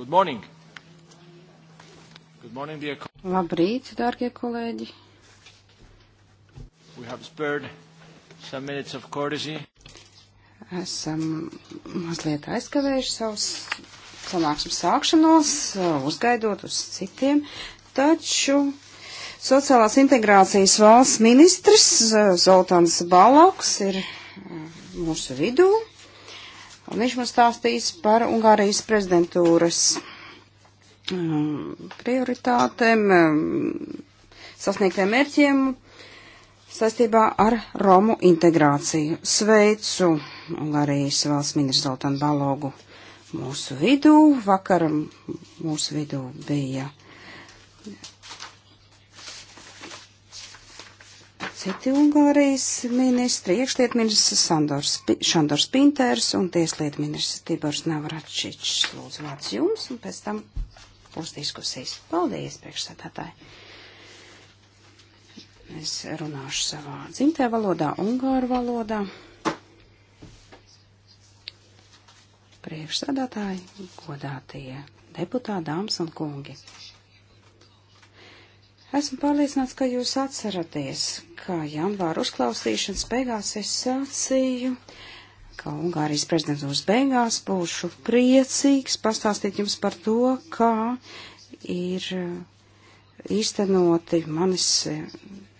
Good morning. Good morning, dear. Labrīt, dārgie kolēģi. We have spared some minutes of courtesy. Esam mazliet aizkavējuši savus sanāksmes sākšanos, uzgaidot uz citiem, taču sociālās integrācijas valsts ministrs eh, Zoltāns Balauks ir eh, mūsu vidū. Un viņš mums stāstīs par Ungārijas prezidentūras um, prioritātēm, um, sasniegtiem mērķiem saistībā ar Romu integrāciju. Sveicu Ungārijas valsts ministru Zoltānu Balogu mūsu vidū. Vakar mūsu vidū bija citi Ungārijas ministri, iekšliet ministrs Sandors, Šandors Pinters un tieslietu ministrs Tibors Navračičs. Lūdzu, vārds jums, un pēc tam būs diskusijas. Paldies, priekšsēdētāji. Es runāšu savā dzimtajā valodā, Ungāru valodā. Priekšsēdētāji, godātie deputāti, dāmas un kungi. Esmu pārliecināts, ka jūs atceraties, kā janvāra uzklausīšanas beigās es sacīju, ka Ungārijas prezidentūras beigās būšu priecīgs pastāstīt jums par to, kā ir īstenoti manis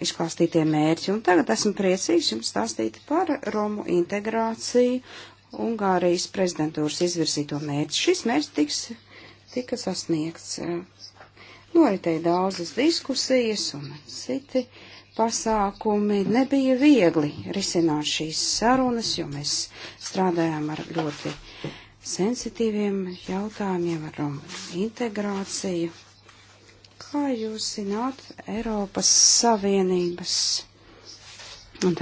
izklāstītie mērķi. Un tagad esmu priecīgs jums stāstīt par Romu integrāciju Ungārijas prezidentūras izvirzīto mērķi. Šis mērķis tiks, tika sasniegts Noritēja daudzas diskusijas un citi pasākumi. Nebija viegli risināt šīs sarunas, jo mēs strādājām ar ļoti sensitīviem jautājumiem, ar um, integrāciju. Kā jūs zināt, Eiropas Savienības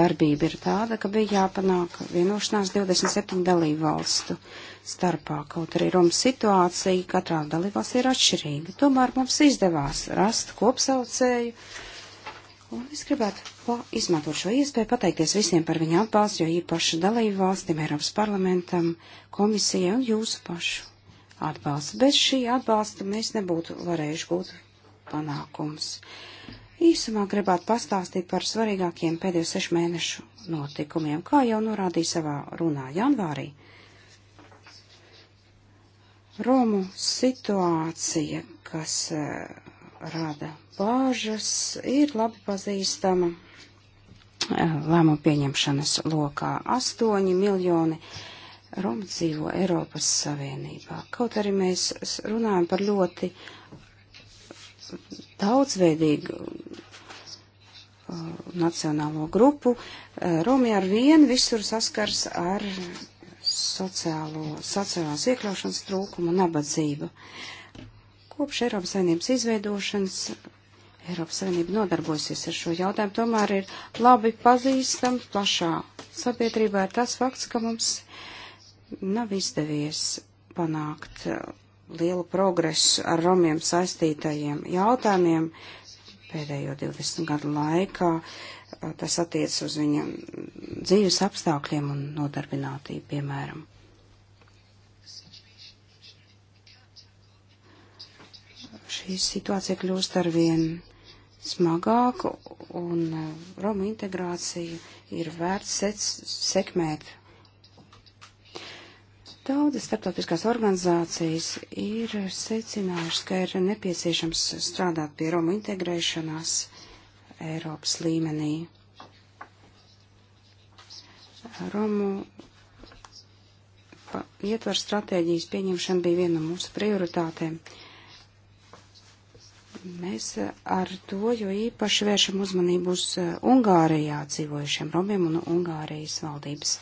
darbība ir tāda, ka bija jāpanāk vienošanās 27 dalību valstu starpā, kaut arī Romas situācija katrā dalībās ir atšķirīga. Tomēr mums izdevās rast kopsaucēju, un es gribētu izmantot šo iespēju pateikties visiem par viņu atbalstu, jo īpaši dalību valstīm, Eiropas parlamentam, komisijai un jūsu pašu atbalstu. Bez šī atbalsta mēs nebūtu varējuši gūt panākums. Īsumā gribētu pastāstīt par svarīgākiem pēdējo sešu mēnešu notikumiem, kā jau norādīja savā runā janvārī. Romu situācija, kas eh, rada bāžas, ir labi pazīstama eh, lēmumu pieņemšanas lokā. Astoņi miljoni Romu dzīvo Eiropas Savienībā. Kaut arī mēs runājam par ļoti daudzveidīgu eh, nacionālo grupu, Romi ar vienu visur saskars ar sociālo, sociālās iekļaušanas trūkumu un nabadzību. Kopš Eiropas Savienības izveidošanas Eiropas Savienība nodarbosies ar šo jautājumu, tomēr ir labi pazīstam plašā sabiedrībā ir tas fakts, ka mums nav izdevies panākt uh, lielu progresu ar romiem saistītajiem jautājumiem pēdējo 20 gadu laikā. Uh, Eh, tas attiec uz viņa dzīves apstākļiem un nodarbinātību, piemēram. Šī situācija kļūst arvien smagāku, un eh, Roma integrācija ir vērts sekmēt. Daudzas starptautiskās organizācijas ir secinājušas, ka ir nepieciešams strādāt pie Roma integrēšanās Eiropas līmenī. Romu ietvaru stratēģijas pieņemšana bija viena no mūsu prioritātēm. Mēs eh, ar to jo īpaši vēršam uzmanību uz eh, Ungārijā dzīvojušiem romiem un Ungārijas valdības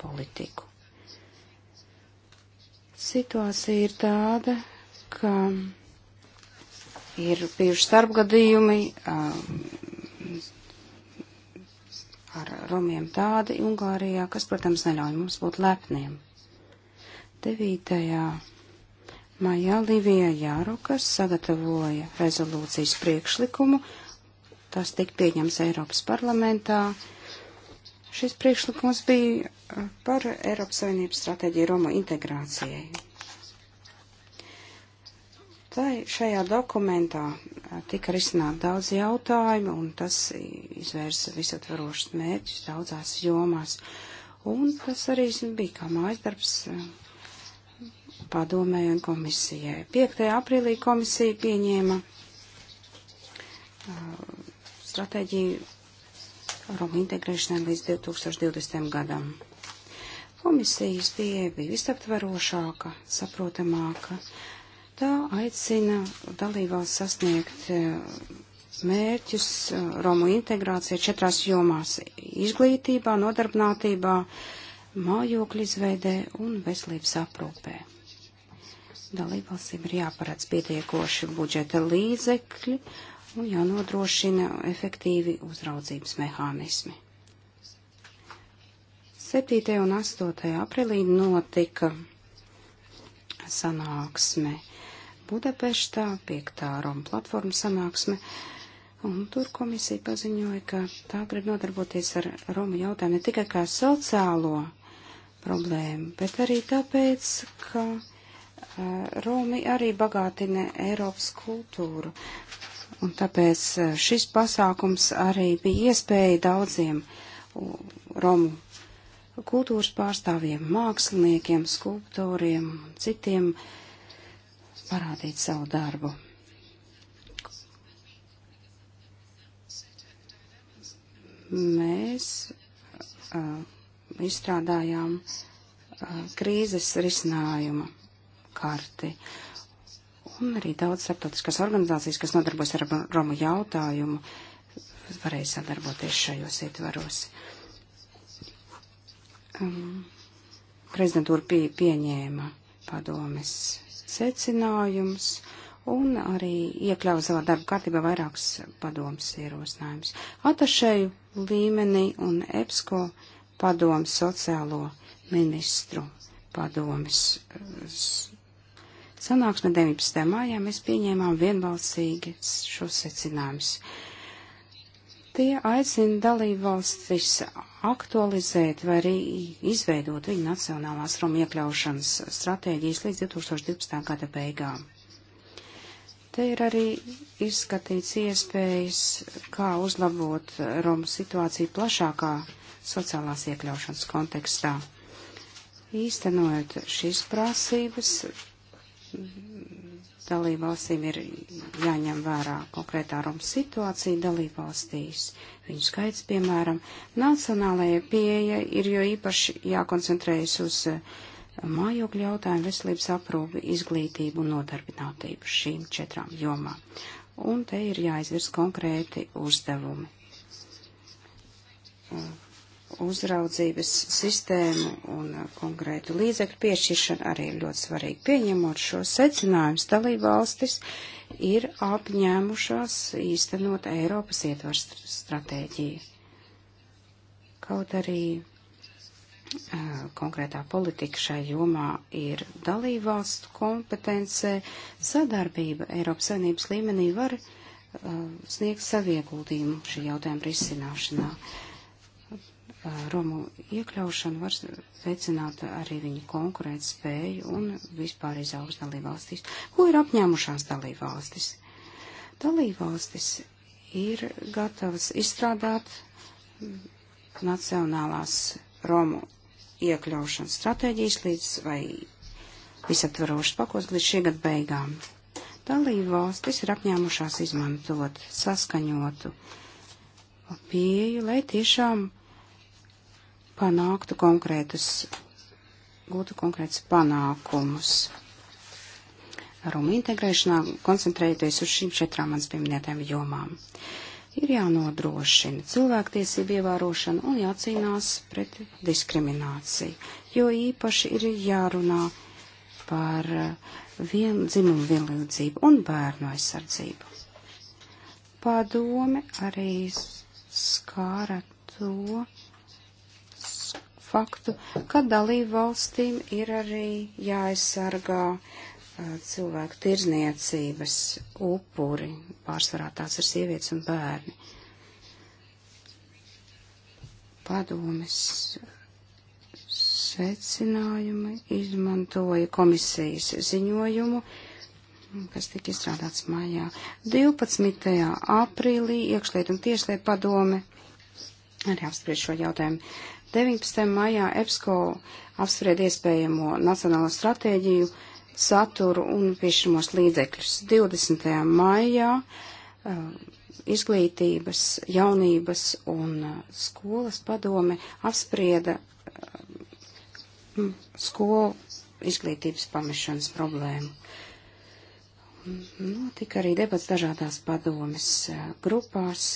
politiku. Situācija ir tāda, ka ir bijuši starpgadījumi, eh, ar romiem tādi Ungārijā, kas, protams, neļauj mums būt lepniem. 9. maijā Livija Jārukas sagatavoja rezolūcijas priekšlikumu, tas tika pieņems Eiropas parlamentā. Šis priekšlikums bija par Eiropas Savienības stratēģiju Romu integrācijai. Tai šajā dokumentā eh, tika risināt daudz jautājumu, un tas izvērsa visatvarošas mērķus daudzās jomās. Un tas arī bija kā mājas darbs eh, padomēju un komisijai. 5. aprīlī komisija pieņēma uh, stratēģiju Roma integrēšanai līdz 2020. gadam. Komisijas pieeja bija visaptvarošāka, saprotamāka. Uh, Tā aicina dalībās sasniegt e, mērķus e, Romu integrācija četrās jomās - izglītībā, nodarbinātībā, mājokļu izveidē un veselības aprūpē dalībvalstīm ir jāparedz pietiekoši budžeta līdzekļi un jānodrošina efektīvi uzraudzības mehānismi. 7. un 8. aprīlī notika sanāksme Budapeštā, 5. Roma platforma sanāksme. Un tur komisija paziņoja, ka tā grib nodarboties ar Romu jautājumu ne tikai kā sociālo problēmu, bet arī tāpēc, ka uh, Romi arī bagātina Eiropas kultūru. Un tāpēc eh, šis pasākums arī bija iespēja daudziem Romu kultūras pārstāvjiem, māksliniekiem, skulptoriem, citiem uh, parādīt savu darbu. Mēs uh, izstrādājām uh, krīzes risinājuma karti. Un arī daudz starptautiskās organizācijas, kas nodarbojas ar Romu jautājumu, varēja sadarboties šajos ietvaros. Um, prezidentūra pie, pieņēma padomes secinājumus un arī iekļauj savā darba kārtībā vairākus padomus ierosinājumus. Atašēju līmenī un EPSCO padomu sociālo ministru padomis sanāksme 19. mājā mēs pieņēmām vienbalsīgi šos secinājumus. Tie aicina dalību valstis aktualizēt vai arī izveidot viņu nacionālās Roma iekļaušanas stratēģijas līdz 2012. gada beigām. Te ir arī izskatīts iespējas, kā uzlabot Romu situāciju plašākā sociālās iekļaušanas kontekstā. Īstenojot šīs prasības, dalībvalstīm ir jāņem vērā konkrētā Roma situācija dalībvalstīs, viņu skaits, piemēram. Nacionālajai pieeja ir jo īpaši jākoncentrējas uz eh, mājokļu jautājumu, veselības aprūpi, izglītību un nodarbinātību šīm četrām jomām. Un te ir jāizvirs konkrēti uzdevumi eh, uzraudzības sistēmu un uh, konkrētu līdzekļu piešķiršana arī ir ļoti svarīga. Pieņemot šo secinājumu, dalībvalstis ir apņēmušās īstenot Eiropas ietvars stratēģiju. Kaut arī uh, konkrētā politika šai jomā ir dalībvalstu kompetence, sadarbība Eiropas Savienības līmenī var uh, sniegt savieguldījumu šī jautājuma risināšanā. Uh, Uh, Romu iekļaušana var veicināt arī viņu konkurēt spēju un vispār izaugs dalībvalstīs. Ko ir apņēmušās dalībvalstis? Dalībvalstis ir gatavas izstrādāt nacionālās Romu iekļaušanas stratēģijas līdz vai visaptvarošas pakos līdz šī gada beigām. Dalībvalstis ir apņēmušās izmantot saskaņotu pieju, lai tiešām panāktu konkrētus, gūtu konkrētus panākumus. Roma integrēšanā koncentrējoties uz šīm četrām manas pieminētām jomām. Ir jānodrošina cilvēktiesību ievērošana un jācīnās pret diskrimināciju, jo īpaši ir jārunā par vien, dzimumu vienlīdzību un bērnu aizsardzību. Padome arī skāra to, faktu, ka dalību valstīm ir arī jāaizsargā cilvēku tirzniecības upuri, pārsvarā tās ir sievietes un bērni. Padomis secinājumi izmantoja komisijas ziņojumu, kas tika izstrādāts mājā. 12. aprīlī iekšliet un tieslietu padome arī apspriež šo jautājumu. 19. maijā EPSCO apspried iespējamo nacionālo stratēģiju, saturu un piešķirmos līdzekļus. 20. maijā eh, izglītības, jaunības un eh, skolas padome apsprieda eh, skolu izglītības pamešanas problēmu. Notika arī debats dažādās padomes eh, grupās.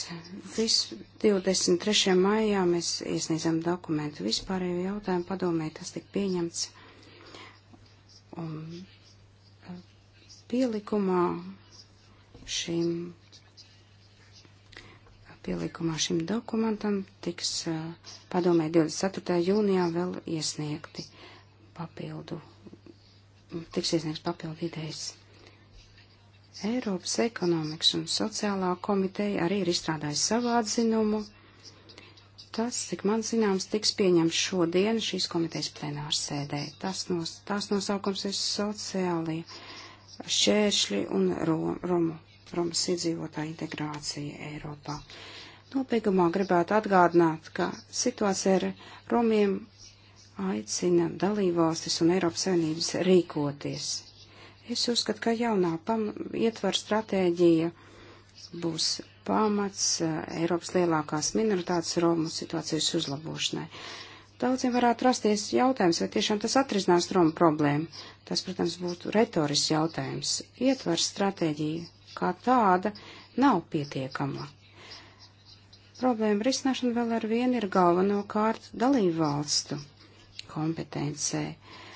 Vis 23. maijā mēs iesniedzam dokumentu vispārējo jautājumu padomē, tas tika pieņemts. Un eh, pielikumā šim, pielikumā šim dokumentam tiks eh, padomē 24. jūnijā vēl iesniegti papildu, tiks iesniegts papildu idejas. Eiropas ekonomikas un sociālā komiteja arī ir izstrādājusi savu atzinumu. Tas, cik man zināms, tiks pieņemts šodien šīs komitejas plenāru sēdē. Tas nos, tās nosaukums ir sociālie šķēršļi un rom, romu, romas iedzīvotāja integrācija Eiropā. Nopiegumā gribētu atgādināt, ka situācija ar romiem aicina dalībvalstis un Eiropas Savienības rīkoties Es uzskatu, ka jaunā ietvar stratēģija būs pamats eh, Eiropas lielākās minoritātes Romu situācijas uzlabošanai. Daudziem varētu rasties jautājums, vai tiešām tas atrisinās Romu problēmu. Tas, protams, būtu retoris jautājums. Ietvars stratēģija kā tāda nav pietiekama. Problēma risināšana vēl ar vienu ir galvenokārt dalību valstu kompetencē. Uh,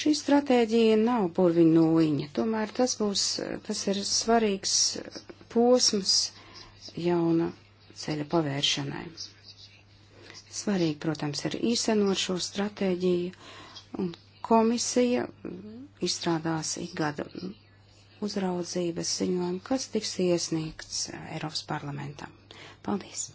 Šī stratēģija nav burviņa nūjiņa, tomēr tas būs, tas ir svarīgs posms jauna ceļa pavēršanai. Svarīgi, protams, ir īstenot šo stratēģiju, un komisija izstrādās ikgada uzraudzības ziņojumu, kas tiks iesniegts Eiropas parlamentam. Paldies!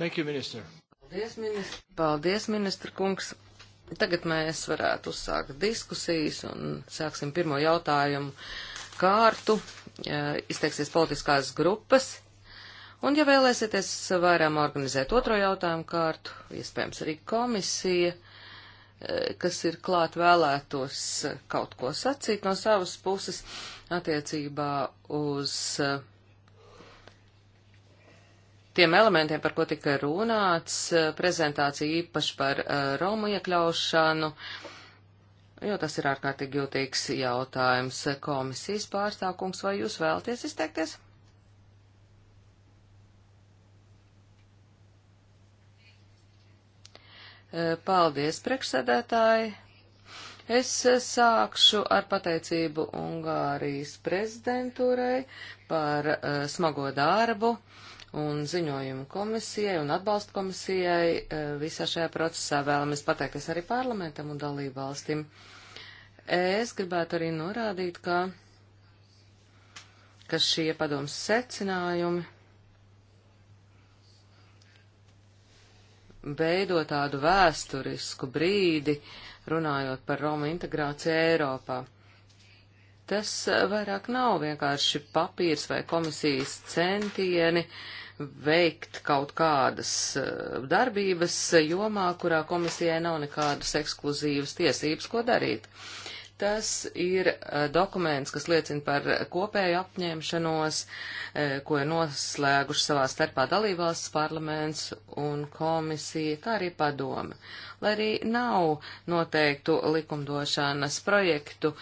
Thank you, minister. Paldies, ministr. Paldies, ministra kungs. Tagad mēs varētu uzsākt diskusijas un sāksim pirmo jautājumu kārtu. Izteiksies politiskās grupas. Un, ja vēlēsieties vairām organizēt otro jautājumu kārtu, iespējams arī komisija, eh, kas ir klāt vēlētos kaut ko sacīt no savas puses attiecībā uz eh, tiem elementiem, par ko tika runāts, eh, prezentācija īpaši par eh, Romu iekļaušanu, jo tas ir ārkārtīgi jūtīgs jautājums. Komisijas pārstāvkums, vai jūs vēlaties izteikties? Eh, paldies, priekšsēdētāji! Es sākšu ar pateicību Ungārijas prezidentūrai par uh, smago darbu. Uh, un ziņojumu komisijai un atbalstu komisijai e, visā šajā procesā. Vēlamies pateikties arī parlamentam un dalību valstim. Es gribētu arī norādīt, ka, ka šie padoms secinājumi veido tādu vēsturisku brīdi, runājot par Roma integrāciju Eiropā tas vairāk nav vienkārši papīrs vai komisijas centieni veikt kaut kādas eh, darbības jomā, kurā komisijai nav nekādas ekskluzīvas tiesības, ko darīt. Tas ir eh, dokuments, kas liecina par kopēju apņemšanos, eh, ko ir noslēguši savā starpā dalībvalsts parlaments un komisija, kā arī padome. Lai arī nav noteiktu likumdošanas projektu,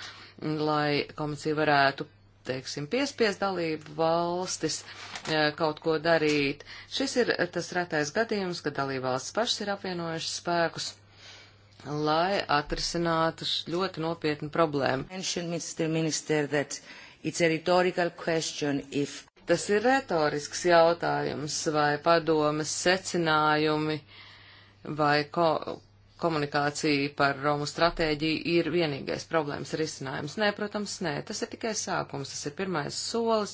lai komisija varētu teiksim, piespies dalību valstis e, kaut ko darīt. Šis ir tas retais gadījums, kad dalību valsts pašas ir apvienojušas spēkus lai atrisinātu ļoti nopietnu problēmu. Tas ir retorisks jautājums, vai padomas secinājumi vai ko, komunikācija par Romu stratēģiju ir vienīgais problēmas risinājums. Nē, protams, nē, tas ir tikai sākums, tas ir pirmais solis,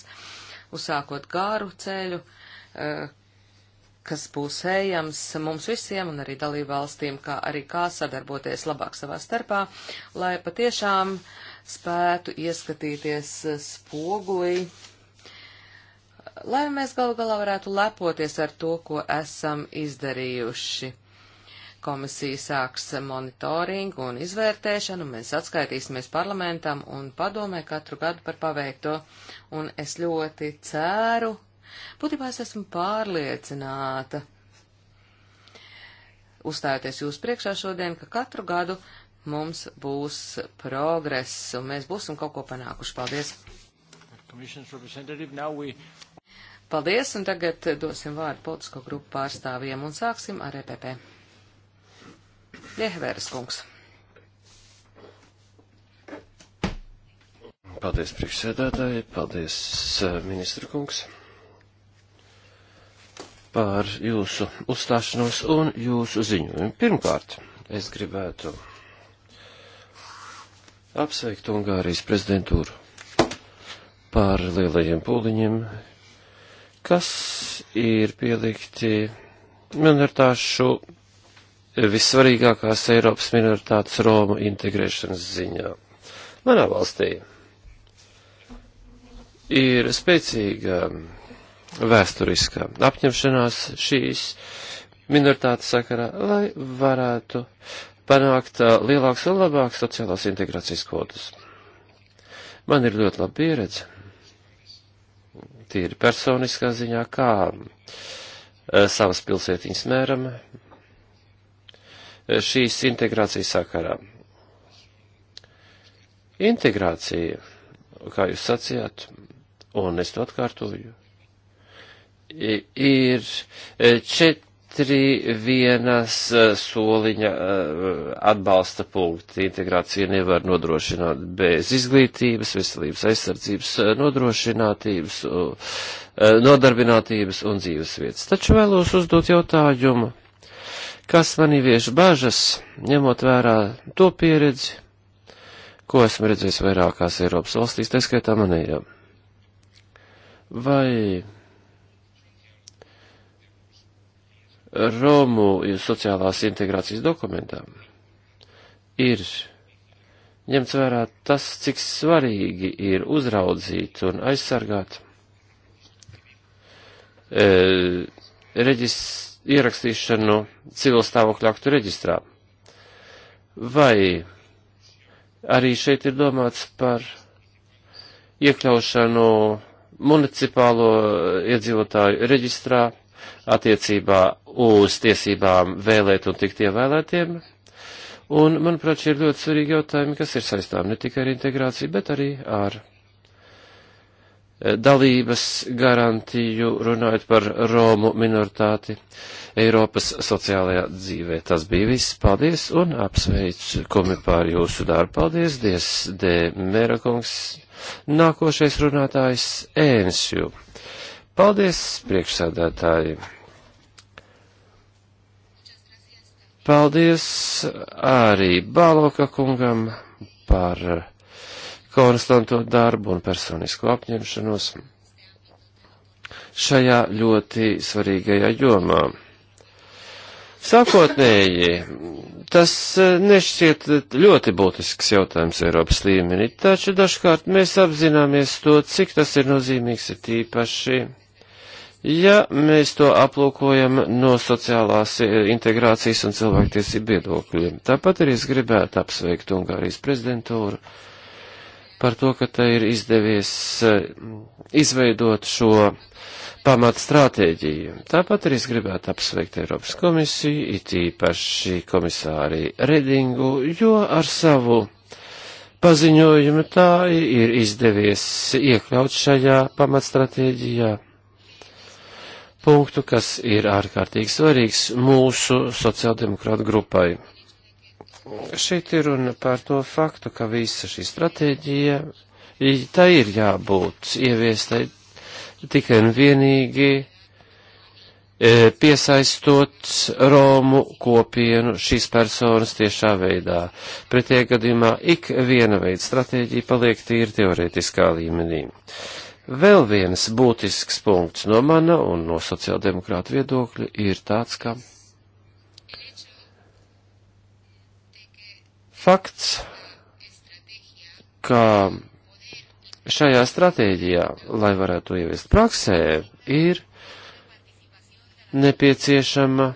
uzsākot gāru ceļu, eh, kas būs ejams mums visiem un arī dalībvalstīm, kā arī kā sadarboties labāk savā starpā, lai patiešām spētu ieskatīties spogulī, lai mēs galu galā varētu lepoties ar to, ko esam izdarījuši. Komisija sāks monitoringu un izvērtēšanu, un mēs atskaitīsimies parlamentam un padomē katru gadu par paveikto, un es ļoti ceru, būtībā es esmu pārliecināta, uzstājoties jūs priekšā šodien, ka katru gadu mums būs progress, un mēs būsim kaut ko panākuši. Paldies! Paldies, un tagad dosim vārdu politisko grupu pārstāvjiem un sāksim ar EPP. Dehevēras kungs. Paldies, priekšsēdētāji, paldies, eh, ministra kungs, par jūsu uzstāšanos un jūsu ziņojumu. Pirmkārt, es gribētu apsveikt Ungārijas prezidentūru par lielajiem pūliņiem, kas ir pielikti minoritāšu vissvarīgākās Eiropas minoritātes Romu integrēšanas ziņā. Manā valstī ir spēcīga vēsturiskā apņemšanās šīs minoritātes sakarā, lai varētu panākt uh, lielāks un labāks sociālās integrācijas kvotas. Man ir ļoti laba pieredze, tīri personiskā ziņā, kā uh, savas pilsētiņas mēram, šīs integrācijas sakarā. Integrācija, kā jūs sacījāt, un es to atkārtoju, ir e, četri vienas e, soliņa e, atbalsta punkti. Integrācija nevar nodrošināt bez izglītības, veselības aizsardzības, nodrošinātības, nodarbinātības un dzīves vietas. Taču vēlos uzdot jautājumu kas man ievieš bažas, ņemot vērā to pieredzi, ko esmu redzējis vairākās Eiropas valstīs, tā skaitā manējā. Vai Romu sociālās integrācijas dokumentā ir ņemts vērā tas, cik svarīgi ir uzraudzīt un aizsargāt e, reģistrēt ierakstīšanu civil stāvokļu aktu reģistrā. Vai arī šeit ir domāts par iekļaušanu municipālo iedzīvotāju reģistrā attiecībā uz tiesībām vēlēt un tikt ievēlētiem. Un, manuprāt, šie ir ļoti svarīgi jautājumi, kas ir saistām ne tikai ar integrāciju, bet arī ar Eh, dalības garantiju, runājot par Romu minoritāti Eiropas sociālajā dzīvē. Tas bija viss. Paldies un apsveicu komi pār jūsu darbu. Paldies, Dies D. Mērakungs. Nākošais runātājs Ēnsju. Paldies, priekšsādātāji. Paldies arī Baloka kungam par konstanto darbu un personisko apņemšanos šajā ļoti svarīgajā jomā. Sākotnēji, tas eh, nešķiet ļoti būtisks jautājums Eiropas līmenī, taču dažkārt mēs apzināmies to, cik tas ir nozīmīgs ir tīpaši, ja mēs to aplūkojam no sociālās eh, integrācijas un cilvēktiesību viedokļiem. Tāpat arī es gribētu apsveikt Ungārijas prezidentūru. Uh, par to, ka te ir izdevies eh, izveidot šo pamata stratēģiju. Tāpat arī es gribētu apsveikt Eiropas komisiju, it īpaši komisāri Redingu, jo ar savu paziņojumu tā ir izdevies iekļaut šajā pamata stratēģijā punktu, kas ir ārkārtīgi svarīgs mūsu sociāldemokrāta grupai. Šeit ir runa par to faktu, ka visa šī stratēģija, tā ir jābūt ieviestai tikai un vienīgi e, piesaistot Romu kopienu šīs personas tiešā veidā. Pretie gadījumā ik viena veida stratēģija paliek tīri teoretiskā līmenī. Vēl viens būtisks punkts no mana un no sociāldemokrāta viedokļa ir tāds, ka Fakts, ka šajā stratēģijā, lai varētu to ieviest praksē, ir nepieciešama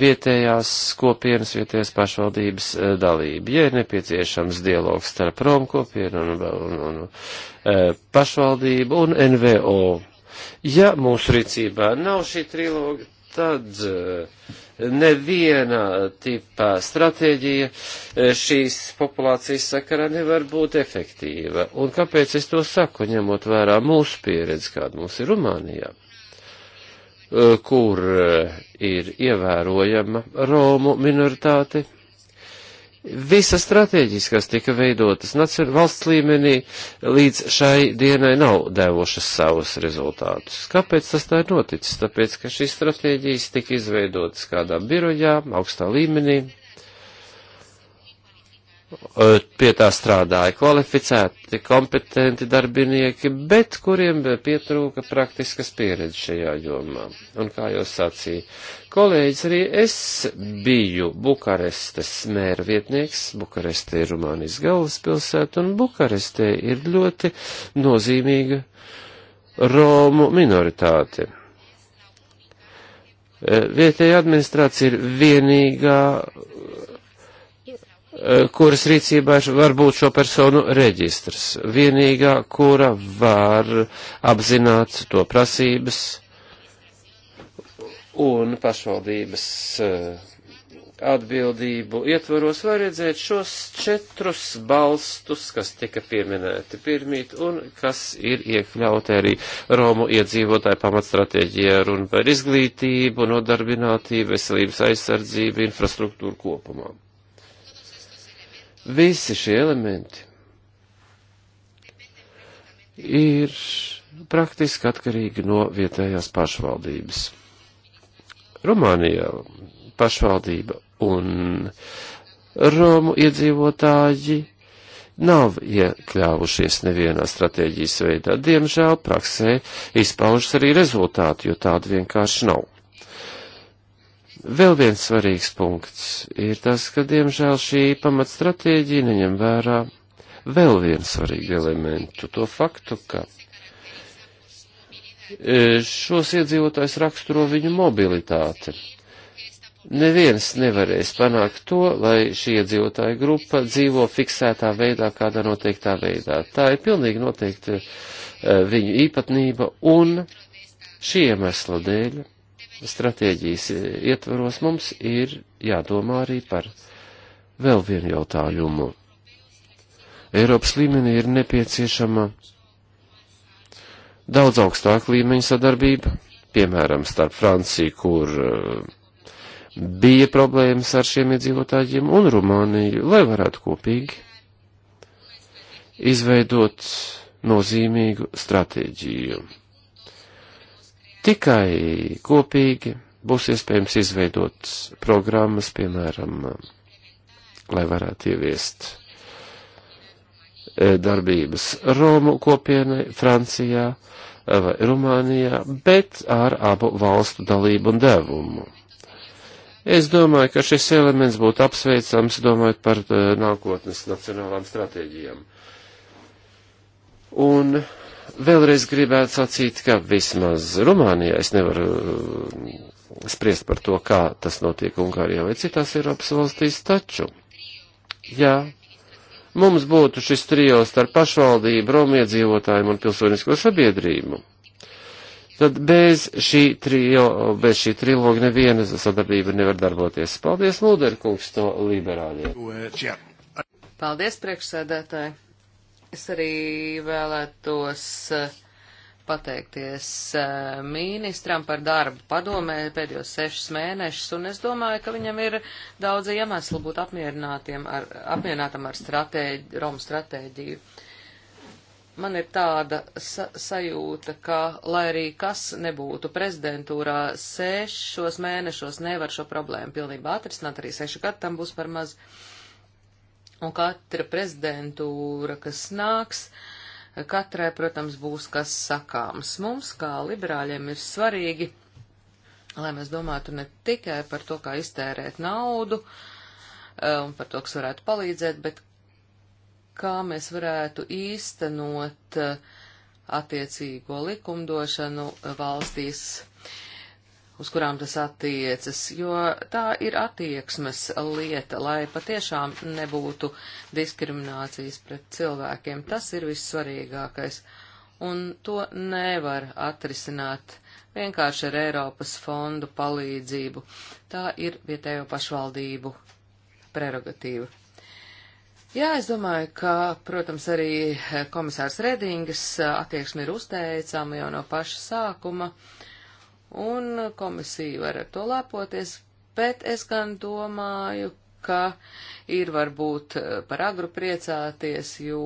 vietējās kopienas, vietējās pašvaldības eh, dalība. Ja ir nepieciešams dialogs starp Romu kopienu un, un, un, un eh, pašvaldību un NVO. Ja mūsu rīcībā nav šī triloga, tad uh, neviena tipa stratēģija e, šīs populācijas sakarā nevar būt efektīva. Un kāpēc es to saku, ņemot vērā mūsu pieredzi, kāda mums ir Rumānijā, e, kur e, ir ievērojama Romu minoritāte, Visas stratēģijas, kas tika veidotas valsts līmenī, līdz šai dienai nav devušas savus rezultātus. Kāpēc tas tā ir noticis? Tāpēc, ka šīs stratēģijas tika izveidotas kādā birojā, augstā līmenī, pie tā strādāja kvalificēti, kompetenti darbinieki, bet kuriem pietrūka praktiskas pieredzes šajā jomā. Un kā jau sacīja kolēģis, arī es biju Bukarestes mēra vietnieks, Bukareste ir Rumānijas galvaspilsēta, un Bukarestē ir ļoti nozīmīga Romu minoritāte. Vietēja administrācija ir vienīgā Eh, kuras rīcībā var būt šo personu reģistrs. Vienīgā, kura var apzināt to prasības un pašvaldības eh, atbildību ietvaros var redzēt šos četrus balstus, kas tika pieminēti pirmīt un kas ir iekļauti arī Romu iedzīvotāju pamatstratēģijā runa par izglītību, nodarbinātību, veselības aizsardzību, infrastruktūru kopumā. Visi šie elementi ir praktiski atkarīgi no vietējās pašvaldības. Rumānijā pašvaldība un Romu iedzīvotāji nav iekļāvušies nevienā stratēģijas veidā. Diemžēl praksē izpaužas arī rezultāti, jo tāda vienkārši nav. Vēl viens svarīgs punkts ir tas, ka diemžēl šī pamatstratēģija neņem vērā vēl vienu svarīgu elementu, to faktu, ka e, šos iedzīvotājs raksturo viņu mobilitāte. Neviens nevarēs panākt to, lai šī iedzīvotāja grupa dzīvo fiksētā veidā, kādā noteiktā veidā. Tā ir pilnīgi noteikti e, viņu īpatnība un šī iemesla dēļ stratēģijas ietvaros mums ir jādomā arī par vēl vienu jautājumu. Eiropas līmenī ir nepieciešama daudz augstāka līmeņa sadarbība, piemēram, starp Franciju, kur uh, bija problēmas ar šiem iedzīvotājiem, un Rumāniju, lai varētu kopīgi izveidot nozīmīgu stratēģiju. Tikai kopīgi būs iespējams izveidot programmas, piemēram, lai varētu ieviest e, darbības Romu kopienai Francijā e, vai Rumānijā, bet ar abu valstu dalību un devumu. Es domāju, ka šis elements būtu apsveicams, domājot par e, nākotnes nacionālām stratēģijām. Un vēlreiz gribētu sacīt, ka vismaz Rumānijā es nevaru uh, spriest par to, kā tas notiek Ungārijā vai citās Eiropas valstīs, taču, jā, mums būtu šis trijos starp pašvaldību, romiedzīvotājiem un pilsonisko sabiedrību. Tad bez šī, trio, bez šī triloga neviena sadarbība nevar darboties. Paldies, Lūderkungs, to liberāļiem. Paldies, priekšsēdētāji. Es arī vēlētos eh, pateikties eh, ministram par darbu padomē pēdējos sešus mēnešus, un es domāju, ka viņam ir daudz iemeslu būt apmierinātiem ar, apmierinātam ar stratēģi, Romu stratēģiju. Man ir tāda sa sajūta, ka, lai arī kas nebūtu prezidentūrā, sešos mēnešos nevar šo problēmu pilnībā atrisināt, arī sešu gadu tam būs par maz. Uh, Un katra prezidentūra, kas nāks, katrai, protams, būs kas sakāms. Mums, kā liberāļiem, ir svarīgi, lai mēs domātu ne tikai par to, kā iztērēt naudu eh, un par to, kas varētu palīdzēt, bet kā mēs varētu īstenot eh, attiecīgo likumdošanu valstīs uz kurām tas attiecas, jo tā ir attieksmes lieta, lai patiešām nebūtu diskriminācijas pret cilvēkiem. Tas ir vissvarīgākais, un to nevar atrisināt vienkārši ar Eiropas fondu palīdzību. Tā ir vietējo pašvaldību prerogatīva. Jā, es domāju, ka, protams, arī komisārs Redingas attieksme ir uzteicama jau no paša sākuma. Uh, un komisija var ar to lepoties, bet es gan domāju, ka ir varbūt eh, par agru priecāties, jo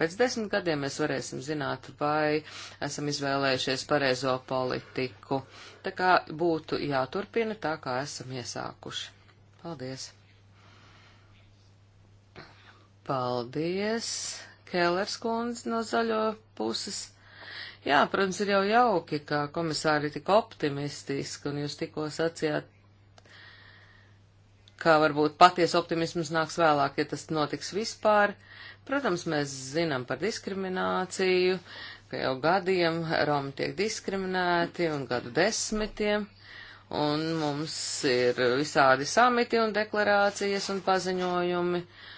pēc desmit gadiem mēs varēsim zināt, vai esam izvēlējušies pareizo politiku. Tā kā būtu jāturpina tā, kā esam iesākuši. Paldies! Paldies, Kēlers kundze no zaļo puses. Jā, protams, ir jau jauki, ka komisāri tik optimistiski, un jūs tikko sacījāt, ka varbūt paties optimisms nāks vēlāk, ja tas notiks vispār. Protams, mēs zinām par diskrimināciju, ka jau gadiem Romi tiek diskriminēti un gadu desmitiem, un mums ir visādi samiti un deklarācijas un paziņojumi. Uh,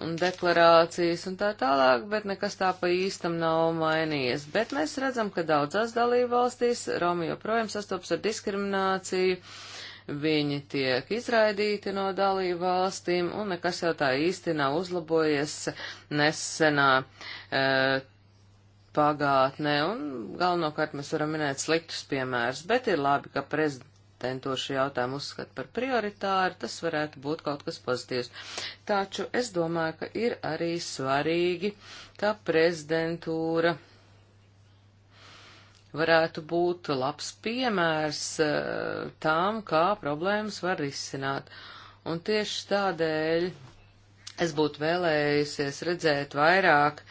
un deklarācijas un tā tālāk, bet nekas tā pa īstam nav mainījies. Bet mēs redzam, ka daudzās dalībvalstīs Romi joprojām sastopas ar diskrimināciju, viņi tiek izraidīti no dalībvalstīm un nekas jau tā īsti nav uzlabojies nesenā e, pagātnē. Un galvenokārt mēs varam minēt sliktus piemērus, bet ir labi, ka prezidents tentošu jautājumu uzskata par prioritāru, tas varētu būt kaut kas pozitīvs. Taču es domāju, ka ir arī svarīgi, ka prezidentūra varētu būt labs piemērs eh, tām, kā problēmas var risināt. Un tieši tādēļ es būtu vēlējusies redzēt vairāk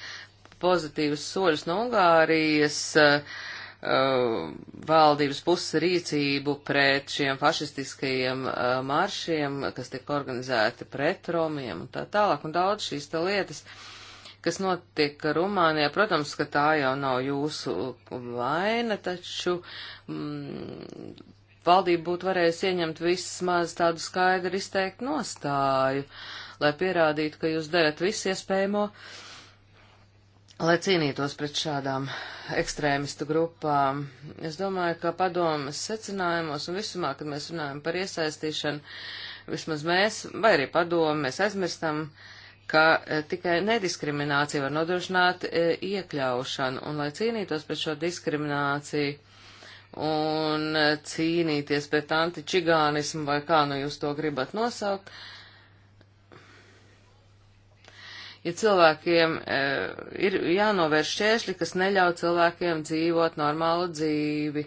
pozitīvas soļus no Ungārijas eh, Uh, valdības puses rīcību pret šiem fašistiskajiem uh, maršiem, kas tiek organizēti pret romiem un tā tālāk, un daudz šīs te lietas, kas notiek Rumānijā, protams, ka tā jau nav jūsu vaina, taču mm, valdība būtu varējusi ieņemt vismaz tādu skaidru izteiktu nostāju, lai pierādītu, ka jūs darat visu iespējamo. Uh, lai cīnītos pret šādām ekstrēmistu grupām. Es domāju, ka padomas secinājumos un visumā, kad mēs runājam par iesaistīšanu, vismaz mēs, vai arī padomu, mēs aizmirstam, ka e, tikai nediskriminācija var nodrošināt e, iekļaušanu, un lai cīnītos pret šo diskrimināciju un e, cīnīties pret antičigānismu, vai kā nu jūs to gribat nosaukt, ja cilvēkiem e, ir jānovērš šķēršļi, kas neļauj cilvēkiem dzīvot normālu dzīvi.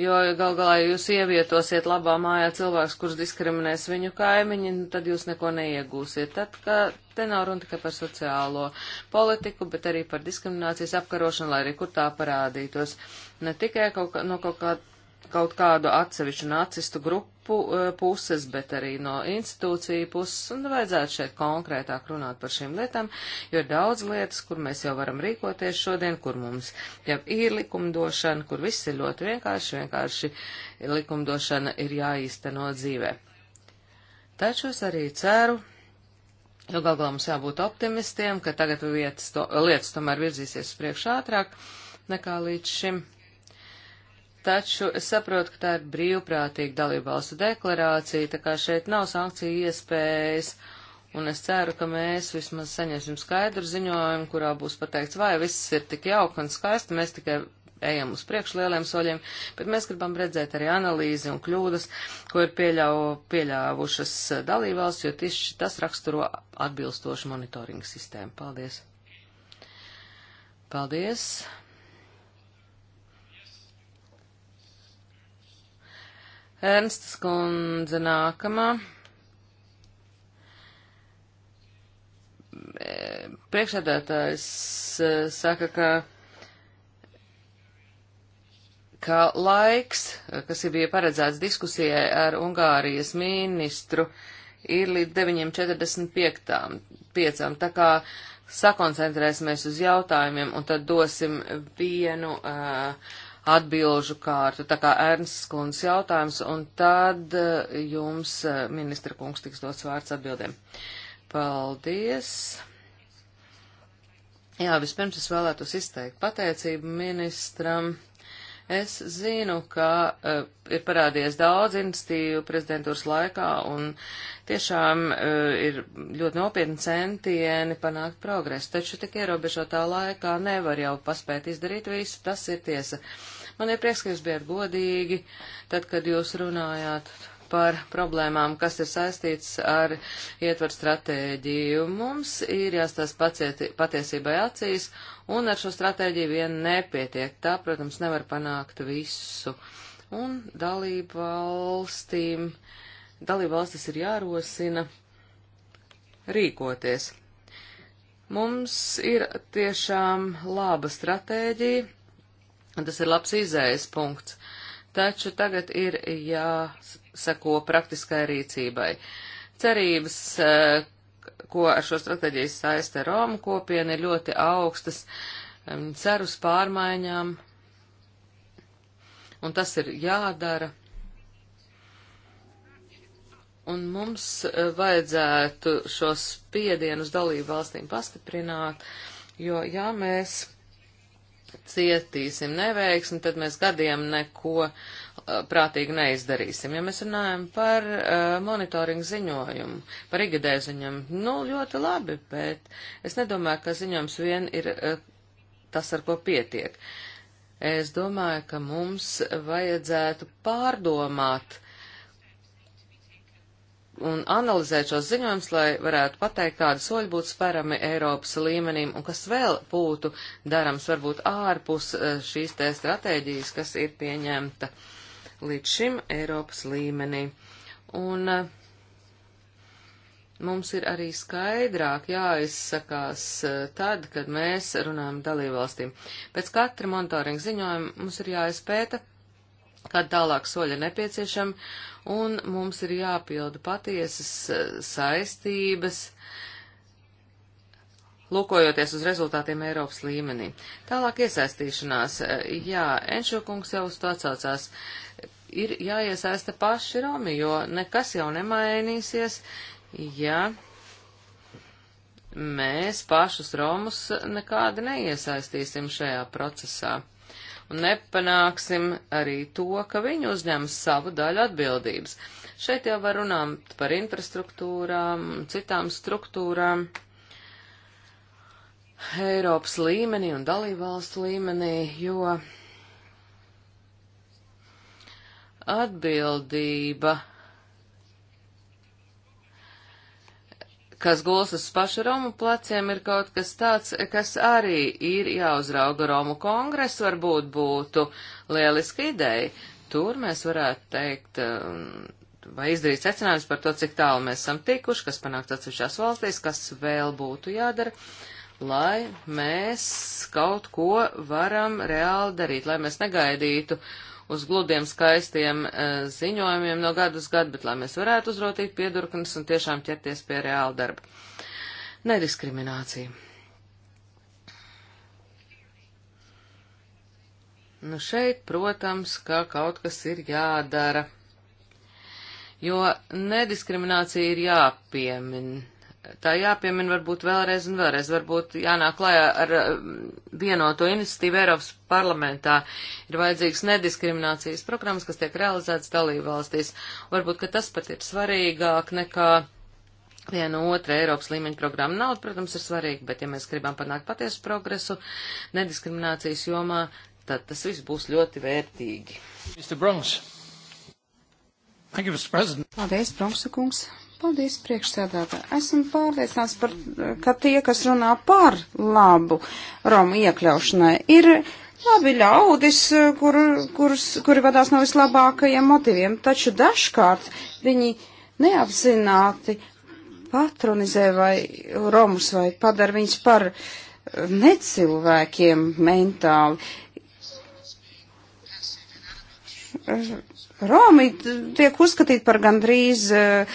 Jo gal galā, ja jūs ievietosiet labā mājā cilvēks, kurš diskriminēs viņu kaimiņu, nu, tad jūs neko neiegūsiet. Tad, ka te nav runa tikai par sociālo politiku, bet arī par diskriminācijas apkarošanu, lai arī kur tā parādītos. Ne tikai kaut, no kaut, kā, kaut kādu atsevišķu nacistu grupu pu, eh, puses, bet arī no institūciju puses, un vajadzētu šeit konkrētāk runāt par šīm lietām, jo ir daudz lietas, kur mēs jau varam rīkoties šodien, kur mums jau ir likumdošana, kur viss ir ļoti vienkārši, vienkārši likumdošana ir jāīsteno dzīvē. Taču es arī ceru, Jo gal galā mums jābūt optimistiem, ka tagad vietas to, lietas tomēr virzīsies priekš ātrāk nekā līdz šim. Taču es saprotu, ka tā ir brīvprātīga dalībvalstu deklarācija, tā kā šeit nav sankciju iespējas, un es ceru, ka mēs vismaz saņemsim skaidru ziņojumu, kurā būs pateikts, vai viss ir tik jauki un skaisti, mēs tikai ejam uz priekšu lieliem soļiem, bet mēs gribam redzēt arī analīzi un kļūdas, ko ir pieļau, pieļāvušas dalībvalsts, jo tieši tas raksturo atbilstošu monitoringu sistēmu. Paldies! Paldies! Ernsts kundze nākamā. Priekšsēdētājs eh, saka, ka ka laiks, eh, kas ir bija paredzēts diskusijai ar Ungārijas ministru, ir līdz 9.45. Tā kā sakoncentrēsimies uz jautājumiem un tad dosim vienu uh, atbilžu kārtu, tā kā Ernsts Kunds jautājums, un tad eh, jums, eh, ministra kungs, tiks dots vārds atbildēm. Paldies! Jā, vispirms es vēlētos izteikt pateicību ministram Es zinu, ka uh, ir parādījies daudz institīvu prezidentūras laikā un tiešām uh, ir ļoti nopietni centieni panākt progresu, taču tik ierobežotā laikā nevar jau paspēt izdarīt visu, tas ir tiesa. Man ir prieks, ka jūs bijat godīgi, tad, kad jūs runājāt par problēmām, kas ir saistīts ar ietvaru stratēģiju. Mums ir jāstās pacieti, patiesībai acīs, un ar šo stratēģiju vien nepietiek. Tā, protams, nevar panākt visu. Un dalību valstīm, dalību valstis ir jārosina rīkoties. Mums ir tiešām laba stratēģija, un tas ir labs izējas punkts taču tagad ir jā, seko praktiskai rīcībai. Cerības, eh, ko ar šo strateģiju saista Roma kopiena, ir ļoti augstas. Ceru uz pārmaiņām, un tas ir jādara. Un mums eh, vajadzētu šos spiedienus dalību valstīm pastiprināt, jo, ja mēs cietīsim neveiksmi, tad mēs gadiem neko uh, prātīgi neizdarīsim. Ja mēs runājam par uh, monitoringu ziņojumu, par igadēju ziņojumu, nu, ļoti labi, bet es nedomāju, ka ziņojums vien ir uh, tas, ar ko pietiek. Es domāju, ka mums vajadzētu pārdomāt un analizēt šos ziņojumus, lai varētu pateikt, kādi soļi būtu spērami Eiropas līmenim un kas vēl būtu darams varbūt ārpus e, šīs te stratēģijas, kas ir pieņemta līdz šim Eiropas līmenī. Un e, mums ir arī skaidrāk jāizsakās e, tad, kad mēs runājam dalībvalstīm. Pēc katra monitoringa ziņojuma mums ir jāizpēta kad tālāk soļa nepieciešami, un mums ir jāpilda patiesas eh, saistības, lūkojoties uz rezultātiem Eiropas līmenī. Tālāk iesaistīšanās. Eh, jā, Enšokungs jau uz to atsaucās. Ir jāiesaista paši Romi, jo nekas jau nemainīsies, ja mēs pašus Romus nekādi neiesaistīsim šajā procesā un nepanāksim arī to, ka viņi uzņems savu daļu atbildības. Šeit jau var runāt par infrastruktūrām un citām struktūrām Eiropas līmenī un dalībvalstu līmenī, jo atbildība kas gulstas uz pašu Romu pleciem, ir kaut kas tāds, kas arī ir jāuzrauga Romu kongresu, varbūt būtu lieliska ideja. Tur mēs varētu teikt, um, vai izdarīt secinājumus par to, cik tālu mēs esam tikuši, kas panākts atsevišķās valstīs, kas vēl būtu jādara, lai mēs kaut ko varam reāli darīt, lai mēs negaidītu uh, uz gludiem skaistiem e, ziņojumiem no gadu uz gadu, bet lai mēs varētu uzrotīt piedurknes un tiešām ķerties pie reāla darba. Nediskriminācija. Nu šeit, protams, ka kaut kas ir jādara, jo nediskriminācija ir jāpiemina tā jāpiemina varbūt vēlreiz un vēlreiz, varbūt jānāk klājā ar eh, vienoto iniciatīvu Eiropas parlamentā. Ir vajadzīgs nediskriminācijas programmas, kas tiek realizētas dalību valstīs. Varbūt, ka tas pat ir svarīgāk nekā viena otra Eiropas līmeņa programma. Nauda, protams, ir svarīga, bet ja mēs gribam panākt patiesu progresu nediskriminācijas jomā, tad tas viss būs ļoti vērtīgi. Mr. Bronx. Thank you, Mr. President. Paldies, Bronsa kungs. Paldies, priekšsēdētāji. Esmu pārliecināts par, ka tie, kas runā par labu Romu iekļaušanai, ir labi ļaudis, kur, kurus, kuri vadās no vislabākajiem motiviem, taču dažkārt viņi neapzināti patronizē vai Romus vai padara viņus par necilvēkiem mentāli. Romi tiek uzskatīti par gandrīz uh,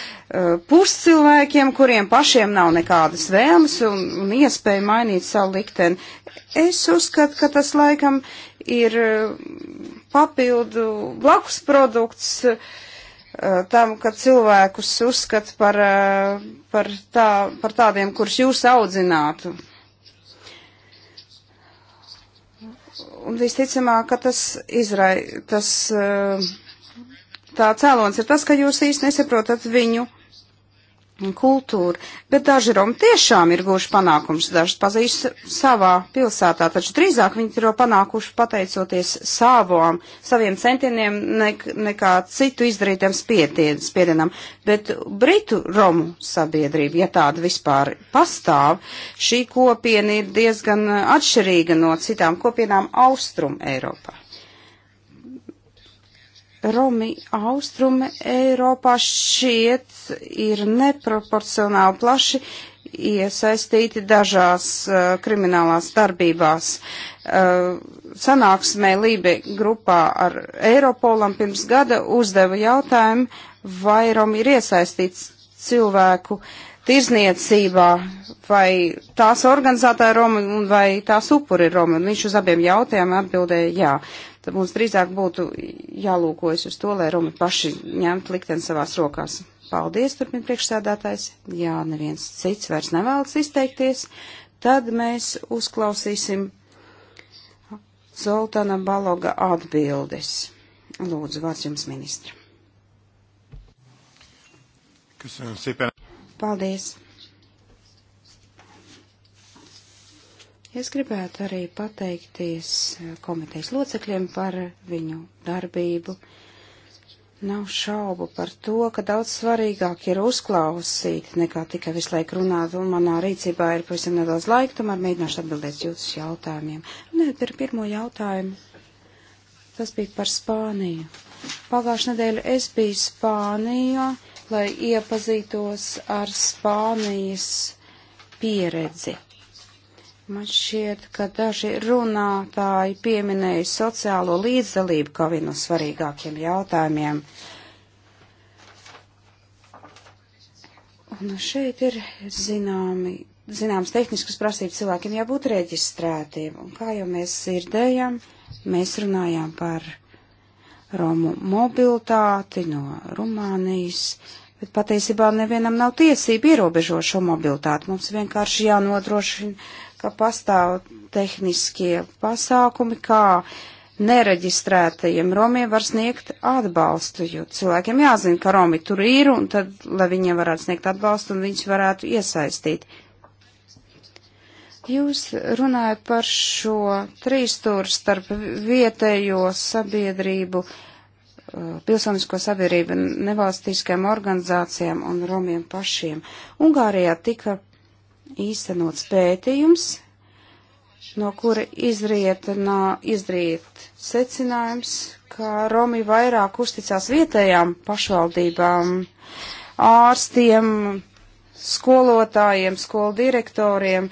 puscilvēkiem, kuriem pašiem nav nekādas vēlmes un, un iespēja mainīt savu likteni. Es uzskatu, ka tas laikam ir eh, papildu blakus produkts uh, tam, ka cilvēkus uzskata par, uh, par, tā, par tādiem, kurus jūs audzinātu Un visticamāk, ka tas izrai, tas, eh, tā cēlons ir tas, ka jūs īsti nesaprotat viņu un kultūru, bet daži Romi tiešām ir guvuši panākums, dažas pazīst savā pilsētā, taču drīzāk viņi to panākuši pateicoties savām, saviem centieniem nek, nekā citu izdarītiem spiedienam. Bet Britu Romu sabiedrība, ja tāda vispār pastāv, šī kopiena ir diezgan uh, atšķirīga no citām kopienām Austrum Eiropā. Romi austrume Eiropā šiet ir neproporcionāli plaši iesaistīti dažās uh, kriminālās darbībās. Uh, sanāksmē Lībe grupā ar Eiropolam pirms gada uzdeva jautājumu, vai Romi ir iesaistīts cilvēku tirzniecībā, vai tās organizētāja Romi un vai tās upuri ir Romi. Un viņš uz abiem jautājumiem atbildēja jā. Tad mums drīzāk būtu jālūkojas uz to, lai Romi paši ņemtu likteni savās rokās. Paldies, turpina priekšsēdētājs. Jā, neviens cits vairs nevēlas izteikties. Tad mēs uzklausīsim Zoltana Baloga atbildes. Lūdzu, vārds jums ministra. Paldies. Es gribētu arī pateikties komitejas locekļiem par viņu darbību. Nav šaubu par to, ka daudz svarīgāk ir uzklausīt, nekā tikai visu laiku runāt, un manā rīcībā ir pavisam nedaudz laika, tomēr mēģināšu atbildēt jūsu jautājumiem. Runājot par pirmo jautājumu, tas bija par Spāniju. Pagājušā nedēļa es biju Spānijā, lai iepazītos ar Spānijas pieredzi. Man šķiet, ka daži runātāji pieminēja sociālo līdzdalību kā vienu no svarīgākiem jautājumiem. Un šeit ir zināmi, zināms tehniskas prasības cilvēkiem jābūt reģistrētiem. Un kā jau mēs dzirdējam, mēs runājām par Romu mobilitāti no Rumānijas. Bet patiesībā nevienam nav tiesība ierobežot šo mobilitāti. Mums vienkārši jānodrošina ka pastāv tehniskie pasākumi, kā nereģistrētajiem romiem var sniegt atbalstu, jo cilvēkiem jāzina, ka romi tur ir, un tad, lai viņiem varētu sniegt atbalstu, un viņus varētu iesaistīt. Jūs runājat par šo trīstūru starp vietējo sabiedrību, uh, pilsonisko sabiedrību, nevalstiskajām organizācijām un romiem pašiem. Ungārijā tika īstenots pētījums, no kura izriet, nā, izriet secinājums, ka Romi vairāk uzticās vietējām pašvaldībām, ārstiem, skolotājiem, skolu direktoriem,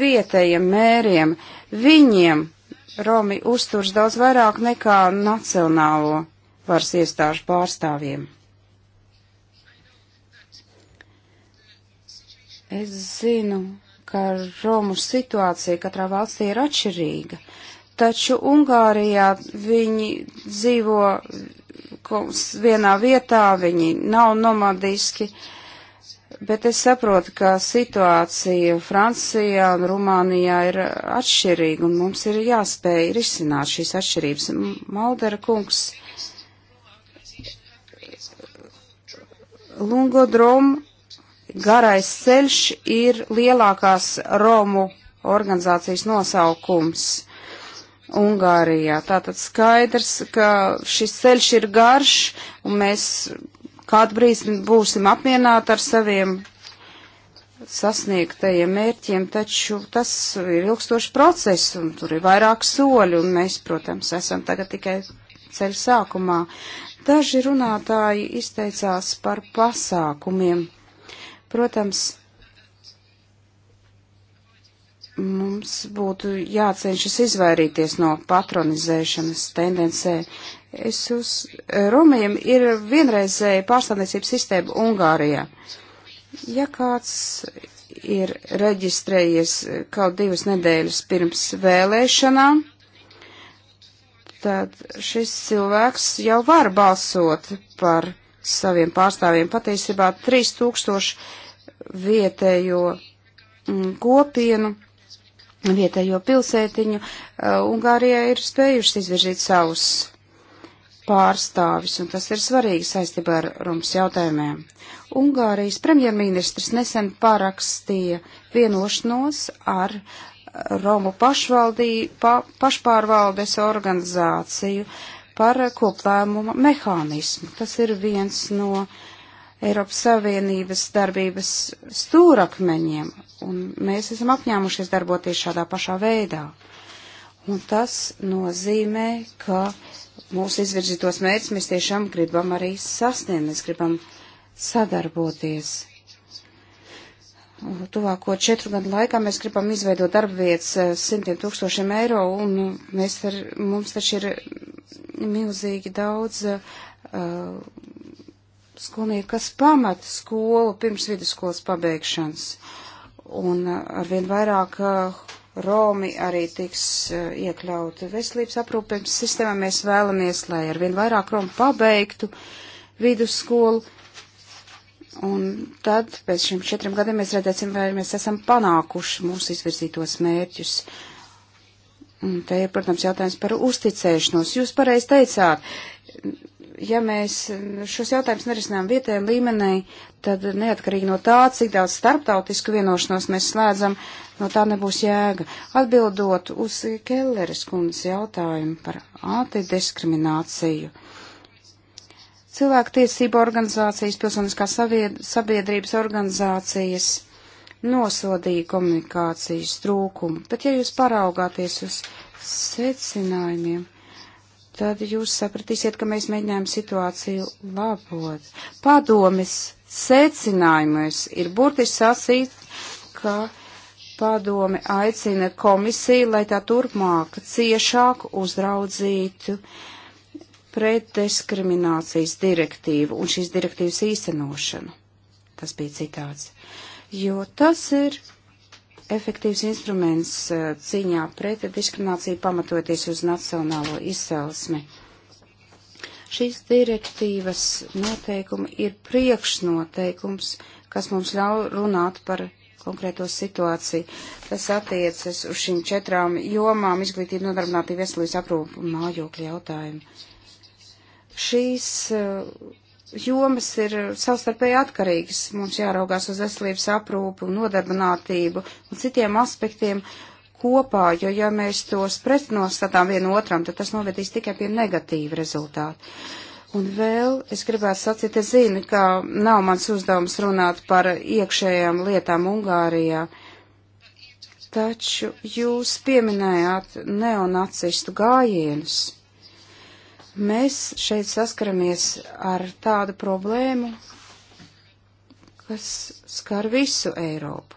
vietējiem mēriem. Viņiem Romi uzturs daudz vairāk nekā nacionālo varas iestāžu pārstāvjiem. Es zinu, ka Romu situācija katrā valstī ir atšķirīga, taču Ungārijā viņi dzīvo vienā vietā, viņi nav nomadiski, bet es saprotu, ka situācija Francijā un Rumānijā ir atšķirīga, un mums ir jāspēj risināt šīs atšķirības. Maldera kungs, Lungodrom Garais ceļš ir lielākās Romu organizācijas nosaukums Ungārijā. Tātad skaidrs, ka šis ceļš ir garš, un mēs kādu brīdi būsim apmierināti ar saviem sasniegtajiem mērķiem, taču tas ir ilgstošs process, un tur ir vairāk soļi, un mēs, protams, esam tagad tikai ceļu sākumā. Daži runātāji izteicās par pasākumiem Protams, mums būtu jācenšas izvairīties no patronizēšanas tendencē. Es uz Romiem ir vienreizēja pārstāvniecības sistēma Ungārijā. Ja kāds ir reģistrējies kaut divas nedēļas pirms vēlēšanām, tad šis cilvēks jau var balsot par saviem pārstāvjiem. Patiesībā 3000 vietējo mm, kopienu, vietējo pilsētiņu. Eh, Ungārijā ir spējušas izvirzīt savus pārstāvis, un tas ir svarīgi saistībā ar Romas jautājumiem. Ungārijas premjerministrs nesen parakstīja vienošanos ar eh, Romu pašvaldī, pa, pašpārvaldes organizāciju par koplēmuma mehānismu. Tas ir viens no uh, Eiropas Savienības darbības stūrakmeņiem, un mēs esam apņēmušies darboties šādā pašā veidā. Un tas nozīmē, ka mūsu izvirzītos mērķus mēs tiešām gribam arī sasniegt, mēs gribam sadarboties. Tuvāko četru gadu laikā mēs gribam izveidot darba vietas eh, simtiem tūkstošiem eiro, un nu, mēs ar, mums taču ir milzīgi daudz uh, skolnieki, kas pamat skolu pirms vidusskolas pabeigšanas. Un uh, arvien vairāk uh, Romi arī tiks uh, iekļauti veselības aprūpības sistēmā. Mēs vēlamies, lai arvien vairāk Romu pabeigtu vidusskolu. Un tad pēc šiem četriem gadiem mēs redzēsim, vai mēs esam panākuši mūsu izvirzītos mērķus. Un te ir, protams, jautājums par uzticēšanos. Jūs pareizi teicāt, ja mēs šos jautājumus nerisinām vietējā līmenī, tad neatkarīgi no tā, cik daudz starptautisku vienošanos mēs slēdzam, no tā nebūs jēga. Atbildot uz Kelleres kundzes jautājumu par antidiskrimināciju. Cilvēktiesība organizācijas, pilsoniskās sabiedrības organizācijas nosodīja komunikācijas trūkumu, bet ja jūs paraugāties uz secinājumiem, tad jūs sapratīsiet, ka mēs mēģinājām situāciju labot. Padomis secinājumus ir burtiski sasīt, ka padome aicina komisiju, lai tā turpmāk ciešāk uzraudzītu pretdiskriminācijas direktīvu un šīs direktīvas īstenošanu. Tas bija citāts. Jo tas ir efektīvs instruments e, cīņā pret diskrimināciju pamatoties uz nacionālo izcelsmi. Šīs direktīvas noteikumi ir priekšnoteikums, kas mums ļauj runāt par konkrēto situāciju. Tas attiecas uz šīm četrām jomām - izglītība, nodarbinātība, veselības aprūpa un mājokļa jautājumi. Šīs uh, jomas ir savstarpēji atkarīgas. Mums jāraugās uz veselības aprūpu, nodarbinātību un citiem aspektiem kopā, jo ja mēs tos pretnostatām vienu otram, tad tas novedīs tikai pie negatīva rezultāta. Un vēl es gribētu sacīt, es zinu, ka nav mans uzdevums runāt par iekšējām lietām Ungārijā, taču jūs pieminējāt neonacistu gājienus. Mēs šeit saskaramies ar tādu problēmu, kas skar visu Eiropu.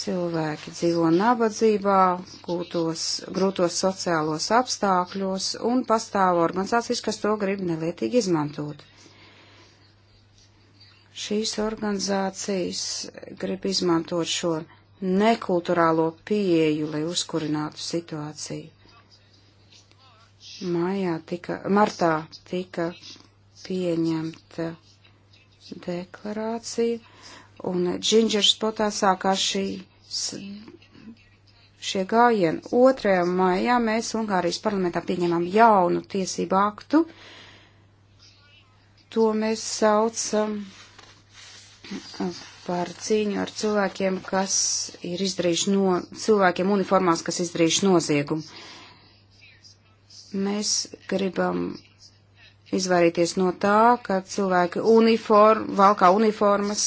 Cilvēki dzīvo nabadzībā, gūtos, grūtos sociālos apstākļos un pastāv organizācijas, kas to grib nelietīgi izmantot. Šīs organizācijas grib izmantot šo nekulturālo pieeju, lai uzkurinātu situāciju. Mājā tika, martā tika pieņemta deklarācija, un Džinģerspotā sākās šī šie gājieni. 2. maijā mēs Ungārijas parlamentā pieņemam jaunu tiesību aktu. To mēs saucam uh, par cīņu ar cilvēkiem, kas ir izdarījuši no cilvēkiem uniformās, kas izdarījuši noziegumu. Mēs gribam izvairīties no tā, ka cilvēki uniform, valkā uniformas,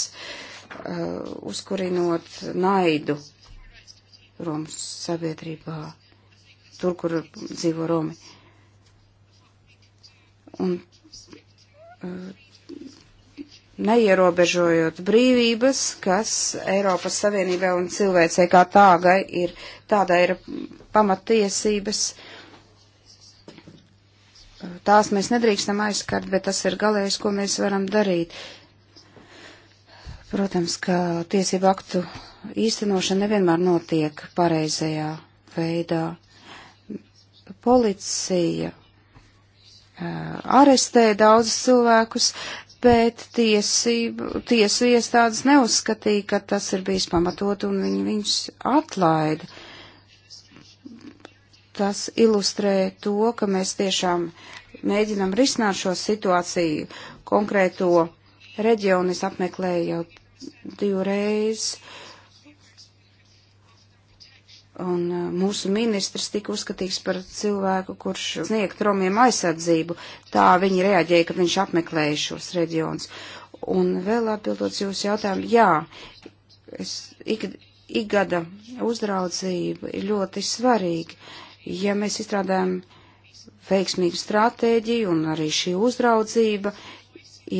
uh, uzkurinot naidu Romas sabiedrībā, tur, kur dzīvo Romi. Un uh, neierobežojot brīvības, kas Eiropas Savienībai un cilvēcei kā tāgai ir, tādā ir pamatiesības. Uh, tās mēs nedrīkstam aizskart, bet tas ir galējais, ko mēs varam darīt. Protams, ka tiesību aktu īstenošana nevienmēr notiek pareizajā veidā. Policija uh, arestē daudzus cilvēkus, bet tiesību, tiesu iestādes neuzskatīja, ka tas ir bijis pamatot un viņi viņus atlaida. Uh, Tas ilustrē to, ka mēs tiešām mēģinam risināt šo situāciju. Konkrēto reģionu es apmeklēju jau divreiz. Un uh, mūsu ministrs tika uzskatīts par cilvēku, kurš sniegt romiem aizsardzību. Tā viņi reaģēja, kad viņš apmeklēja šos reģionus. Un vēl atbildot jūsu jautājumu, jā, es, ik, ikgada uzraudzība ir ļoti svarīga ja mēs izstrādājam veiksmīgu stratēģiju un arī šī uzraudzība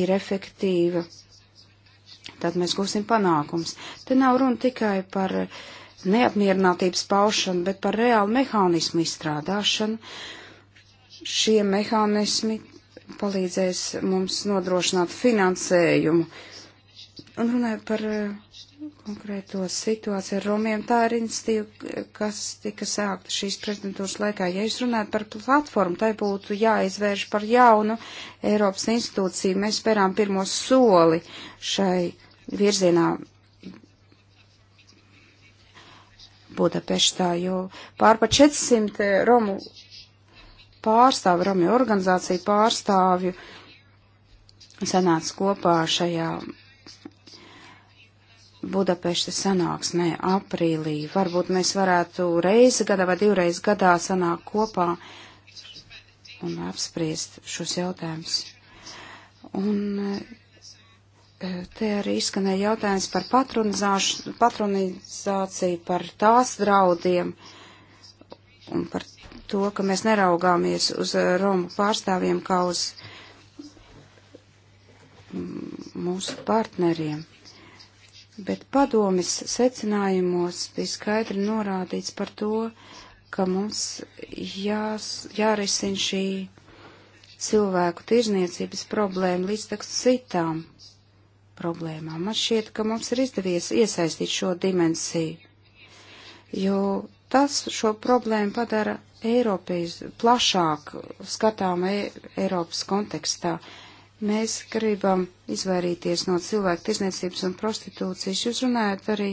ir efektīva, tad mēs gūsim panākums. Te nav runa tikai par neapmierinātības paušanu, bet par reālu mehānismu izstrādāšanu. Šie mehānismi palīdzēs mums nodrošināt finansējumu. Un runājot par konkrēto situāciju ar Romiem. Tā ir institīva, kas tika sākta šīs prezidentūras laikā. Ja jūs runājat par platformu, tai būtu jāizvērš par jaunu Eiropas institūciju. Mēs spērām pirmo soli šai virzienā Budapeštā, jo pārpa 400 Romu pārstāvi, Romu organizāciju pārstāvju sanāca kopā šajā Budapešta sanāksmē aprīlī. Varbūt mēs varētu reizi gadā vai divreiz gadā sanākt kopā un apspriest šos jautājumus. Un e, te arī izskanēja jautājums par patronizāciju, par tās draudiem un par to, ka mēs neraugāmies uz Romu pārstāvjiem kā uz mūsu partneriem bet padomis secinājumos bija skaidri norādīts par to, ka mums jās, jārisina šī cilvēku tirzniecības problēma līdz citām problēmām. Man šķiet, ka mums ir izdevies iesaistīt šo dimensiju, jo tas šo problēmu padara Eiropas plašāk skatām Ei Eiropas kontekstā. Uh, Mēs gribam izvairīties no cilvēku tirzniecības un prostitūcijas. Jūs runājat arī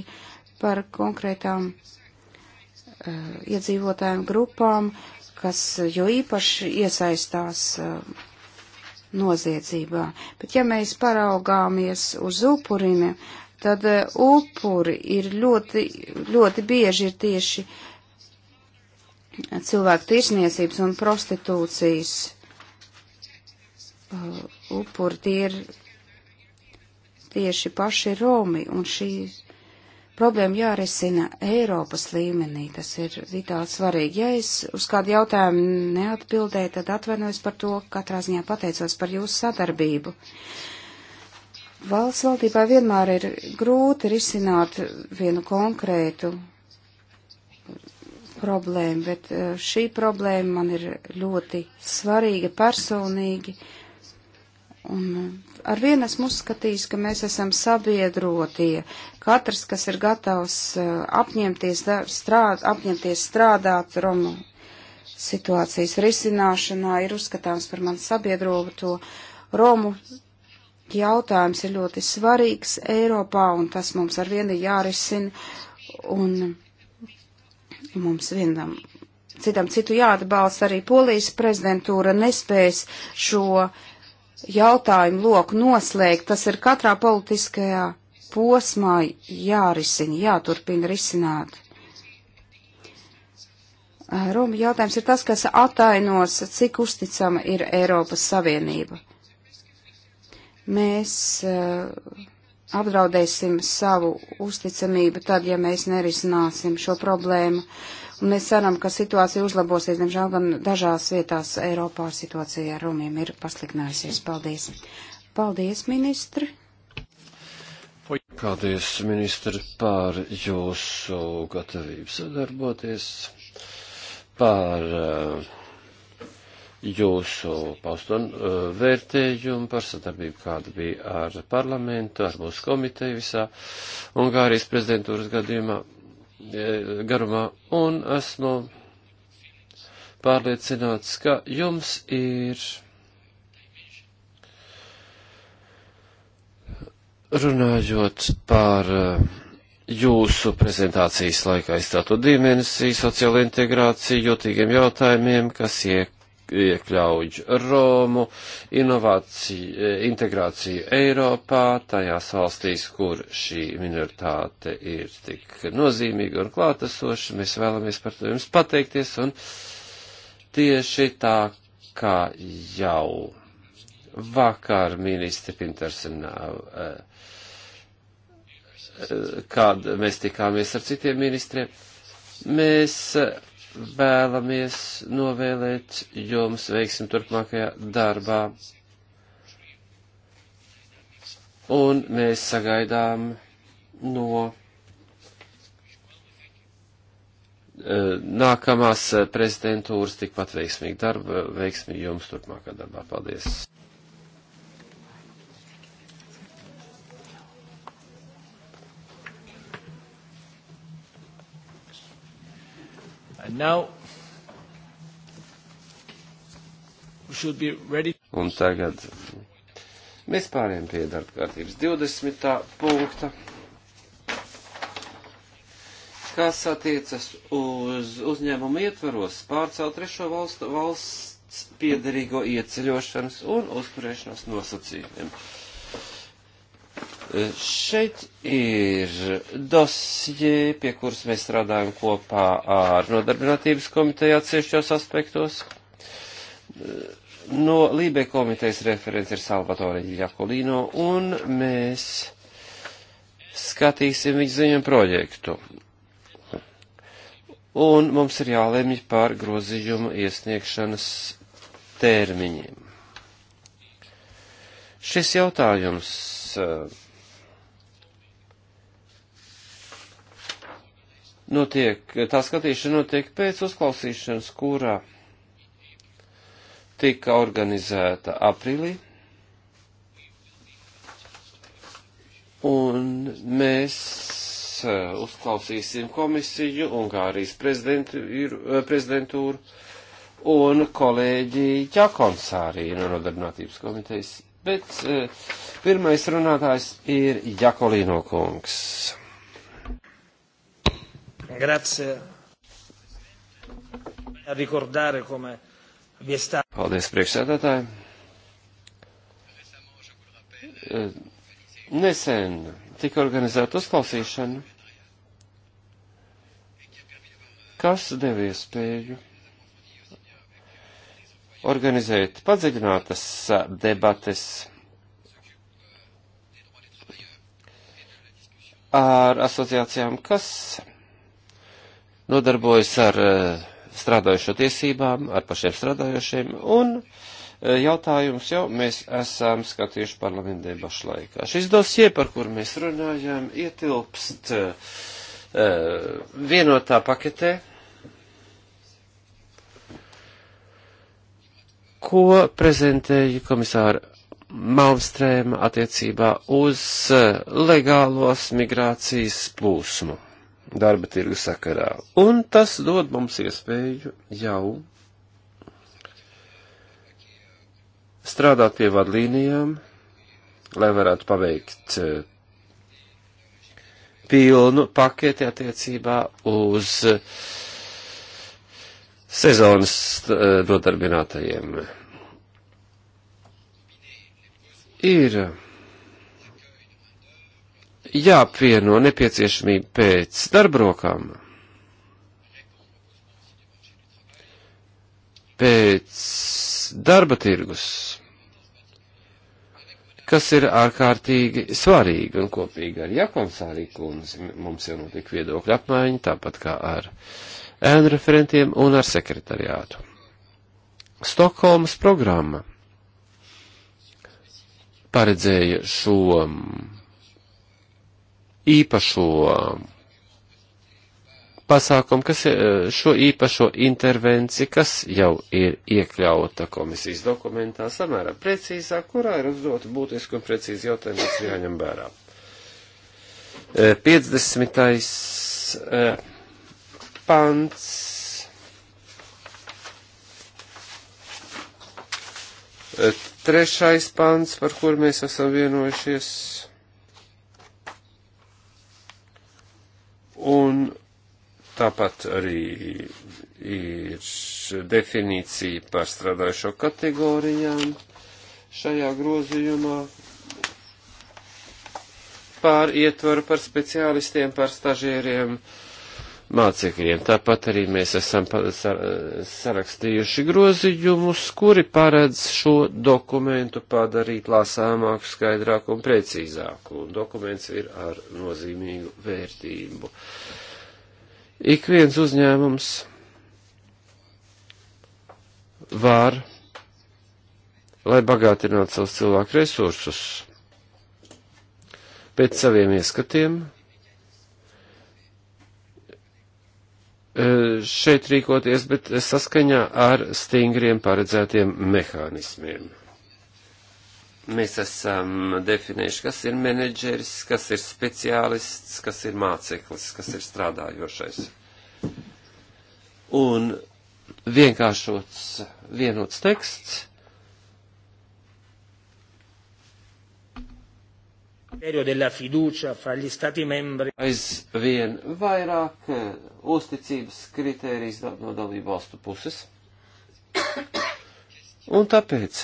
par konkrētām uh, iedzīvotājiem grupām, kas jo īpaši iesaistās uh, noziedzībā. Bet ja mēs paraugāmies uz upuriem, tad uh, upuri ir ļoti, ļoti bieži ir tieši cilvēku tirsniecības un prostitūcijas uh, upuri, tie ir tieši paši Romi, un šī problēma jārisina Eiropas līmenī. Tas ir vitāli svarīgi. Ja es uz kādu jautājumu neatbildēju, tad atvainojos par to, katrā ziņā pateicos par jūsu sadarbību. Valsts valdībā vienmēr ir grūti risināt vienu konkrētu problēmu, bet uh, šī problēma man ir ļoti svarīga personīgi Un eh, ar vienu esmu uzskatījis, ka mēs esam sabiedrotie. Katrs, kas ir gatavs eh, apņemties, strād, apņemties strādāt Romu situācijas risināšanā, ir uzskatāms par mani sabiedroto. Romu jautājums ir ļoti svarīgs Eiropā, un tas mums ar vienu jārisina, un mums vienam citam citu jāatbalsta arī polijas prezidentūra nespēs šo jautājumu loku noslēgt. Tas ir katrā politiskajā posmā jārisina, jāturpina risināt. Roma jautājums ir tas, kas atainos, cik uzticama ir Eiropas Savienība. Mēs uh, apdraudēsim savu uzticamību tad, ja mēs nerisināsim šo problēmu. Uh, Un mēs ceram, ka situācija uzlabosies, diemžēl gan dažās vietās Eiropā situācija ar rumiem ir pasliknājusies. Paldies. Paldies, ministri. Paldies, ministri, par jūsu gatavību sadarboties, par uh, jūsu paustu eh, vērtējumu par sadarbību, kāda bija ar parlamentu, ar mūsu komiteju visā Ungārijas prezidentūras gadījumā. E, garumā, un esmu pārliecināts, ka jums ir runājot par e, jūsu prezentācijas laikā izstāto dimensiju, sociālo integrāciju, jūtīgiem jautājumiem, kas iek iekļauj Romu, inovāciju, e, integrāciju Eiropā, tajās valstīs, kur šī minoritāte ir tik nozīmīga un klātesoša. Mēs vēlamies par to jums pateikties un tieši tā kā jau vakar ministri Pintersen e, e, kad mēs tikāmies ar citiem ministriem, mēs vēlamies novēlēt jums veiksim turpmākajā darbā. Un mēs sagaidām no eh, nākamās prezidentūras tikpat veiksmīgi darba, veiksmīgi jums turpmākā darbā. Paldies! And now we should be ready. Un tagad mēs pāriem pie darba kārtības 20. punkta, kas attiecas uz uzņēmumu ietvaros pārcelt trešo valstu, valsts piederīgo ieceļošanas un uzturēšanas nosacījumiem. Šeit ir dosjē, pie kuras mēs strādājam kopā ar nodarbinātības komiteju atsevišķos aspektos. No Lībe komitejas referents ir Salvatore Jakolino, un mēs skatīsim viņu ziņu projektu. Un mums ir jālemj par grozījumu iesniegšanas termiņiem. Šis jautājums uh, notiek, tā skatīšana notiek pēc uzklausīšanas, kurā tika organizēta aprīlī. Un mēs uh, uzklausīsim komisiju, Ungārijas uh, prezidentūru un kolēģi Jakonsārī no Nodarbinātības komitejas. Bet uh, pirmais runātājs ir Jakolīno kungs. Grazie. Ricordare come vi è stato. Paldies, priekšsēdētāji. Eh, nesen tika organizēta uzklausīšana, kas deva iespēju organizēt padziļinātas eh, debates ar asociācijām, kas nodarbojas ar eh, strādājušo tiesībām, ar pašiem strādājušiem, un eh, jautājums jau mēs esam skatījuši parlamentu debašu laikā. Šis dosie, par kur mēs runājām, ietilpst eh, vienotā paketē, ko prezentēja komisāra Malmstrēma attiecībā uz legālos migrācijas plūsmu darba tirgu sakarā. Un tas dod mums iespēju jau strādāt pie vadlīnijām, lai varētu paveikt eh, pilnu paketi attiecībā uz eh, sezonas eh, nodarbinātajiem. Ir jāapvieno nepieciešamība pēc darbrokām, pēc darba tirgus, kas ir ārkārtīgi svarīgi un kopīgi ar Jakonsārī kundzi. Mums jau notiek viedokļa apmaiņa, tāpat kā ar ēnu referentiem un ar sekretariātu. Stokholmas programma paredzēja šo īpašo pasākumu, kas eh, šo īpašo intervenciju, kas jau ir iekļauta komisijas dokumentā, samērā precīzāk, kurā ir uzdot būtiski un precīzi jautājumi, kas jāņem vērā. 50. Eh, eh, pants. Trešais pants, par kur mēs esam vienojušies. Un tāpat arī ir definīcija par strādājušo kategorijām šajā grozījumā, pār ietvaru par speciālistiem, par stažieriem, uh, mācekļiem. Tāpat arī mēs esam sarakstījuši grozījumus, kuri paredz šo dokumentu padarīt lasāmāku, skaidrāku un precīzāku, un dokuments ir ar nozīmīgu vērtību. Ik viens uzņēmums var, lai bagātinātu savus cilvēku resursus, pēc saviem ieskatiem, E, šeit rīkoties, bet saskaņā ar stingriem paredzētiem mehānismiem. Mēs esam definējuši, kas ir menedžeris, kas ir speciālists, kas ir māceklis, kas ir strādājošais. Un vienkāršots vienots teksts Aizvien vairāk eh, uzticības kritērijas no dalību valstu puses. Un tāpēc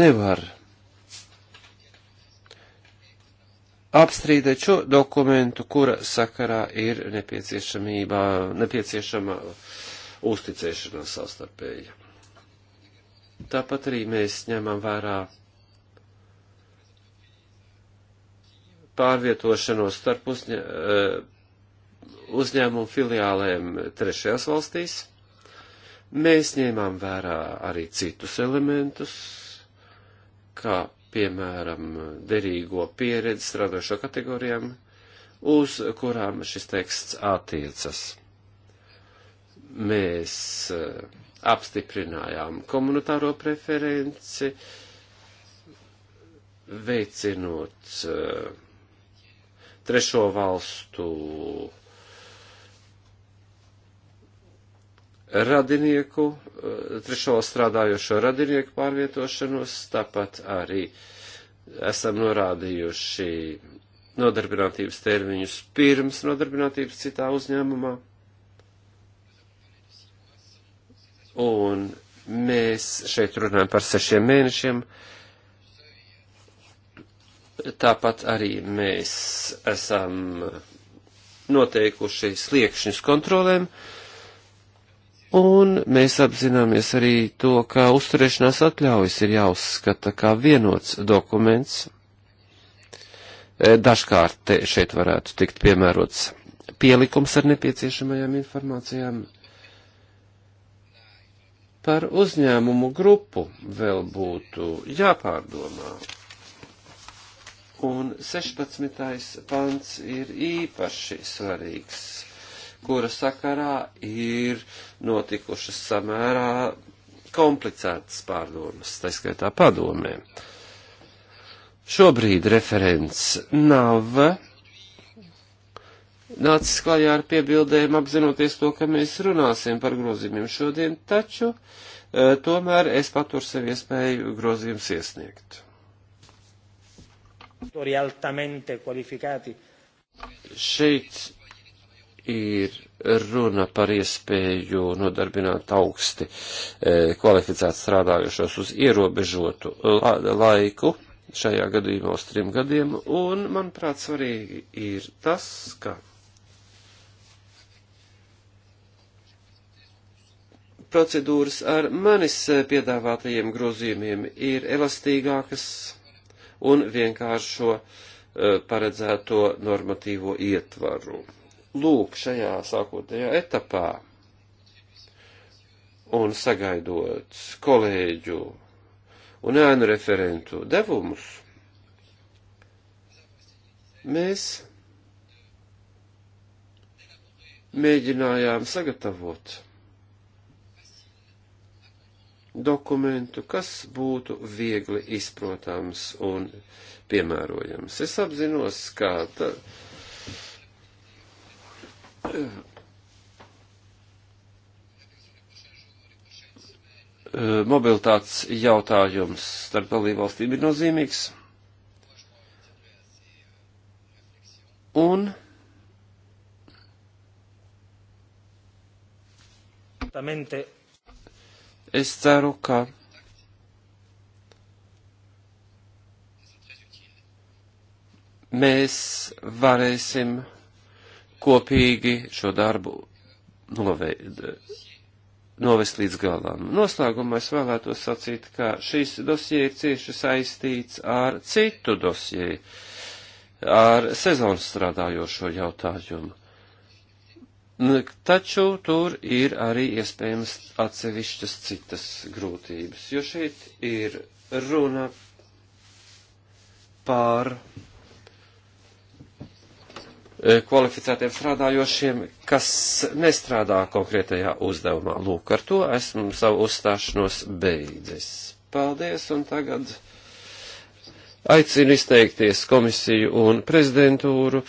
nevar apstrīdēt šo dokumentu, kura sakarā ir nepieciešamība, nepieciešama uzticēšanās savstarpēji. Tāpat arī mēs ņemam vērā pārvietošanos starp uzņē, eh, uzņēmumu filiālēm trešajās valstīs. Mēs ņēmām vērā arī citus elementus, kā piemēram derīgo pieredzi strādošo kategorijām, uz kurām šis teksts attiecas. Mēs eh, apstiprinājām komunitāro preferenci, veicinot uh, trešo valstu radinieku, eh, trešo strādājošo radinieku pārvietošanos, tāpat arī esam norādījuši nodarbinātības termiņus pirms nodarbinātības citā uzņēmumā. Un mēs šeit runājam par sešiem mēnešiem. Uh, Tāpat arī mēs esam noteikuši sliekšņus kontrolēm, un mēs apzināmies arī to, ka uzturēšanās atļaujas ir jāuzskata kā vienots dokuments. Dažkārt šeit varētu tikt piemērots pielikums ar nepieciešamajām informācijām. Par uzņēmumu grupu vēl būtu jāpārdomā un 16. pants ir īpaši svarīgs, kura sakarā ir notikušas samērā komplicētas pārdomas, tā skaitā padomē. Šobrīd referents nav nācis klajā ar piebildēm apzinoties to, ka mēs runāsim par grozījumiem šodien, taču e, tomēr es paturu sev iespēju grozījums iesniegt. Šeit ir runa par iespēju nodarbināt augsti e, kvalificēt strādājušos uz ierobežotu e, laiku, šajā gadījumā uz trim gadiem, un, manuprāt, svarīgi ir tas, ka procedūras ar manis piedāvātajiem grozījumiem ir elastīgākas un vienkāršo eh, paredzēto normatīvo ietvaru. Lūk, šajā sākotnējā etapā un sagaidot kolēģu un ēnu referentu devumus, mēs mēģinājām sagatavot dokumentu, kas būtu viegli izprotams un piemērojams. Es apzinos, ka tā, eh, mobilitātes jautājums starp dalībvalstīm ir nozīmīgs. Un Tamente Es ceru, ka mēs varēsim kopīgi šo darbu noveid, novest līdz galam. Noslēgumā es vēlētos sacīt, ka šīs dosie ir cieši saistīts ar citu dosie, ar sezonas strādājošo jautājumu. Nu, taču tur ir arī iespējams atsevišķas citas grūtības, jo šeit ir runa pār e, kvalificētiem strādājošiem, kas nestrādā konkrētajā uzdevumā. Lūk, ar to esmu savu uzstāšanos beidzis. Paldies, un tagad aicinu izteikties komisiju un prezidentūru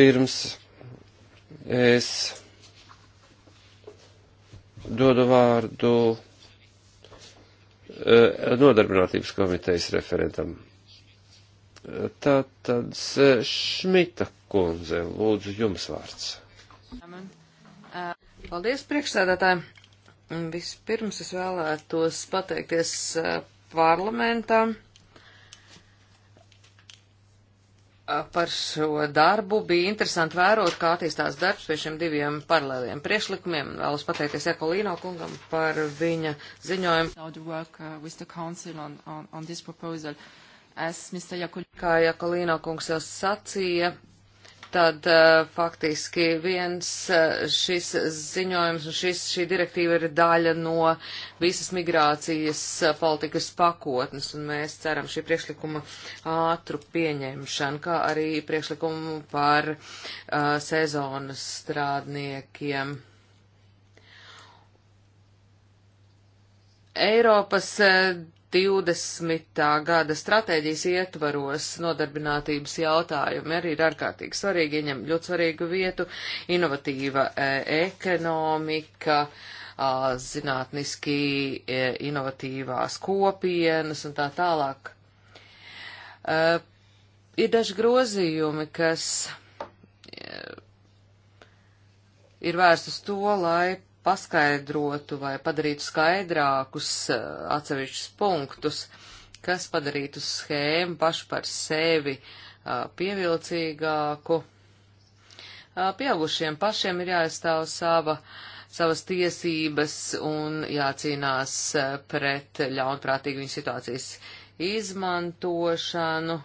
pirms es dodu vārdu eh, nodarbinātības komitejas referentam. Tātad eh, Šmita kundze, lūdzu jums vārds. Eh, paldies priekšsēdētājiem. Vispirms es vēlētos pateikties parlamentam par šo darbu. Bija interesanti vērot, kā attīstās darbs pie šiem diviem paralēliem priekšlikumiem. Vēlos pateikties Ekolīno kungam par viņa ziņojumu. Uh, kā Jakolīno kungs jau sacīja, tad uh, faktiski viens uh, šis ziņojums un šis, šī direktīva ir daļa no visas migrācijas uh, politikas pakotnes, un mēs ceram šī priekšlikuma ātru pieņemšanu, kā arī priekšlikumu par sezonas strādniekiem. Eiropas 20. gada stratēģijas ietvaros nodarbinātības jautājumi arī ir ārkārtīgi svarīgi, ieņem ļoti svarīgu vietu, inovatīva e, ekonomika, zinātniski e, inovatīvās kopienas un tā tālāk. E, ir daži grozījumi, kas ir vērsts uz to, lai paskaidrotu vai padarītu skaidrākus eh, atsevišķus punktus, kas padarītu schēmu pašu par sevi eh, pievilcīgāku. Eh, pieaugušiem pašiem ir jāizstāv sava, savas tiesības un jācīnās pret ļaunprātīgu viņu situācijas izmantošanu.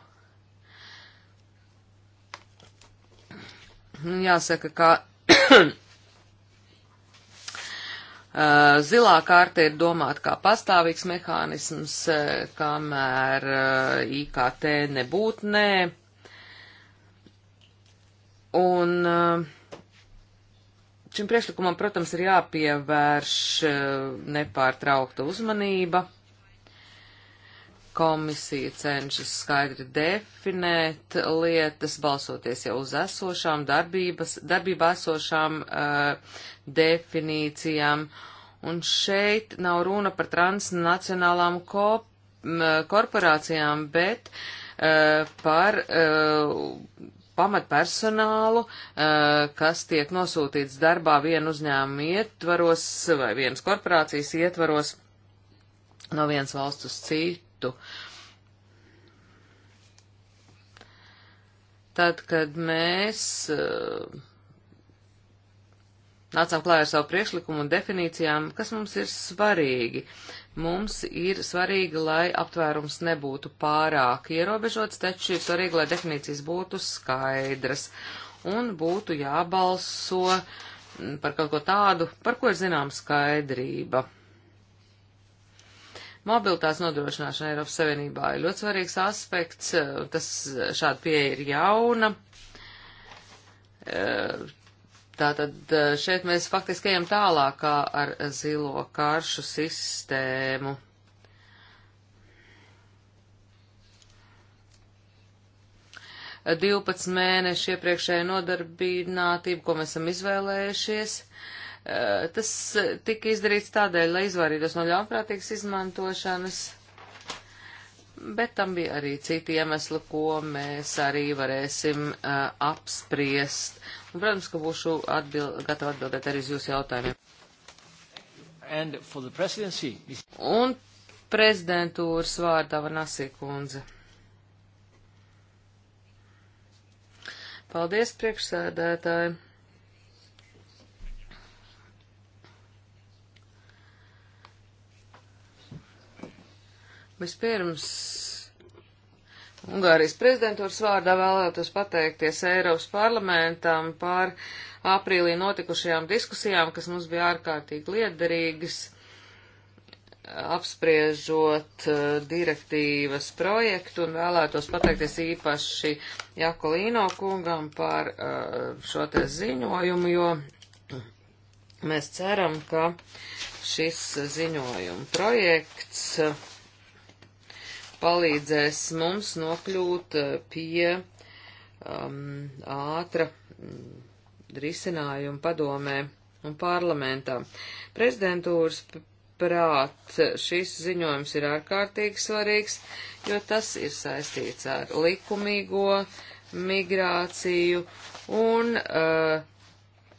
Jāsaka, ka Eh, zilā kārta ir domāta kā pastāvīgs mehānisms, eh, kamēr eh, IKT nebūt nē. Un šim priekšlikumam, protams, ir jāpievērš nepārtraukta uzmanība. Komisija cenšas skaidri definēt lietas, balsoties jau uz esošām darbības, darbībā esošām uh, definīcijām. Un šeit nav runa par transnacionālām kop, m, korporācijām, bet uh, par uh, pamatpersonālu, kas tiek nosūtīts darbā vienu uzņēmumu ietvaros vai vienas korporācijas ietvaros no vienas valsts uz citu citu. Tad, kad mēs eh, nācām klājā ar savu priekšlikumu un definīcijām, kas mums ir svarīgi. Mums ir svarīgi, lai aptvērums nebūtu pārāk ierobežots, taču ir svarīgi, lai definīcijas būtu skaidras un būtu jābalso par kaut ko tādu, par ko ir zināma skaidrība. Mobilitātes nodrošināšana Eiropas Savienībā ir ļoti svarīgs aspekts, eh, tas eh, šāda pieeja ir jauna. Eh, tātad šeit mēs faktiski ejam tālākā ar zilo karšu sistēmu. Divpadsmit mēneši iepriekšēja nodarbinātība, ko mēs esam izvēlējušies. Uh, Eh, tas eh, tika izdarīts tādēļ, lai izvairītos no ļaunprātīgas izmantošanas, bet tam bija arī citi iemesli, ko mēs arī varēsim uh, apspriest. Un, protams, ka būšu atbild, gatava atbildēt arī uz jūsu jautājumiem. Un prezidentūras vārdā Vanasī kundze. Paldies, priekšsēdētāji! Vispirms Ungārijas prezidentūras vārdā vēlētos pateikties Eiropas parlamentam par aprīlī notikušajām diskusijām, kas mums bija ārkārtīgi liederīgas, apspriežot eh, direktīvas projektu un vēlētos pateikties īpaši Jakolīno kungam par eh, šo te ziņojumu, jo mēs ceram, ka šis ziņojuma projekts palīdzēs mums nokļūt eh, pie um, ātra mm, risinājuma padomē un parlamentā. Prezidentūras prāt šis ziņojums ir ārkārtīgi svarīgs, jo tas ir saistīts ar likumīgo migrāciju un uh,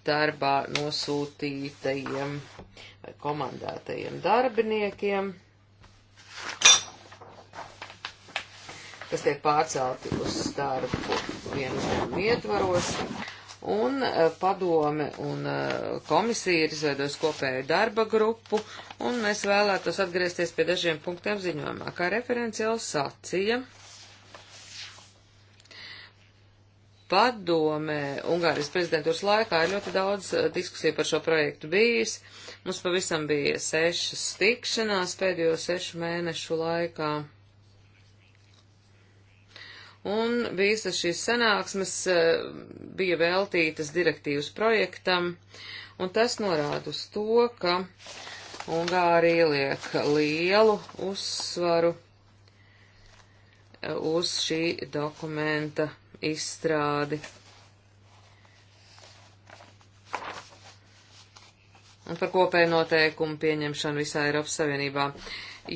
darbā nosūtītajiem vai komandētajiem darbiniekiem kas tiek pārcelti uz starpu vienu uzņēmumu ietvaros. Un eh, padome un eh, komisija ir izveidojusi kopēju darba grupu, un mēs vēlētos atgriezties pie dažiem punktiem ziņojumā. Kā referents jau sacīja, padome Ungārijas prezidentūras laikā ir ļoti daudz eh, diskusiju par šo projektu bijis. Mums pavisam bija sešas tikšanās pēdējo sešu mēnešu laikā un visas šīs sanāksmes eh, bija veltītas direktīvas projektam, un tas norāda uz to, ka Ungārija liek lielu uzsvaru eh, uz šī dokumenta izstrādi. Un par kopēju noteikumu pieņemšanu visā Eiropas Savienībā.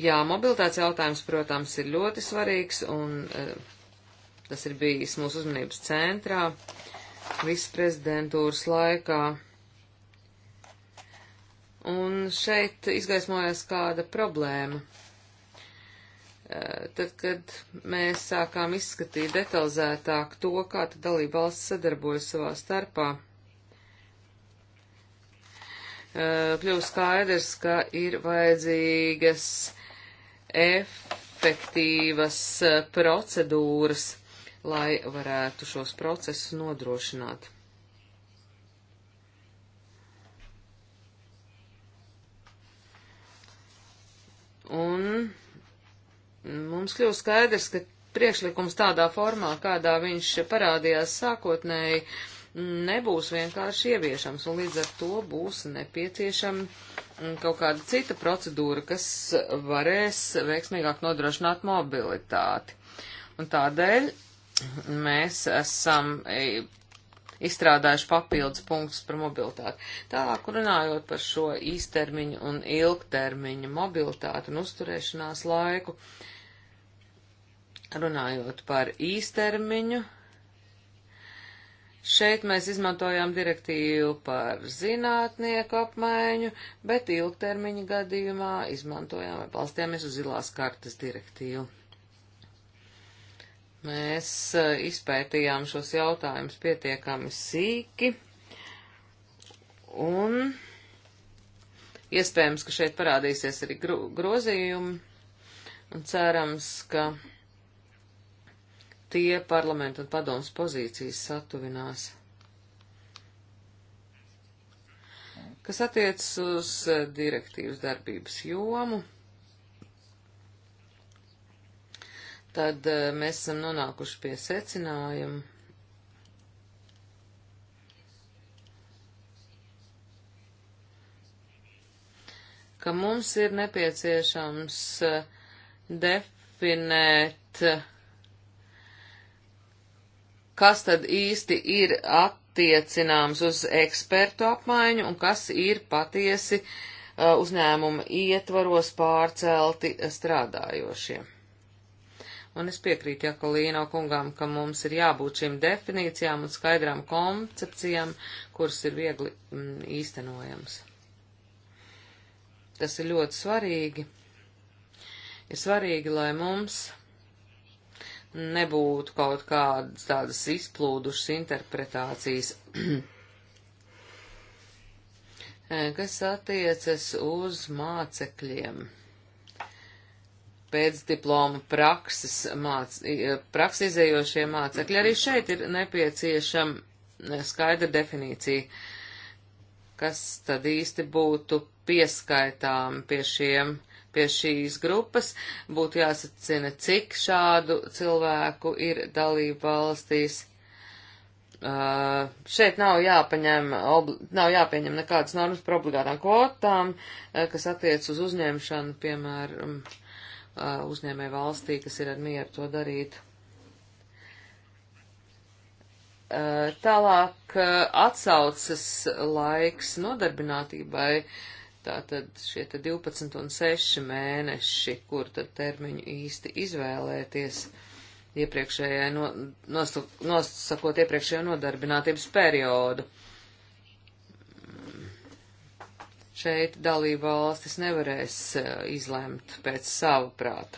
Jā, mobilitātes jautājums, protams, ir ļoti svarīgs, un uh, Tas ir bijis mūsu uzmanības centrā visas prezidentūras laikā. Un šeit izgaismojās kāda problēma. Eh, tad, kad mēs sākām izskatīt detalizētāk to, kā tad dalība valsts sadarbojas savā starpā, eh, kļūst skaidrs, ka ir vajadzīgas efektīvas eh, procedūras lai varētu šos procesus nodrošināt. Un mums kļūst skaidrs, ka priekšlikums tādā formā, kādā viņš parādījās sākotnēji, nebūs vienkārši ieviešams, un līdz ar to būs nepieciešama kaut kāda cita procedūra, kas varēs veiksmīgāk nodrošināt mobilitāti. Un tādēļ mēs esam e, izstrādājuši papildus punktus par mobilitāti. Tālāk runājot par šo īstermiņu un ilgtermiņu mobilitāti un uzturēšanās laiku, runājot par īstermiņu, šeit mēs izmantojām direktīvu par zinātnieku apmaiņu, bet ilgtermiņa gadījumā izmantojām vai balstījāmies uz zilās kartas direktīvu. Mēs eh, izpētījām šos jautājumus pietiekami sīki, un iespējams, ka šeit parādīsies arī gro grozījumi, un cerams, ka tie parlamentu un padomas pozīcijas satuvinās. Kas attiecas uz eh, direktīvas darbības jomu? tad eh, mēs esam nonākuši pie secinājuma. ka mums ir nepieciešams eh, definēt, eh, kas tad īsti ir attiecināms uz ekspertu apmaiņu un kas ir patiesi uzņēmuma ietvaros pārcelti strādājošiem. Un es piekrītu Jakolīno kungām, ka mums ir jābūt šīm definīcijām un skaidrām koncepcijām, kuras ir viegli mm, īstenojams. Tas ir ļoti svarīgi. Ir svarīgi, lai mums nebūtu kaut kādas tādas izplūdušas interpretācijas, kas attiecas uz mācekļiem pēc diploma prakses, māc, e, prakses izējošie mācekļi. Arī šeit ir nepieciešama e, skaidra definīcija, kas tad īsti būtu pieskaitām pie šiem pie šīs grupas, būtu jāsacina, cik šādu cilvēku ir dalība valstīs. Uh, šeit nav jāpaņem, obli, nav jāpieņem nekādas normas par obligātām kvotām, uh, kas attiec uz uzņemšanu, piemēram, uh, Uh, uzņēmē valstī, kas ir ar mieru to darīt. Uh, tālāk uh, atsaucas laiks nodarbinātībai, tātad šie te 12 un 6 mēneši, kur tad termiņu īsti izvēlēties iepriekšējai, no, nosakot iepriekšējo nodarbinātības periodu. Šeit dalība valstis nevarēs eh, izlemt pēc sava prāta.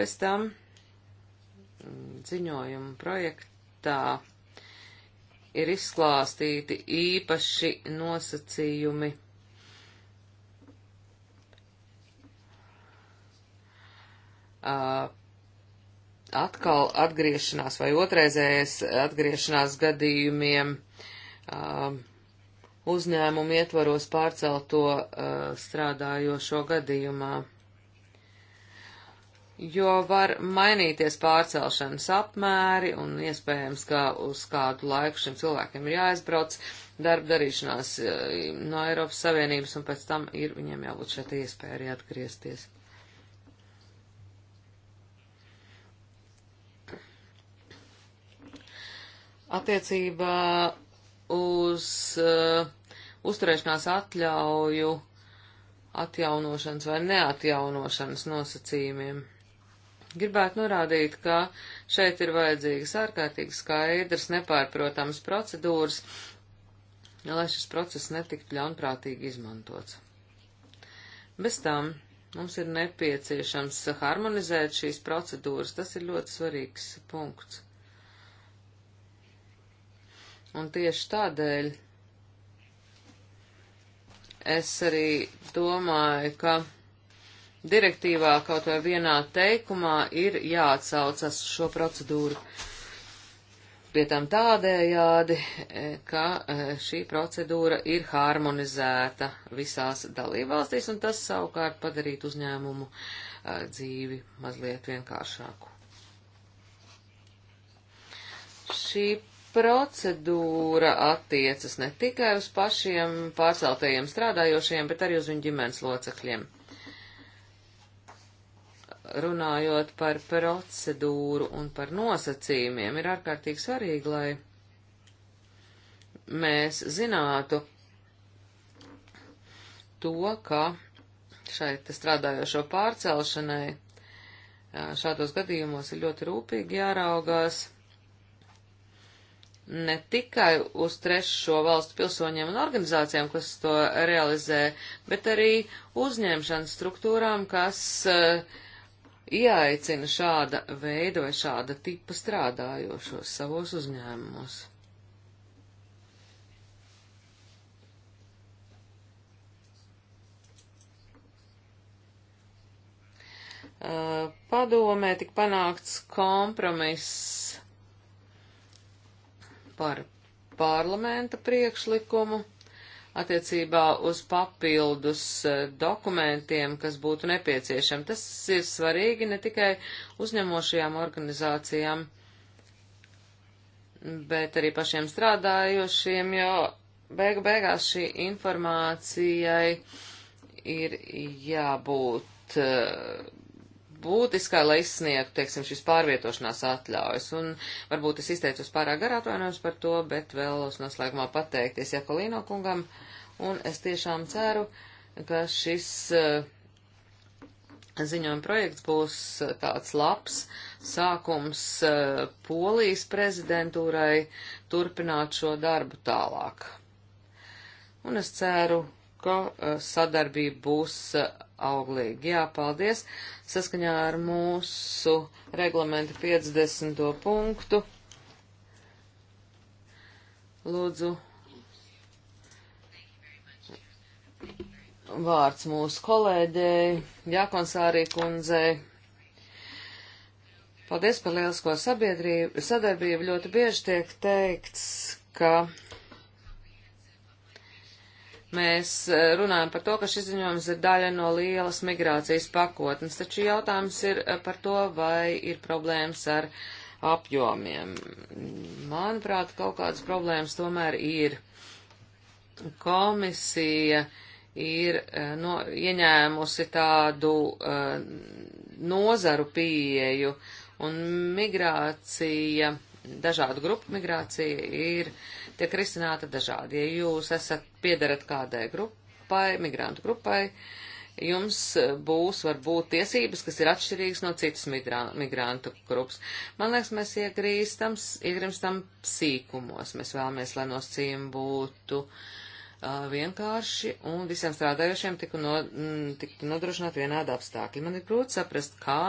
Bez tam mm, ziņojuma projektā ir izklāstīti īpaši nosacījumi. Ah, atkal atgriešanās vai otrreizējais atgriešanās gadījumiem. Uh, uzņēmumu ietvaros pārcelto uh, strādājošo gadījumā, jo var mainīties pārcelšanas apmēri un iespējams, ka uz kādu laiku šim cilvēkiem ir jāaizbrauc darba darīšanās uh, no Eiropas Savienības un pēc tam ir viņiem jābūt šeit iespēja arī atgriezties. Attiecībā uz uh, uzturēšanās atļauju atjaunošanas vai neatjaunošanas nosacījumiem. Gribētu norādīt, ka šeit ir vajadzīgas ārkārtīgi skaidrs, nepārprotams procedūras, lai šis process netiktu ļaunprātīgi izmantots. Bez tam mums ir nepieciešams harmonizēt šīs procedūras, tas ir ļoti svarīgs punkts. Un tieši tādēļ es arī domāju, ka direktīvā kaut vai vienā teikumā ir jāatsaucas šo procedūru. Pie tam tādējādi, e, ka e, šī procedūra ir harmonizēta visās dalībvalstīs, un tas savukārt padarīt uzņēmumu e, dzīvi mazliet vienkāršāku. Šī procedūra attiecas ne tikai uz pašiem pārceltajiem strādājošiem, bet arī uz viņu ģimenes locekļiem. Runājot par procedūru un par nosacījumiem, ir ārkārtīgi svarīgi, lai mēs zinātu to, ka šai strādājošo pārcelšanai šādos gadījumos ir ļoti rūpīgi jāraugās ne tikai uz trešo valstu pilsoņiem un organizācijām, kas to realizē, bet arī uzņemšanas struktūrām, kas uh, ieaicina šāda veida vai šāda tipa strādājošos savos uzņēmumos. Uh, padomē tik panākts kompromiss par parlamenta priekšlikumu attiecībā uz papildus e, dokumentiem, kas būtu nepieciešami. Tas ir svarīgi ne tikai uzņemošajām organizācijām, bet arī pašiem strādājošiem, jo beigu beigās šī informācijai ir jābūt e, būtiskā, lai izsniegtu, teiksim, šīs pārvietošanās atļaujas. Un varbūt es izteicos pārāk garā atvainojums par to, bet vēlos noslēgumā pateikties Jakolīno kungam. Un es tiešām ceru, ka šis eh, ziņojuma projekts būs eh, tāds labs sākums eh, Polijas prezidentūrai turpināt šo darbu tālāk. Un es ceru, ka e, sadarbība būs e, auglīga. Jā, paldies. Saskaņā ar mūsu reglamenta 50. punktu. Lūdzu. Vārds mūsu kolēģei, Jākonsārī kundzei. Paldies par lielisko sabiedrību. Sadarbību ļoti bieži tiek teikts, ka Mēs eh, runājam par to, ka šis ziņojums ir daļa no lielas migrācijas pakotnes, taču jautājums ir eh, par to, vai ir problēmas ar apjomiem. Manuprāt, kaut kādas problēmas tomēr ir. Komisija ir eh, no, ieņēmusi tādu uh, nozaru pieeju, un migrācija, dažādu grupu migrācija ir uh, tiek risināta dažādi. Ja jūs esat piedarat kādai grupai, migrantu grupai, jums būs varbūt tiesības, kas ir atšķirīgas no citas migrantu grupas. Man liekas, mēs iegrīstam, iegrimstam sīkumos. Mēs vēlamies, lai nosacījumi būtu uh, vienkārši un visiem strādājošiem tiktu no, tik nodrošināt vienādi apstākļi. Man ir grūti saprast, kā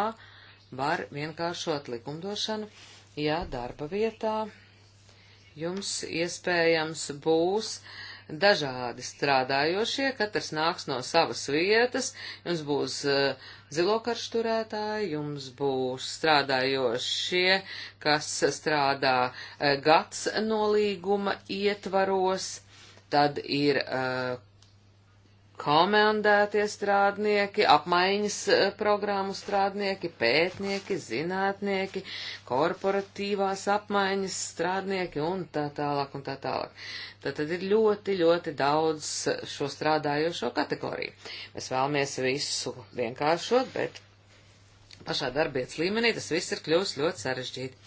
var vienkāršot likumdošanu, ja darba vietā jums iespējams būs dažādi strādājošie, katrs nāks no savas vietas, jums būs uh, eh, zilokarš turētāji, jums būs strādājošie, kas strādā uh, gads nolīguma ietvaros, tad ir uh, komendētie strādnieki, apmaiņas e, programmu strādnieki, pētnieki, zinātnieki, korporatīvās apmaiņas strādnieki un tā tālāk un tā tālāk. Tad, tad ir ļoti, ļoti daudz e, šo strādājošo kategoriju. Mēs vēlamies visu vienkāršot, bet pašā darbietas līmenī tas viss ir kļuvis ļoti sarežģīti.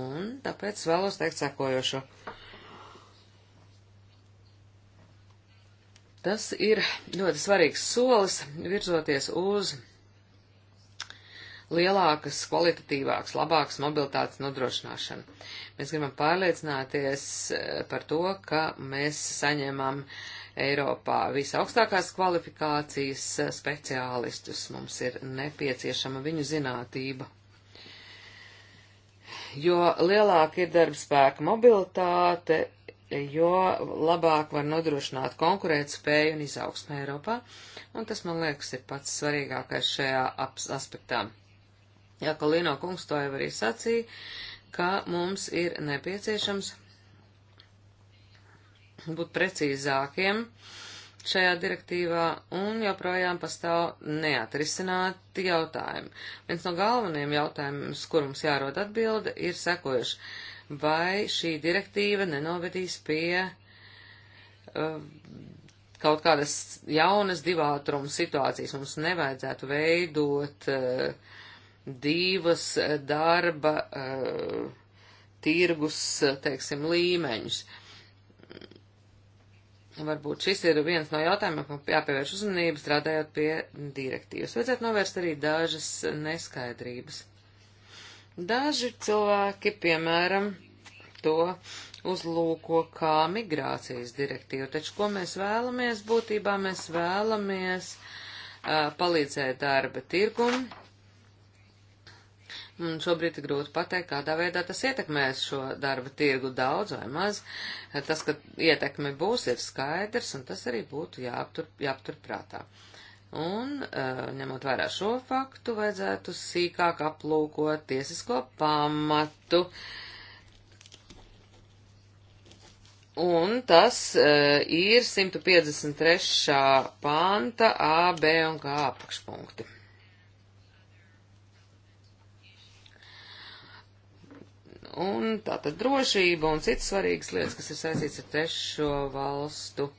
Un tāpēc vēlos teikt sekojošo. Tas ir ļoti svarīgs solis virzoties uz lielākas, kvalitatīvākas, labākas mobilitātes nodrošināšanu. Mēs gribam pārliecināties eh, par to, ka mēs saņemam Eiropā visaugstākās kvalifikācijas eh, speciālistus. Mums ir nepieciešama viņu zinātība. Jo lielāka ir darbspēka mobilitāte, jo labāk var nodrošināt konkurētspēju un izaugsmē Eiropā, un tas, man liekas, ir pats svarīgākais šajā aspektā. Jā, Kolīno kungs to jau arī sacīja, ka mums ir nepieciešams būt precīzākiem šajā direktīvā un joprojām pastāv neatrisināti jautājumi. Viens no galvenajiem jautājumiem, uz kur mums jārod atbilde, ir sekojuši vai šī direktīva nenovedīs pie uh, kaut kādas jaunas divātruma situācijas. Mums nevajadzētu veidot uh, divas uh, darba uh, tirgus, uh, teiksim, līmeņus. Varbūt šis ir viens no jautājumiem, kam jāpievērš uzmanība strādājot pie direktīvas. Vajadzētu novērst arī dažas neskaidrības. Daži cilvēki, piemēram, to uzlūko kā migrācijas direktīvu, taču ko mēs vēlamies? Būtībā mēs vēlamies uh, palīdzēt darba tirgumu. Un šobrīd ir grūti pateikt, kādā veidā tas ietekmēs šo darba tirgu daudz vai maz. Tas, ka ietekme būs, ir skaidrs, un tas arī būtu jāaptur, jāaptur prātā. Uh, Un, eh, ņemot vērā šo faktu, vajadzētu sīkāk aplūkot tiesisko pamatu. Un tas uh, ir 153. panta A, B un K apakšpunkti. Un tātad drošība un citas svarīgas lietas, kas ir saistīts ar trešo valstu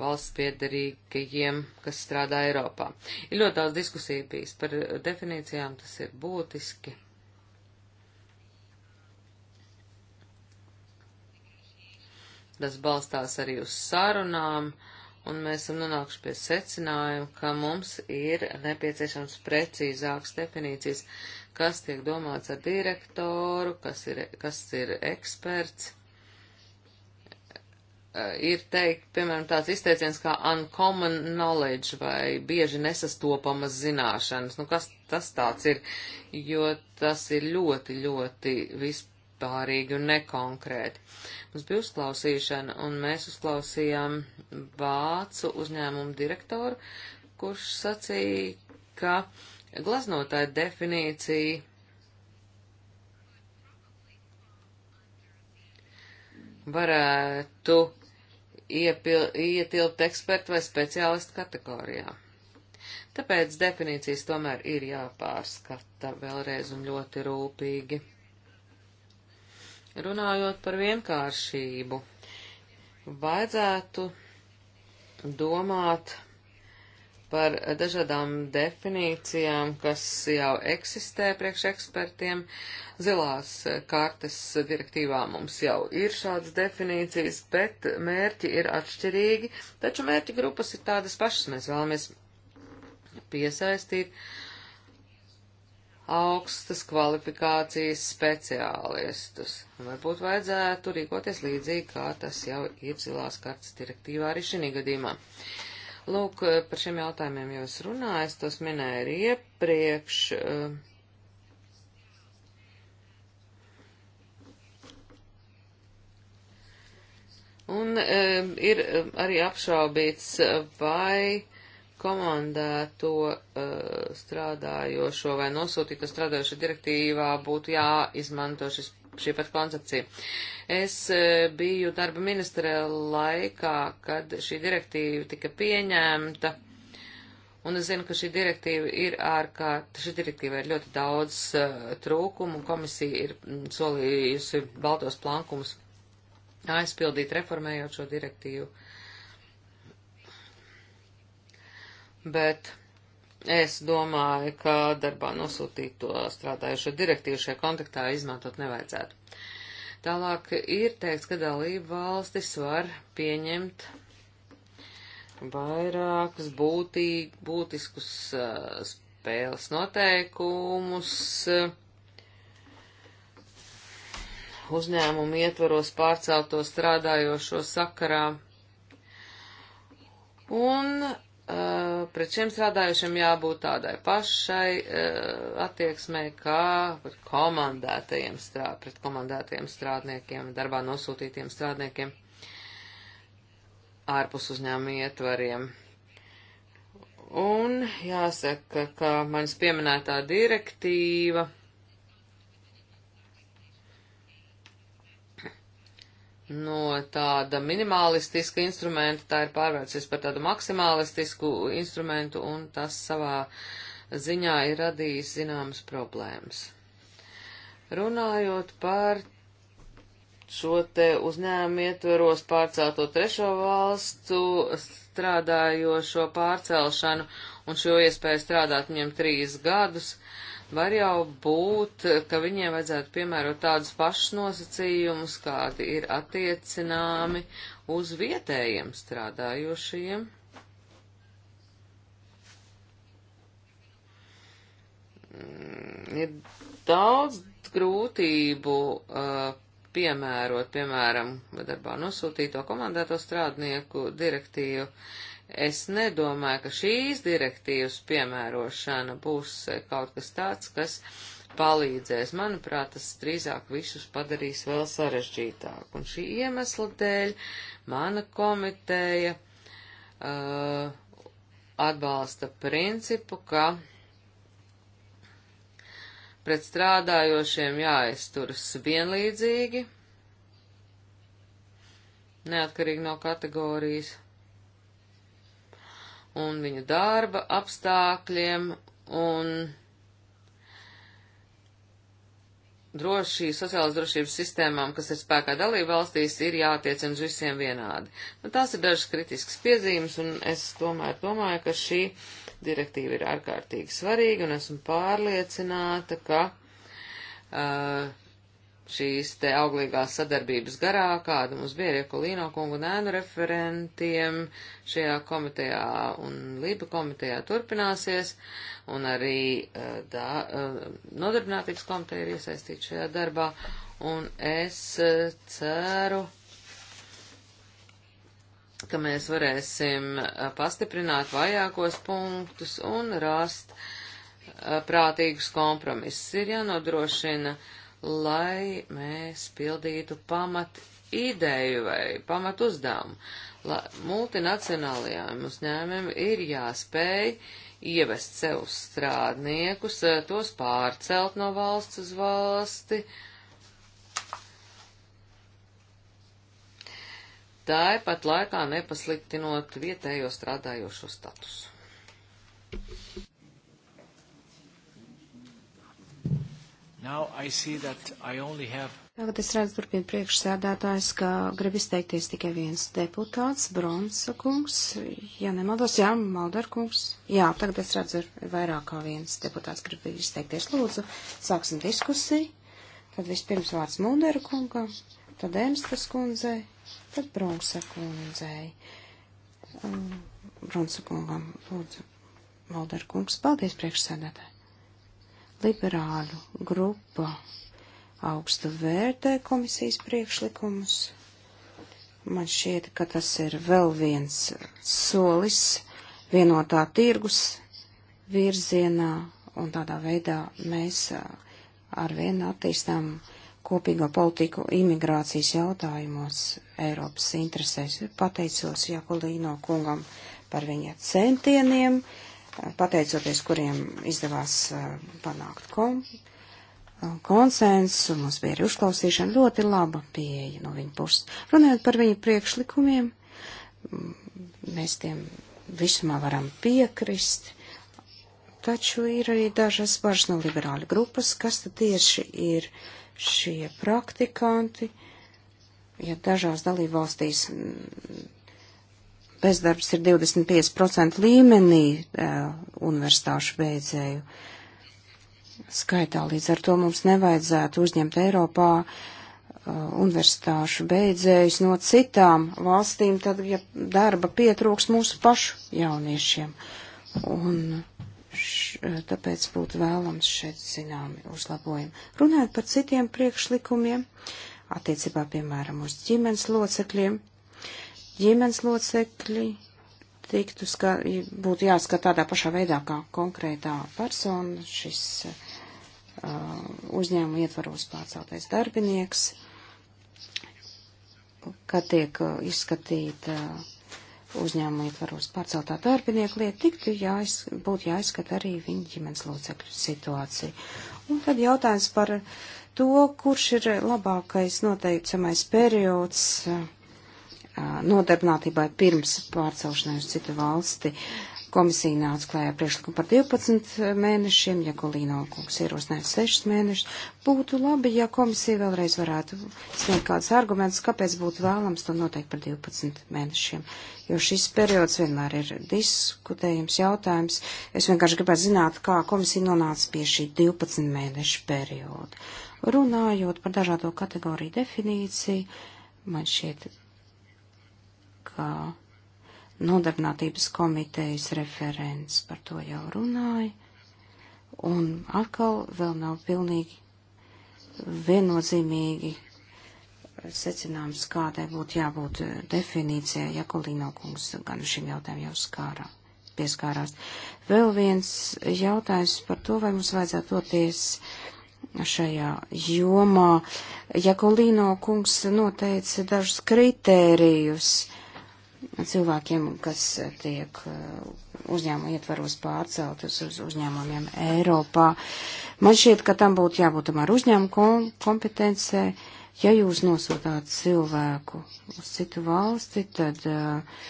valsts piedarīgajiem, kas strādā Eiropā. Ir ļoti daudz diskusiju bijis par definīcijām, tas ir būtiski. Tas balstās arī uz sarunām, un mēs esam nonākuši pie secinājuma, ka mums ir nepieciešams precīzāks definīcijas, kas tiek domāts ar direktoru, kas ir, kas ir eksperts. Eh, ir teikt, piemēram, tāds izteiciens kā uncommon knowledge vai bieži nesastopamas zināšanas. Nu, kas tas tāds ir? Jo tas ir ļoti, ļoti vispārīgi un nekonkrēti. Mums bija uzklausīšana, un mēs uzklausījām vācu uzņēmumu direktoru, kurš sacīja, ka glaznotāja definīcija varētu iepil, ietilpt ekspertu vai speciālistu kategorijā. Tāpēc definīcijas tomēr ir jāpārskata vēlreiz un ļoti rūpīgi. Runājot par vienkāršību, vajadzētu domāt par dažādām definīcijām, kas jau eksistē priekš ekspertiem. Zilās kartes direktīvā mums jau ir šādas definīcijas, bet mērķi ir atšķirīgi, taču mērķi grupas ir tādas pašas. Mēs vēlamies piesaistīt augstas kvalifikācijas speciālistus. Varbūt vajadzētu rīkoties līdzīgi, kā tas jau ir zilās kartes direktīvā arī šī gadījumā. Uh, Lūk, eh, par šiem jautājumiem jau es runāju, es tos minēju arī iepriekš. Eh. Un eh, ir arī apšaubīts, vai komandēto strādājošo vai nosūtīto strādājošo direktīvā būtu jāizmanto šis šī pat koncepcija. Es e, biju darba ministre laikā, kad šī direktīva tika pieņemta, un es zinu, ka šī direktīva ir ārkārt, šī direktīva ir ļoti daudz uh, trūkumu, un komisija ir solījusi baltos plankumus aizpildīt, reformējot šo direktīvu. Bet Es domāju, ka darbā nosūtīt to strādājušo direktīvu šajā kontaktā izmantot nevajadzētu. Tālāk ir teikts, ka dalība valstis var pieņemt vairākus būtī, būtiskus uh, spēles noteikumus uh, uzņēmumu ietvaros pārcelto strādājošo sakarā. Un Eh, pret šiem strādājušiem jābūt tādai pašai eh, attieksmei, kā pret komandētajiem, strā, pret komandētajiem strādniekiem, darbā nosūtītiem strādniekiem ārpus uzņēmuma ietvariem. Un jāsaka, ka manis pieminētā direktīva no tāda minimalistiska instrumenta, tā ir pārvērsies par tādu maksimalistisku instrumentu, un tas savā ziņā ir radījis zināmas problēmas. Runājot par šo te uzņēmumu ietveros pārcelto trešo valstu strādājošo pārcelšanu un šo iespēju strādāt viņiem trīs gadus, uh, Var jau būt, ka viņiem vajadzētu piemērot tādus pašus nosacījumus, kādi ir attiecināmi uz vietējiem strādājošiem. Mm, ir daudz grūtību uh, piemērot, piemēram, darbā nosūtīto komandēto strādnieku direktīvu. Uh, Es nedomāju, ka šīs direktīvas piemērošana būs kaut kas tāds, kas palīdzēs. Manuprāt, tas drīzāk visus padarīs vēl sarežģītāk. Un šī iemesla dēļ mana komiteja uh, atbalsta principu, ka pret strādājošiem jāizturas vienlīdzīgi, neatkarīgi no kategorijas un viņu darba apstākļiem un droši, sociālās drošības sistēmām, kas ir spēkā dalība valstīs, ir jātiecina uz visiem vienādi. Nu, tās ir dažas kritiskas piezīmes, un es tomēr domāju, ka šī direktīva ir ārkārtīgi svarīga, un esmu pārliecināta, ka uh, šīs te auglīgās sadarbības garā, kāda mums bija ar Kolīno kungu un ēnu referentiem šajā komitejā un Lība komitejā turpināsies, un arī eh, da, eh, nodarbinātības komiteja ir iesaistīta šajā darbā, un es eh, ceru, ka mēs varēsim pastiprināt vajākos punktus un rast prātīgus kompromisus. Ir jānodrošina, ja lai mēs pildītu pamat ideju vai pamat uzdevumu. Multinacionālajām uzņēmumiem ir jāspēj ievest sev strādniekus, eh, tos pārcelt no valsts uz valsti, tāpat laikā nepasliktinot vietējo strādājošo statusu. Have... Tagad es redzu turpina priekšsēdētājs, ka grib izteikties tikai viens deputāts, Bronsa kungs, ja nemaldos, jā, Maldar kungs. Jā, tagad es redzu, ir vairāk kā viens deputāts grib izteikties. Lūdzu, sāksim diskusiju. Tad vispirms vārds Muldera kungam, tad Enstas kundzei, tad Bronsa kundzei. Um, Bronsa kungam, lūdzu, Maldar kungs, paldies priekšsēdētāji. Liberāļu grupa augstu vērtē komisijas priekšlikumus. Man šķiet, ka tas ir vēl viens solis vienotā tirgus virzienā, un tādā veidā mēs arvien attīstām kopīgo politiku imigrācijas jautājumos Eiropas interesēs. Pateicos Jakulīno kungam par viņa centieniem pateicoties kuriem izdevās panākt kom, konsensu, mums bija arī uzklausīšana ļoti laba pieeja no viņa puses. Runājot par viņa priekšlikumiem, mēs tiem visumā varam piekrist, taču ir arī dažas bažas no liberāļu grupas, kas tad tieši ir šie praktikanti, ja dažās dalībvalstīs bezdarbs ir 25% līmenī universitāšu beidzēju skaitā. Līdz ar to mums nevajadzētu uzņemt Eiropā universitāšu beidzējus no citām valstīm, tad ja darba pietrūks mūsu pašu jauniešiem. Un š, tāpēc būtu vēlams šeit zināmi uzlabojumi. Runājot par citiem priekšlikumiem, attiecībā, piemēram, uz ģimenes locekļiem, ģimenes locekļi tiktu, ska, būtu jāskat tādā pašā veidā, kā konkrētā persona, šis uh, uzņēmuma ietvaros pārceltais darbinieks, kad tiek uh, izskatīta uh, uzņēmuma ietvaros pārceltā darbinieka lieta, tiktu jāiz, būtu jāizskata arī viņa ģimenes locekļu situācija. Un tad jautājums par to, kurš ir labākais noteicamais periods. Uh, nodarbinātībai pirms pārcelšanai uz citu valsti. Komisija nāca klājā priekšlikumu par 12 mēnešiem, ja Kolīno kungs ierosināja 6 mēnešus. Būtu labi, ja komisija vēlreiz varētu sniegt kādus argumentus, kāpēc būtu vēlams to noteikt par 12 mēnešiem, jo šis periods vienmēr ir diskutējums jautājums. Es vienkārši gribētu zināt, kā komisija nonāca pie šī 12 mēnešu perioda. Runājot par dažādo kategoriju definīciju, man šķiet kā nodarbinātības komitejas referents par to jau runāja. Un atkal vēl nav pilnīgi viennozīmīgi secināms, kādai būtu jābūt definīcijai, ja Kolīno kungs gan šim jautājumam jau skārā, pieskārās. Vēl viens jautājums par to, vai mums vajadzētu doties šajā jomā. Ja Kolīno kungs noteica dažus kritērijus, uh, cilvēkiem, kas eh, tiek eh, uzņēmuma ietvaros pārcelt uz, uz uzņēmumiem Eiropā. Man šķiet, ka tam būtu jābūt tomēr uzņēmuma kom kompetencē. Ja jūs nosūtāt cilvēku uz citu valsti, tad uh,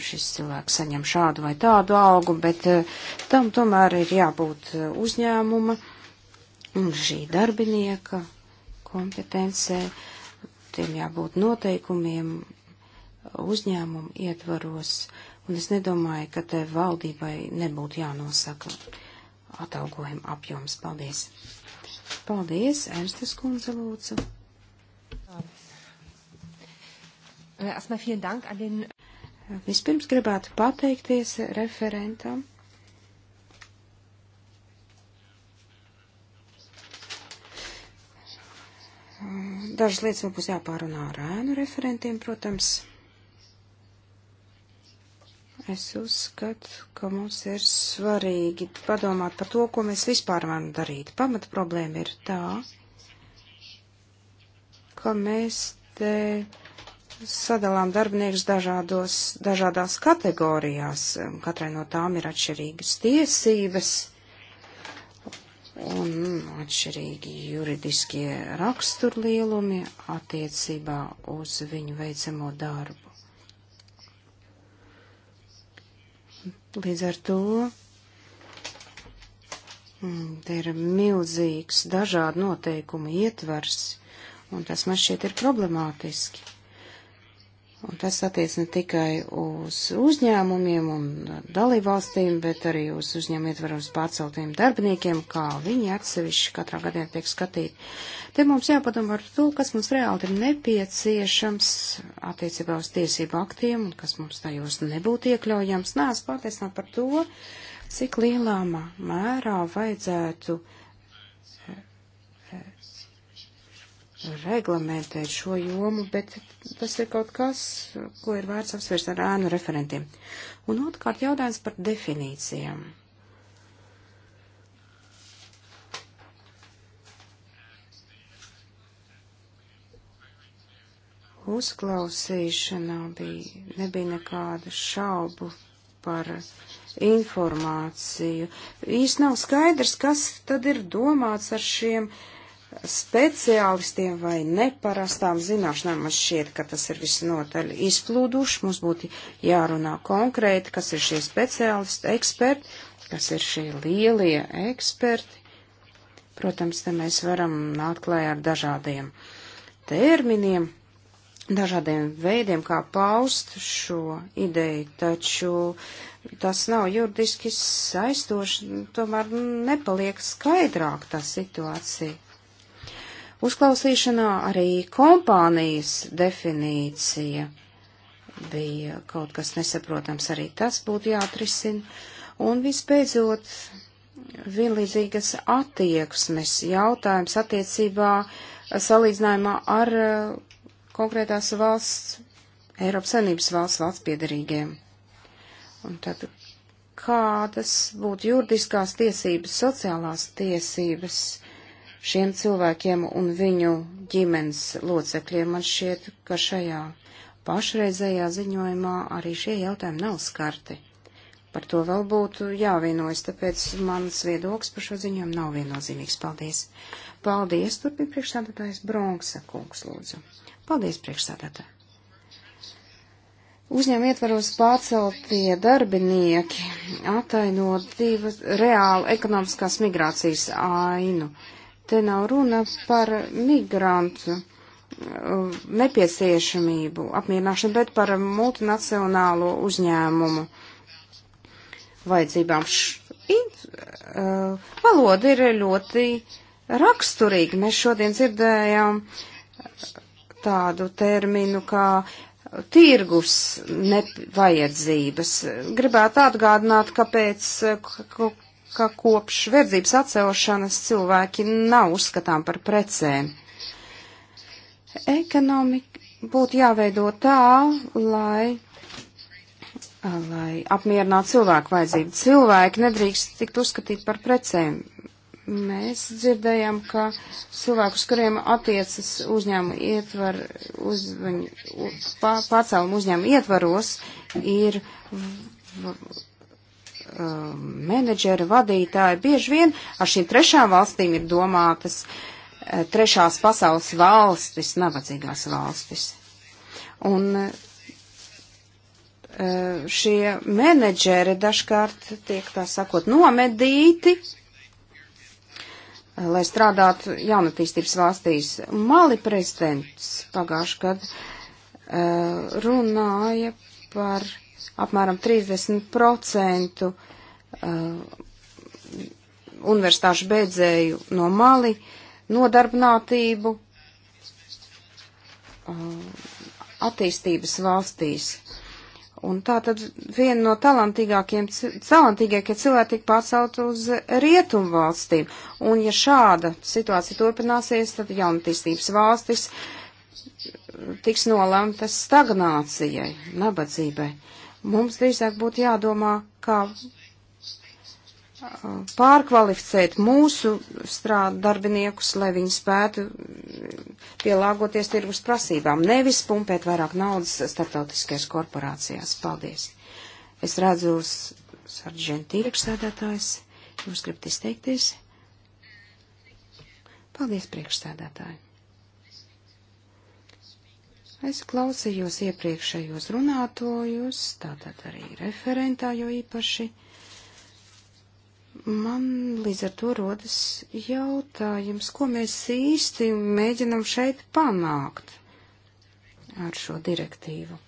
šis cilvēks saņem šādu vai tādu algu, bet uh, tam tomēr ir jābūt uzņēmuma un šī darbinieka kompetencē. Tiem jābūt noteikumiem, uzņēmumu ietvaros, un es nedomāju, ka te valdībai nebūtu jānosaka atalgojuma apjoms. Paldies! Paldies, Ernstes kundze, lūdzu! Vispirms gribētu pateikties referentam. Dažas lietas vēl būs jāpārunā ar ēnu referentiem, protams. Es uzskatu, ka mums ir svarīgi padomāt par to, ko mēs vispār varam darīt. Pamata problēma ir tā, ka mēs te sadalām darbiniekus dažādos, dažādās kategorijās. Katrai no tām ir atšķirīgas tiesības un atšķirīgi juridiskie raksturlielumi attiecībā uz viņu veicamo darbu. Līdz ar to mm, te ir milzīgs dažādu noteikumu ietvars, un tas man šķiet ir problemātiski. Un tas attiec ne tikai uz uzņēmumiem un dalībvalstīm, bet arī uz uzņēmumu ietvaros pārceltiem darbiniekiem, kā viņi atsevišķi katrā gadiem tiek skatīti. Te mums jāpadomā par to, kas mums reāli ir nepieciešams attiecībā uz tiesību aktiem un kas mums tajos nebūtu iekļaujams. Nāc pārtiecināt par to, cik lielā mērā vajadzētu uh, reglamentēt šo jomu, bet tas ir kaut kas, ko ir vērts apsvērst ar ēnu referentiem. Un otrkārt jautājums par definīcijām. Uzklausīšanā bija, nebija nekādu šaubu par informāciju. Īsti nav skaidrs, kas tad ir domāts ar šiem uh, speciālistiem vai neparastām zināšanām. Man šķiet, ka tas ir visnotaļ izplūduši. Mums būtu jārunā konkrēti, kas ir šie speciālisti, eksperti, kas ir šie lielie eksperti. Protams, te mēs varam nākt klājā ar dažādiem terminiem, dažādiem veidiem, kā paust šo ideju, taču tas nav juridiski saistoši, tomēr nepaliek skaidrāk tā situācija uzklausīšanā arī kompānijas definīcija bija kaut kas nesaprotams, arī tas būtu jāatrisina. Un vispēcot, vienlīdzīgas attieksmes jautājums attiecībā salīdzinājumā ar uh, konkrētās valsts, Eiropas Savienības valsts valsts piedarīgiem. Un tad kādas būtu juridiskās tiesības, sociālās tiesības šiem cilvēkiem un viņu ģimenes locekļiem. Man šķiet, ka šajā pašreizējā ziņojumā arī šie jautājumi nav skarti. Par to vēl būtu jāvienojas, tāpēc mans viedoklis par šo ziņojumu nav viennozīmīgs. Paldies! Paldies, turpin priekšsādātājs Bronksa kungs, lūdzu. Paldies, priekšsādātāji! Uzņēmuma ietvaros pārceltie darbinieki ataino divas reāli ekonomiskās migrācijas ainu. Uh, Te nav runa par migrantu uh, nepieciešamību apmierināšanu, bet par multinacionālo uzņēmumu vajadzībām. Uh, valoda ir ļoti raksturīga. Mēs šodien dzirdējām tādu terminu kā tirgus nevajadzības. Gribētu atgādināt, kāpēc ka kopš verdzības atcelšanas cilvēki nav uzskatām par precēm. Ekonomika būtu jāveido tā, lai, lai apmierinātu cilvēku vajadzību. Cilvēki nedrīkst tikt uzskatīt par precēm. Mēs dzirdējām, ka cilvēku, uz kuriem attiecas uzņēmuma ietvar, uz viņu pārcēlumu uzņēmuma ietvaros, ir um, menedžeri, vadītāji. Bieži vien ar šīm trešām valstīm ir domātas uh, trešās pasaules valstis, nabadzīgās valstis. Un uh, šie menedžeri dažkārt tiek, tā sakot, nomedīti, eh, lai strādātu jaunatīstības valstīs. Mali prezidents pagājuši gadu runāja par apmēram 30% uh, universitāšu beidzēju no Mali nodarbinātību uh, attīstības valstīs. Un tā tad viena no talantīgākiem, talantīgākie cilvēki tika pārcelt uz rietumu valstīm. Un ja šāda situācija turpināsies, tad jaunatīstības valstis tiks nolemtas stagnācijai, nabadzībai. Uh, Mums drīzāk būtu jādomā, kā uh, pārkvalificēt mūsu strādu darbiniekus, lai viņi spētu pielāgoties tirgus prasībām, nevis pumpēt vairāk naudas starptautiskajās korporācijās. Paldies! Es redzu, saržģentī priekšstādātājs, jūs gribat izteikties? Paldies, priekšstādātāji! Es klausījos iepriekšējos runātojus, tātad arī referentā jo īpaši. Man līdz ar to rodas jautājums, ko mēs īsti mēģinam šeit panākt ar šo direktīvu.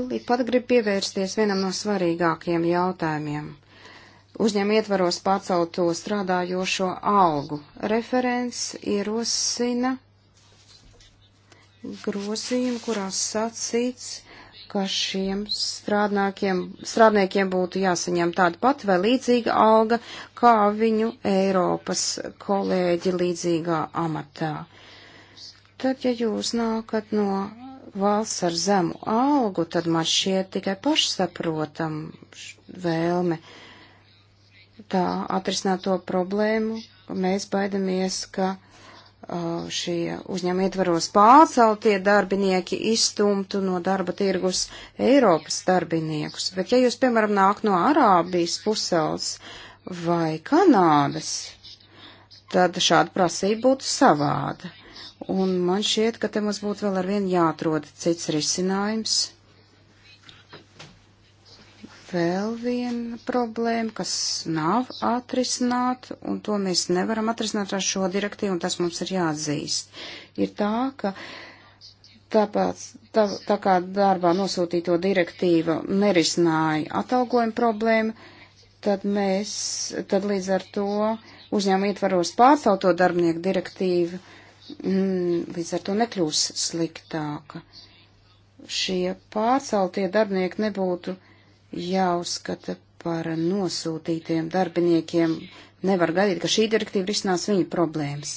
Tūlīt pat grib pievērsties vienam no svarīgākajiem jautājumiem. Uzņem ietvaros pacelto strādājošo algu. Referents ierosina grozījumu, kurā sacīts, ka šiem strādniekiem būtu jāsaņem tāda pati vai līdzīga alga, kā viņu Eiropas kolēģi līdzīgā amatā. Tad, ja jūs nākat no valsts ar zemu algu, tad man šķiet tikai pašsaprotam vēlme tā atrisināt to problēmu, ka mēs baidamies, ka Uh, šie uzņēma ietvaros pārceltie darbinieki izstumtu no darba tirgus Eiropas darbiniekus. Bet ja jūs, piemēram, nāk no Arābijas pusels vai Kanādas, tad šāda prasība būtu savāda. Un man šķiet, ka te mums būtu vēl ar vienu jāatrod cits risinājums vēl viena problēma, kas nav atrisināta, un to mēs nevaram atrisināt ar šo direktīvu, un tas mums ir jāatzīst. Ir tā, ka tāpēc, tā, tā kā darbā nosūtīto direktīvu nerisināja atalgojuma problēma, tad mēs, tad līdz ar to uzņēmuma ietvaros pārcelto darbinieku direktīvu, mm, līdz ar to nekļūs sliktāka. Šie pārceltie darbinieki nebūtu jāuzskata par nosūtītiem darbiniekiem. Nevar gaidīt, ka šī direktīva risinās viņu problēmas.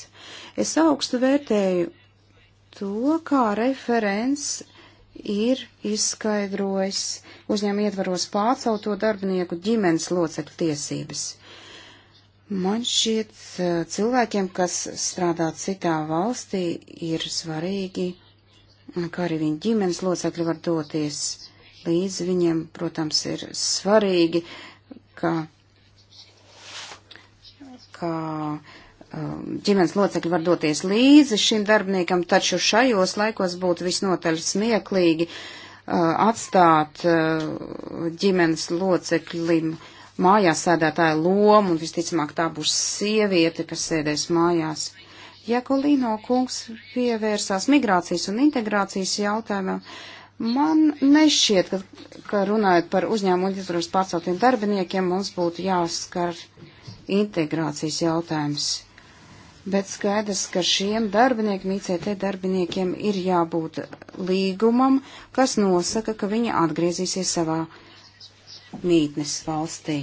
Es augstu vērtēju to, kā referents ir izskaidrojis uzņēmuma ietvaros pārcelto darbinieku ģimenes locekļu tiesības. Man šķiet, eh, cilvēkiem, kas strādā citā valstī, ir svarīgi, kā arī viņa ģimenes locekļi var doties līdz viņiem, protams, ir svarīgi, ka, ka um, ģimenes locekļi var doties līdzi šim darbiniekam, taču šajos laikos būtu visnotaļ smieklīgi uh, atstāt uh, ģimenes loceklim mājās sēdētāju lomu, un visticamāk tā būs sieviete, kas sēdēs mājās. Jakolino kungs pievērsās migrācijas un integrācijas jautājumam. Uh, Man nešķiet, ka, ka runājot par uzņēmumu literatūras pārceltiem darbiniekiem, mums būtu jāskar integrācijas jautājums. Bet skaidrs, ka šiem darbiniekiem, ICT darbiniekiem ir jābūt līgumam, kas nosaka, ka viņi atgriezīsies savā mītnes valstī.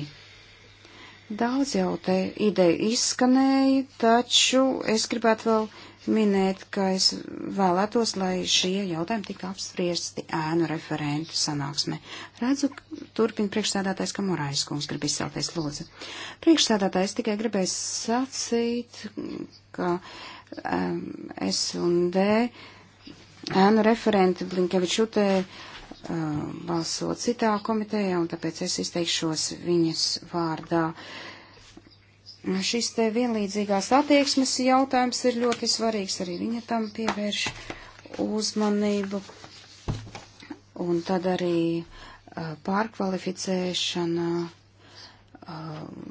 Daudz jau te ideja izskanēja, taču es gribētu vēl minēt, ka es vēlētos, lai šie jautājumi tika apspriesti ēnu referentu sanāksmē. Redzu, turpina priekšsēdātājs, ka Morais kungs grib izcelties lūdzu. Priekšsēdātājs tikai gribēs sacīt, ka um, S un D ēnu referenti Blinkevičutē um, eh, balso citā komitejā, un tāpēc es izteikšos viņas vārdā. Uh, Šis te vienlīdzīgās attieksmes jautājums ir ļoti svarīgs, arī viņa tam pievērš uzmanību. Un tad arī pārkvalificēšana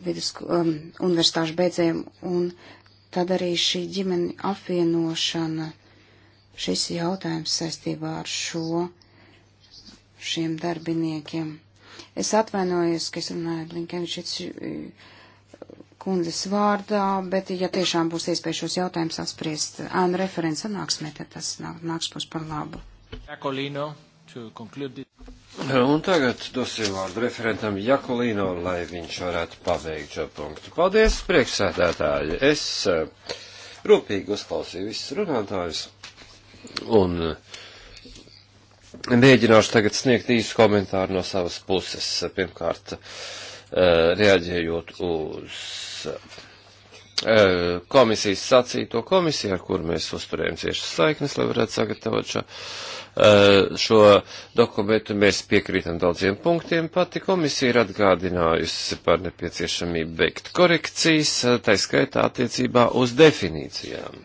vidus, um, universitāšu beidzējiem un tad arī šī ģimene apvienošana, šis jautājums saistībā ar šo, šiem darbiniekiem. Es atvainojos, ka es runāju Blinkevičs kundzes vārdā, bet ja tiešām būs iespēja šos jautājumus apspriest ēnu referents sanāksmē, tad tas nāks būs par labu. Jakolino, nu, Un tagad dosim vārdu referentam Jakolīno, lai viņš varētu pabeigt šo punktu. Paldies, priekšsēdētāji! Es eh, rūpīgi uzklausīju visus runātājus un eh, mēģināšu tagad sniegt īsu komentāru no savas puses. Pirmkārt, eh, reaģējot uz Eh, komisijas sacīto komisiju, ar kuru mēs uzturējam ciešas saiknes, lai varētu sagatavot šo, eh, šo dokumentu. Mēs piekrītam daudziem punktiem. Pati komisija ir atgādinājusi par nepieciešamību veikt korekcijas, eh, tai skaitā attiecībā uz definīcijām.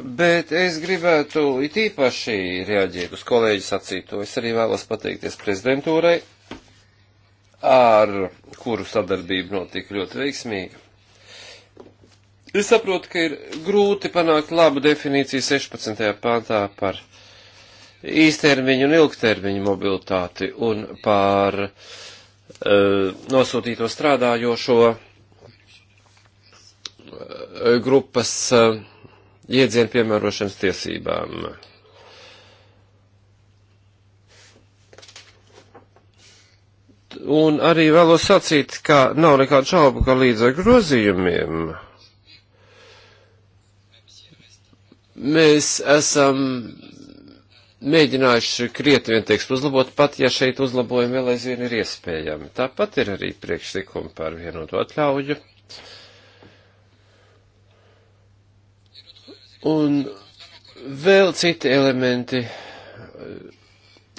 Bet es gribētu it īpaši reaģēt uz kolēģi sacīto. Es arī vēlos pateikties prezidentūrai ar kuru sadarbība notika ļoti veiksmīga. Es saprotu, ka ir grūti panākt labu definīciju 16. pāntā par īstermiņu un ilgtermiņu mobilitāti un par uh, nosūtīto strādājošo uh, grupas uh, iedzienu piemērošanas tiesībām. Un arī vēlos sacīt, ka nav nekādu šaubu, ka līdz ar grozījumiem mēs esam mēģinājuši krietni vien teiks uzlabot, pat ja šeit uzlabojumi vēl aizvien ir iespējami. Tāpat ir arī priekšlikumi par vienotu atļauju. Un vēl citi elementi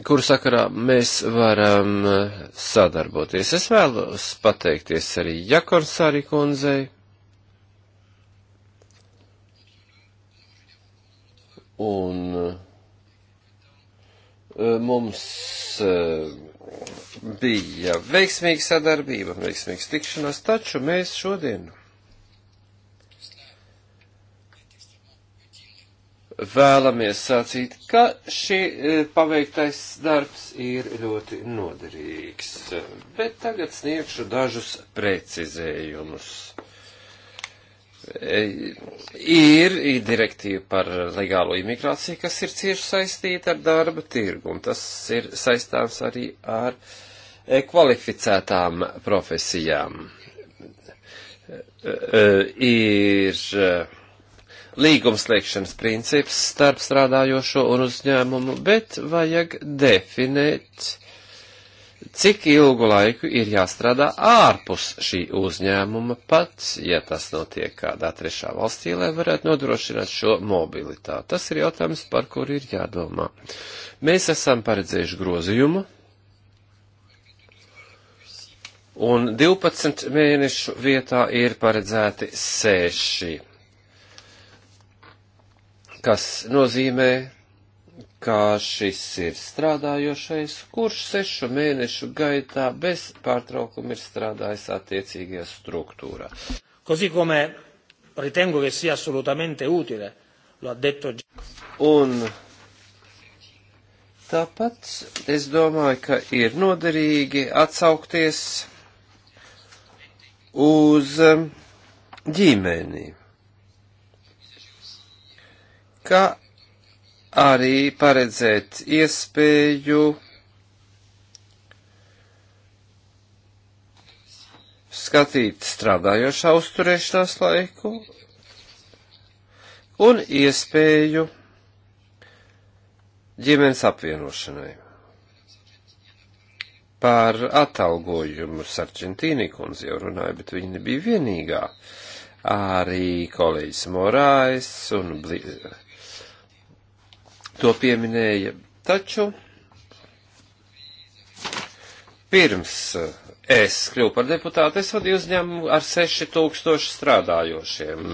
kuru sakarā mēs varam eh, sadarboties. Es vēlos pateikties arī Jakonsārī kundzei. Un eh, mums eh, bija veiksmīga sadarbība, veiksmīgs tikšanās, taču mēs šodien vēlamies sacīt, ka šī e, paveiktais darbs ir ļoti noderīgs. Bet tagad sniegšu dažus precizējumus. E, ir direktīva par legālo imigrāciju, kas ir cieši saistīta ar darba tirgu, un tas ir saistāms arī ar e, kvalificētām profesijām. Ir līgumslēgšanas princips starp strādājošo un uzņēmumu, bet vajag definēt, cik ilgu laiku ir jāstrādā ārpus šī uzņēmuma pats, ja tas notiek kādā trešā valstī, lai varētu nodrošināt šo mobilitāti. Tas ir jautājums, par kuru ir jādomā. Mēs esam paredzējuši grozījumu un 12 mēnešu vietā ir paredzēti 6 kas nozīmē, kā šis ir strādājošais, kurš sešu mēnešu gaitā bez pārtraukuma ir strādājis attiecīgajā struktūrā. Così come ritengo che sia assolutamente utile, lo ha detto. Un tāpat es domāju, ka ir noderīgi atsaukties uz ģimeni kā arī paredzēt iespēju skatīt strādājošā uzturēšanās laiku un iespēju ģimenes apvienošanai. Par atalgojumu Sarčentīnī kundze jau runāja, bet viņa nebija vienīgā. Arī kolēģis Morājs un Bli to pieminēja. Taču pirms es kļuvu par deputātu, es vadīju uzņēmumu ar 6000 strādājošiem.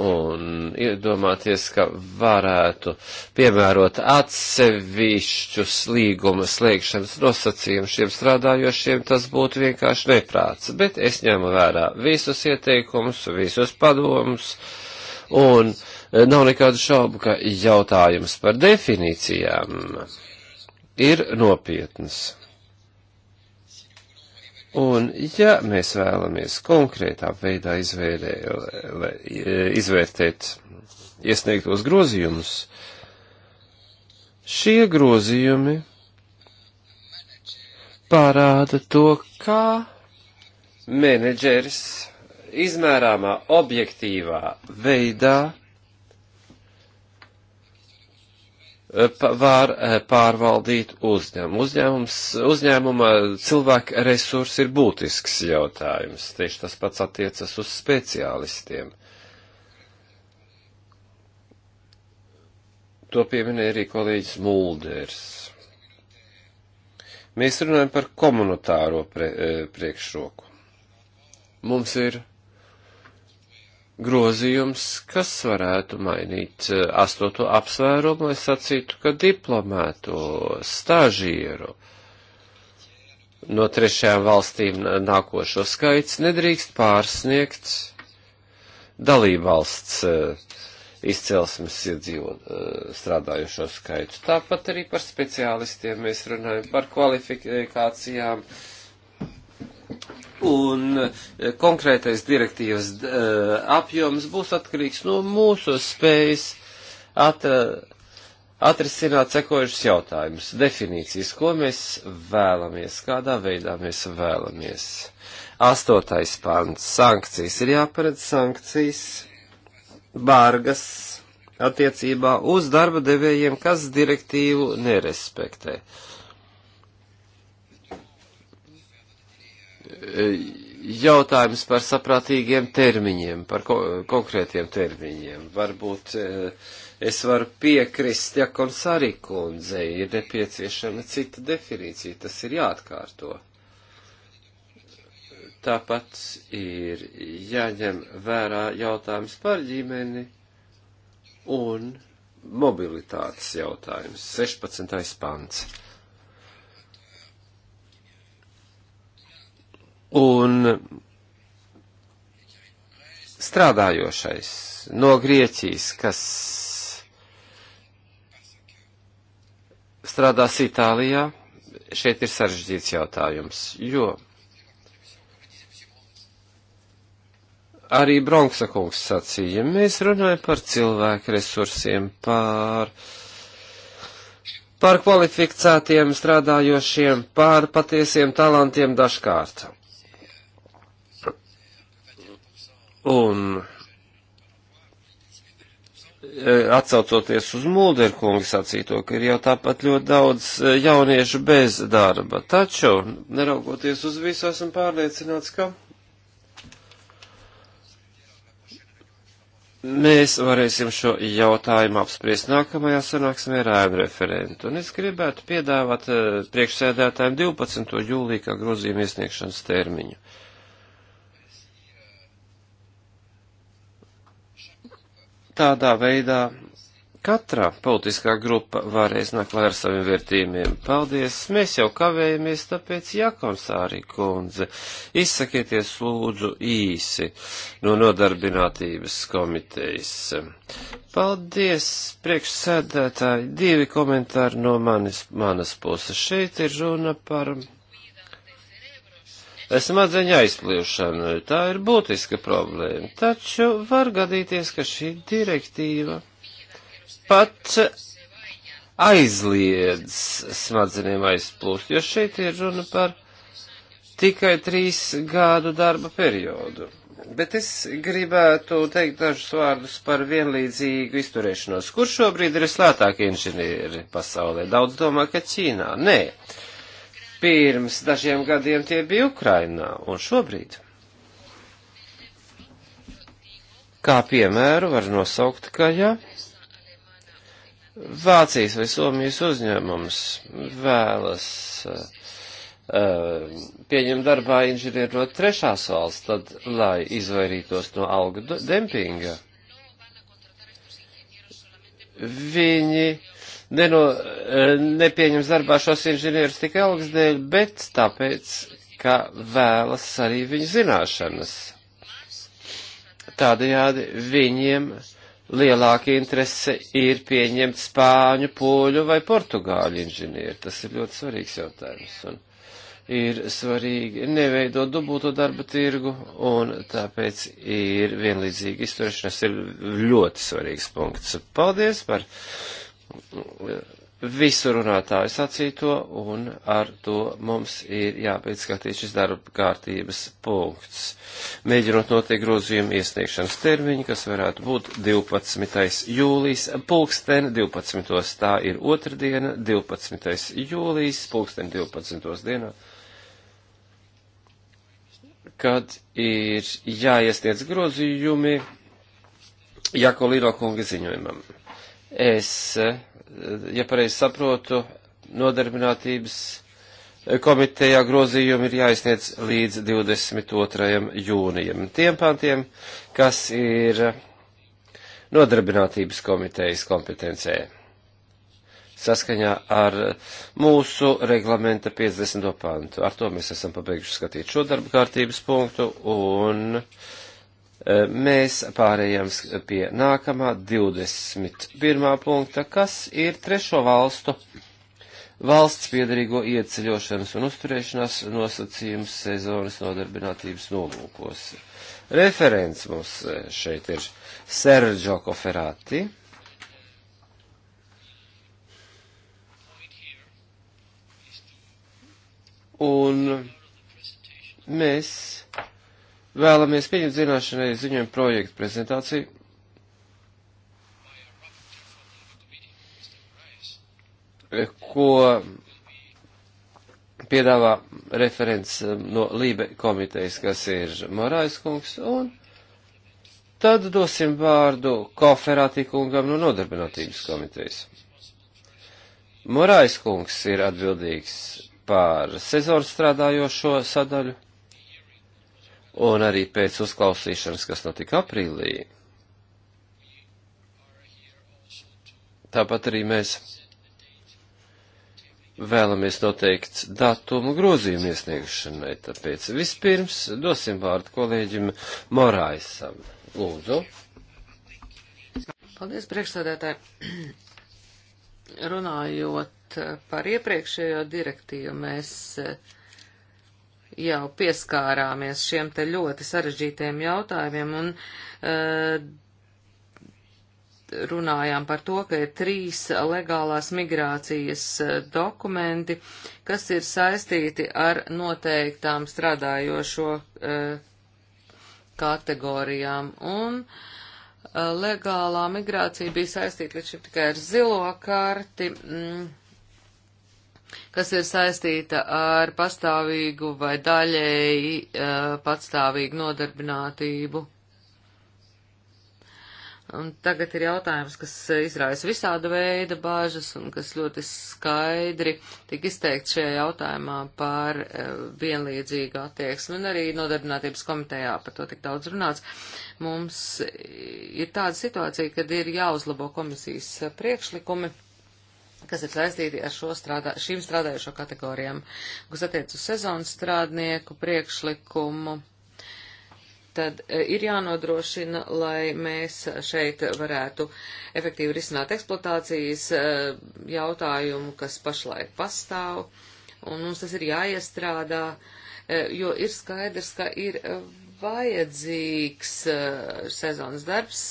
Un iedomāties, ka varētu piemērot atsevišķus līguma slēgšanas nosacījumus šiem strādājošiem, tas būtu vienkārši neprāts. Bet es ņēmu vērā visus ieteikumus, visus padomus, un uh, Eh, nav nekādu šaubu, ka jautājums par definīcijām ir nopietnas. Un, ja mēs vēlamies konkrētā veidā izvērē, eh, izvērtēt iesniegtos grozījumus, šie grozījumi parāda to, kā menedžeris izmērāmā objektīvā veidā Eh, var eh, pārvaldīt uzņēmumu. Uzņēmums, uzņēmuma cilvēka resursi ir būtisks jautājums. Tieši tas pats attiecas uz speciālistiem. To pieminēja arī kolēģis Mulders. Mēs runājam par komunitāro pre, eh, priekšroku. Mums ir grozījums, kas varētu mainīt eh, astoto apsvērumu, lai sacītu, ka diplomātu, stāžieru no trešajām valstīm nākošo skaits nedrīkst pārsniegt dalībvalsts eh, izcelsmes iedzīvot eh, strādājušo skaitu. Tāpat arī par speciālistiem mēs runājam, par kvalifikācijām un e, konkrētais direktīvas e, apjoms būs atkarīgs no mūsu spējas at, atrisināt sekojušas jautājumus, definīcijas, ko mēs vēlamies, kādā veidā mēs vēlamies. Astotais pants - sankcijas. Ir jāparedz sankcijas, bargas attiecībā uz darba devējiem, kas direktīvu nerespektē. Uh, E, jautājums par saprātīgiem termiņiem, par ko, konkrētiem termiņiem. Varbūt e, es varu piekrist Jakons arī kundzei, ir nepieciešama cita definīcija, tas ir jāatkārto. Tāpat ir jāņem vērā jautājums par ģimeni un mobilitātes jautājums. 16. pants. Un strādājošais no Grieķijas, kas strādās Itālijā, šeit ir sarežģīts jautājums, jo arī Bronksa kungs sacīja, mēs runājam par cilvēku resursiem, par, par kvalificētiem strādājošiem, par patiesiem talantiem dažkārt. Un e, atcaucoties uz Mulderkungu sacīto, ka ir jau tāpat ļoti daudz e, jauniešu bez darba. Taču, neraugoties uz visu, esmu pārliecināts, ka mēs varēsim šo jautājumu apspriest nākamajā sanāksmē ar ēnu referentu. Un es gribētu piedāvāt e, priekšsēdētājiem 12. jūlī kā grozījuma iesniegšanas termiņu. tādā veidā katrā politiskā grupa varēs nākt klāt ar saviem vērtījumiem. Paldies, mēs jau kavējamies, tāpēc jākonsārī kundze, izsakieties lūdzu īsi no nodarbinātības komitejas. Paldies, priekšsēdētāji, divi komentāri no manis, manas puses. Šeit ir runa par smadzeņa aizpliešanu. Tā ir būtiska problēma. Taču var gadīties, ka šī direktīva pat aizliedz smadzenēm aizplūst, jo šeit ir runa par tikai trīs gādu darba periodu. Bet es gribētu teikt dažus vārdus par vienlīdzīgu izturēšanos. Kur šobrīd ir slētākie inženieri pasaulē? Daudz domā, ka Ķīnā. Nē. Uh, Pirms dažiem gadiem tie bija Ukrainā un šobrīd. Kā piemēru var nosaukt, ka ja Vācijas vai Somijas uzņēmums vēlas uh, eh, eh, pieņem darbā inženieri no trešās valsts, tad, lai izvairītos no algu dempinga, viņi neno, eh, nepieņems darbā šos inženierus tik algas dēļ, bet tāpēc, ka vēlas arī viņu zināšanas. Tādējādi viņiem lielāka interese ir pieņemt spāņu, poļu vai portugāļu inženieri. Tas ir ļoti svarīgs jautājums. Un ir svarīgi neveidot dubulto darba tirgu, un tāpēc ir vienlīdzīgi izturēšanās ir ļoti svarīgs punkts. Paldies par visu runātāju sacīto, un ar to mums ir jāpēcskatīt šis darba kārtības punkts. Mēģinot noteikt grozījumu iesniegšanas termiņu, kas varētu būt 12. jūlijas pulksten 12. tā ir otrdiena, 12. jūlijas pulksten 12. dienā, kad ir jāiesniedz grozījumi Jakolino kunga ziņojumam. Es, ja pareizi saprotu, nodarbinātības komitejā grozījumi ir jāizsniedz līdz 22. jūnijam. Tiem pantiem, kas ir nodarbinātības komitejas kompetencē. Saskaņā ar mūsu reglamenta 50. pantu. Ar to mēs esam pabeiguši skatīt šo darba kārtības punktu un. Eh, mēs pārējām pie nākamā 21. punkta, kas ir trešo valstu valsts piedarīgo ieceļošanas un uzturēšanās nosacījums sezonas nodarbinātības nolūkos. Referents mums eh, šeit ir Sergio Koferati. Un mēs Vēlamies pieņemt zināšanai ziņojumu projektu prezentāciju. ko piedāvā referents um, no Lībe komitejas, kas ir Morais kungs, un tad dosim vārdu Koferātī kungam no nodarbinātības komitejas. Morais kungs ir atbildīgs par sezonu strādājošo sadaļu un arī pēc uzklausīšanas, kas notika aprīlī. Tāpat arī mēs vēlamies noteikt datumu grozījumu iesniegšanai, tāpēc vispirms dosim vārdu kolēģim Morājasam. Lūdzu. Paldies, priekšsādētāji. Runājot par iepriekšējo direktīvu, mēs uh, jau pieskārāmies šiem te ļoti sarežģītiem jautājumiem un uh, runājām par to, ka ir trīs legālās migrācijas eh, dokumenti, kas ir saistīti ar noteiktām strādājošo uh, kategorijām. Un uh, legālā migrācija bija saistīta līdz šim tikai ar zilo karti. Mm kas ir saistīta ar pastāvīgu vai daļēji uh, patstāvīgu nodarbinātību. Un tagad ir jautājums, kas izraisa visāda veida bāžas un kas ļoti skaidri tika izteikts šajā jautājumā par eh, vienlīdzīgu attieksmi un arī nodarbinātības komitejā par to tik daudz runāts. Mums ir tāda situācija, kad ir jāuzlabo komisijas eh, priekšlikumi kas ir saistīti ar šo strādā, šīm strādājušo kategorijām, kas attiec uz sezonas strādnieku priekšlikumu. Tad e, ir jānodrošina, lai mēs šeit varētu efektīvi risināt eksploatācijas e, jautājumu, kas pašlaik pastāv, un mums tas ir jāiestrādā, e, jo ir skaidrs, ka ir vajadzīgs sezonas darbs,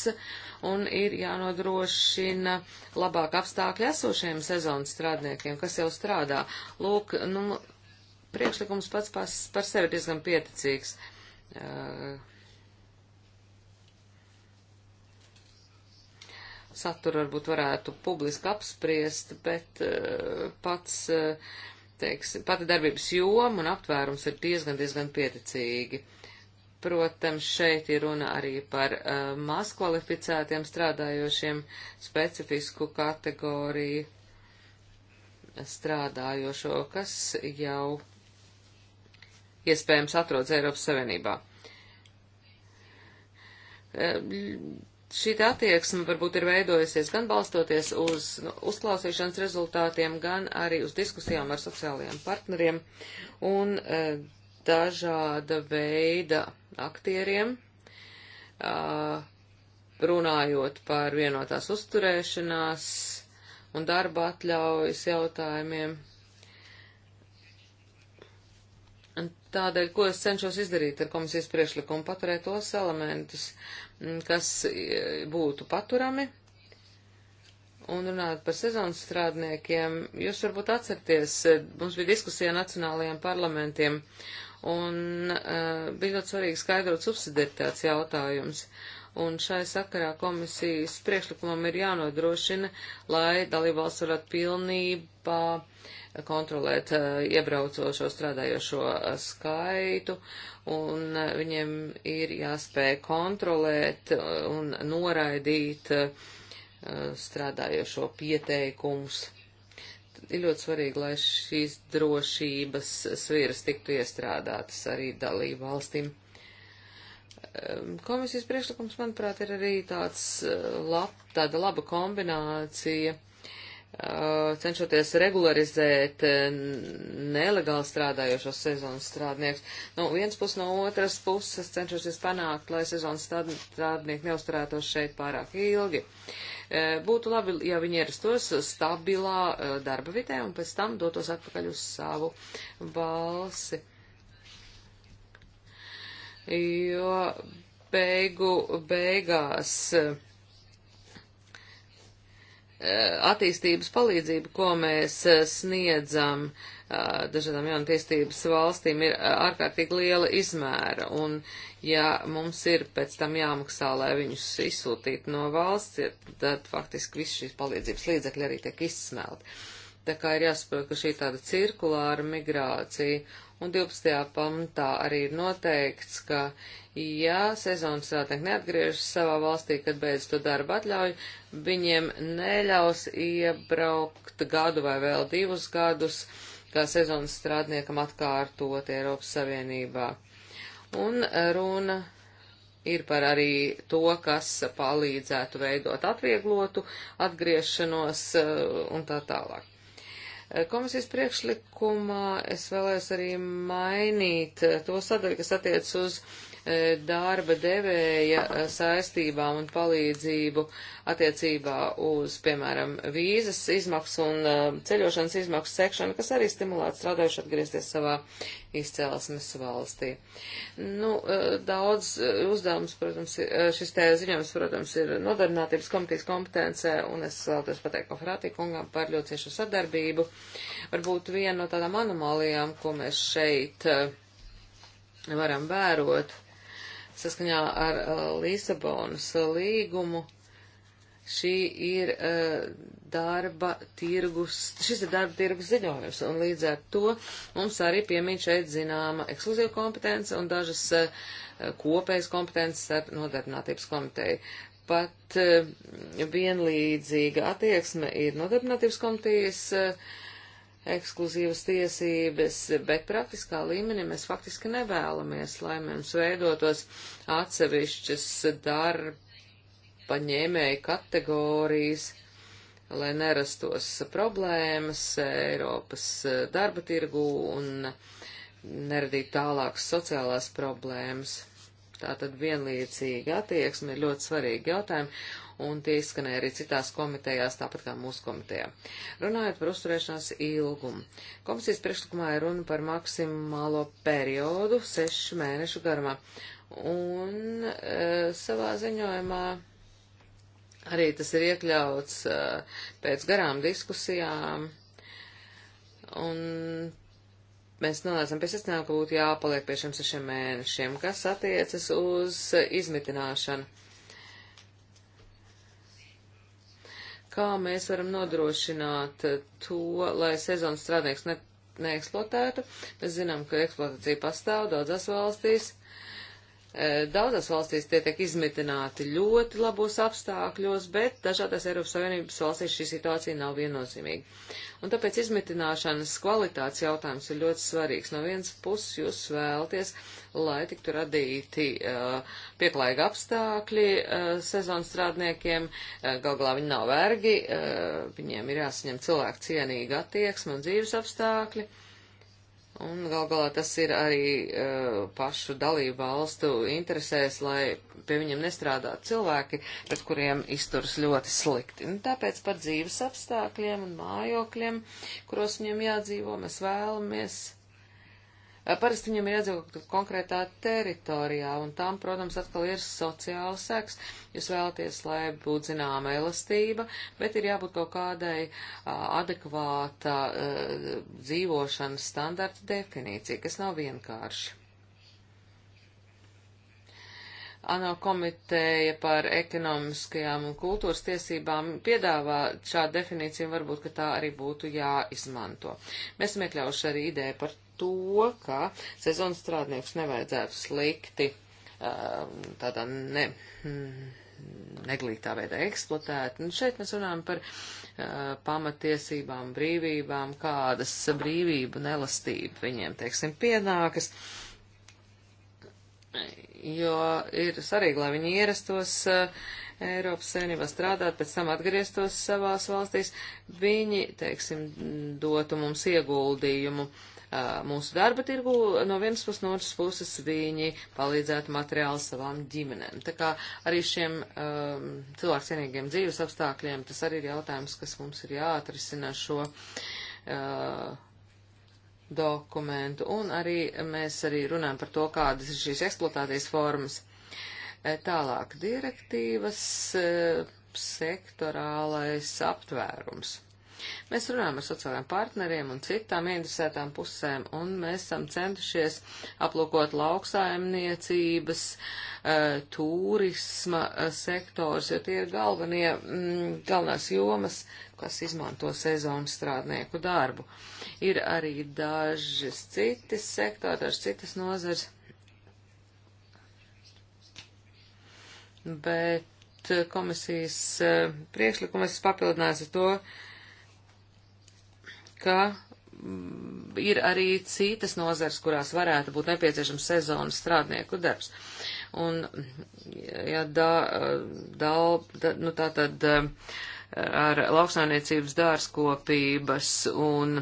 un ir jānodrošina labāk apstākļi esošiem sezonas strādniekiem, kas jau strādā. Lūk, nu, priekšlikums pats pas, par sevi diezgan pieticīgs. Uh, Saturu varbūt varētu publiski apspriest, bet uh, pats, uh, teiks, pati darbības joma un aptvērums ir diezgan, diezgan pieticīgi. Uh, Protams, šeit ir runa arī par uh, eh, maz kvalificētiem strādājošiem specifisku kategoriju strādājošo, kas jau iespējams atrodas Eiropas Savienībā. Uh, šī attieksme varbūt ir veidojusies gan balstoties uz nu, uzklausīšanas rezultātiem, gan arī uz diskusijām ar sociālajiem partneriem un e, dažāda veida aktieriem, runājot par vienotās uzturēšanās un darba atļaujas jautājumiem. Tādēļ, ko es cenšos izdarīt ar komisijas priekšlikumu, paturēt tos elementus, kas būtu paturami. Un runājot par sezonas strādniekiem, jūs varbūt atcerties, mums bija diskusija nacionālajiem parlamentiem un uh, bija ļoti svarīgi skaidrot subsidiaritātes jautājumus. Un šai sakarā komisijas priekšlikumam ir jānodrošina, lai dalībvalsts varētu pilnībā kontrolēt uh, iebraucošo strādājošo uh, skaitu, un uh, viņiem ir jāspēj kontrolēt uh, un noraidīt uh, strādājošo pieteikumus ir ļoti svarīgi, lai šīs drošības sviras tiktu iestrādātas arī dalību valstīm. Ehm, komisijas priekšlikums, manuprāt, ir arī tāds eh, lab, tāda laba kombinācija Uh, cenšoties regularizēt uh, nelegāli strādājošos sezonas strādniekus. No nu, vienas puses, no otras puses cenšoties panākt, lai sezonas strādnieki neusturētos šeit pārāk ilgi. Uh, būtu labi, ja viņi ierastos stabilā darba vidē un pēc tam dotos atpakaļ uz savu valsi. Jo beigu beigās. Uh, Eh, attīstības palīdzība, ko mēs eh, sniedzam eh, dažādām jaunatīstības valstīm, ir ārkārtīgi liela izmēra, un ja mums ir pēc tam jāmaksā, lai viņus izsūtītu no valsts, tad faktiski viss šīs palīdzības līdzekļi arī tiek izsmelt. Uh, Tā kā ir jāsaprot, ka šī tāda cirkulāra migrācija, un 12. pantā arī ir noteikts, ka, ja sezonas strādnieki neatgriežas savā valstī, kad beidz to darbu atļauju, viņiem neļaus iebraukt gadu vai vēl divus gadus, kā sezonas strādniekam atkārtot Eiropas Savienībā. Un runa ir par arī to, kas palīdzētu veidot atvieglotu atgriešanos eh, un tā tālāk. Komisijas priekšlikumā es vēlēs arī mainīt to sadaļu, kas attiec uz uh, E, darba devēja e, saistībām un palīdzību attiecībā uz, piemēram, vīzas izmaksu un e, ceļošanas izmaksu sekšanu, kas arī stimulētu strādājuši atgriezties savā izcelsmes valstī. Nu, daudz uzdevums, protams, šis te ziņojums, protams, ir nodarbinātības komitejas kompetencē, un es vēlētos pateikt Kofrātī kungam par ļoti ciešu sadarbību. Varbūt viena no tādām anomālijām, ko mēs šeit varam vērot, Saskaņā ar uh, Lisabonas uh, līgumu šī ir uh, darba tirgus, šis ir darba tirgus ziņojums, un līdz ar to mums arī piemīt šeit zināma ekskluzīva kompetence un dažas uh, kopējas kompetences ar nodarbinātības komiteju. Pat uh, vienlīdzīga attieksme ir nodarbinātības komitejas. Uh, ekskluzīvas tiesības, bet praktiskā līmenī mēs faktiski nevēlamies, lai mums veidotos atsevišķas darba ņēmēju kategorijas, lai nerastos problēmas Eiropas darba tirgu un neradīt tālākas sociālās problēmas. Tātad vienlīdzīga attieksme ir ļoti svarīga jautājuma, un tie izskanēja arī citās komitejās, tāpat kā mūsu komitejā. Runājot par uzturēšanās ilgumu. Komisijas priekšlikumā ir runa par maksimālo periodu - sešu mēnešu garumā. Un e, savā ziņojumā arī tas ir iekļauts e, pēc garām diskusijām. Un mēs nonācām pie secinājuma, ka būtu jāpaliek pie šiem sešiem mēnešiem, kas attiecas uz izmitināšanu. kā mēs varam nodrošināt to, lai sezonas strādnieks ne, neeksploatētu. Mēs zinām, ka eksploatācija pastāv daudzās valstīs. Uh, E, daudzās valstīs tie tiek izmitināti ļoti labos apstākļos, bet dažādās Eiropas Savienības valstīs šī situācija nav viennozīmīga. Un tāpēc izmitināšanas kvalitātes jautājums ir ļoti svarīgs. No vienas puses jūs vēlaties, lai tiktu radīti uh, pieklājīgi apstākļi uh, e, sezonu strādniekiem, uh, galvā viņi nav vergi, uh, viņiem ir jāsaņem cilvēku cienīga attieksme un dzīves apstākļi. Uh, Un gal galā tas ir arī uh, pašu dalību valstu interesēs, lai pie viņiem nestrādā cilvēki, pret kuriem izturas ļoti slikti. Un tāpēc par dzīves apstākļiem un mājokļiem, kuros viņiem jādzīvo, mēs vēlamies Eh, parasti viņam ir iedzīvot konkrētā teritorijā, un tam, protams, atkal ir sociāla seks. Jūs vēlaties, lai būtu zināma elastība, bet ir jābūt kaut kādai eh, adekvāta eh, dzīvošanas standarta definīcija, kas nav vienkārši. ANO komiteja par ekonomiskajām un kultūras tiesībām piedāvā šādu definīciju, varbūt, ka tā arī būtu jāizmanto. Mēs esam iekļauši arī ideju par to, ka sezonas strādniekus nevajadzētu slikti um, tādā ne, mm, neglītā veidā eksploatēt. Un šeit mēs runājam par uh, pamatiesībām, brīvībām, kādas brīvību nelastība viņiem, teiksim, pienākas. Jo ir svarīgi, lai viņi ierastos uh, Eiropas savienībā strādāt, pēc tam atgrieztos savās valstīs, viņi, teiksim, dotu mums ieguldījumu uh, mūsu darba tirgu, no vienas puses, no otras puses viņi palīdzētu materiāli savām ģimenēm. Tā kā arī šiem um, cilvēku cienīgiem dzīves apstākļiem tas arī ir jautājums, kas mums ir jāatrisina šo. Uh, dokumentu, un arī mēs arī runājam par to, kādas ir šīs eksploatācijas formas. Tālāk direktīvas sektorālais aptvērums. Mēs runājam ar sociālajiem partneriem un citām interesētām pusēm, un mēs esam centušies aplūkot lauksaimniecības, eh, turisma eh, sektors, jo tie ir galvenie, mm, galvenās jomas, kas izmanto sezonu strādnieku darbu. Ir arī dažas citas sektori, dažas citas nozars. bet eh, komisijas priekšlikumu es papildināšu to, ka mm, ir arī citas nozars, kurās varētu būt nepieciešams sezonas strādnieku darbs. Un, ja da, da, da, nu tā tad eh, ar lauksainiecības dārzkopības un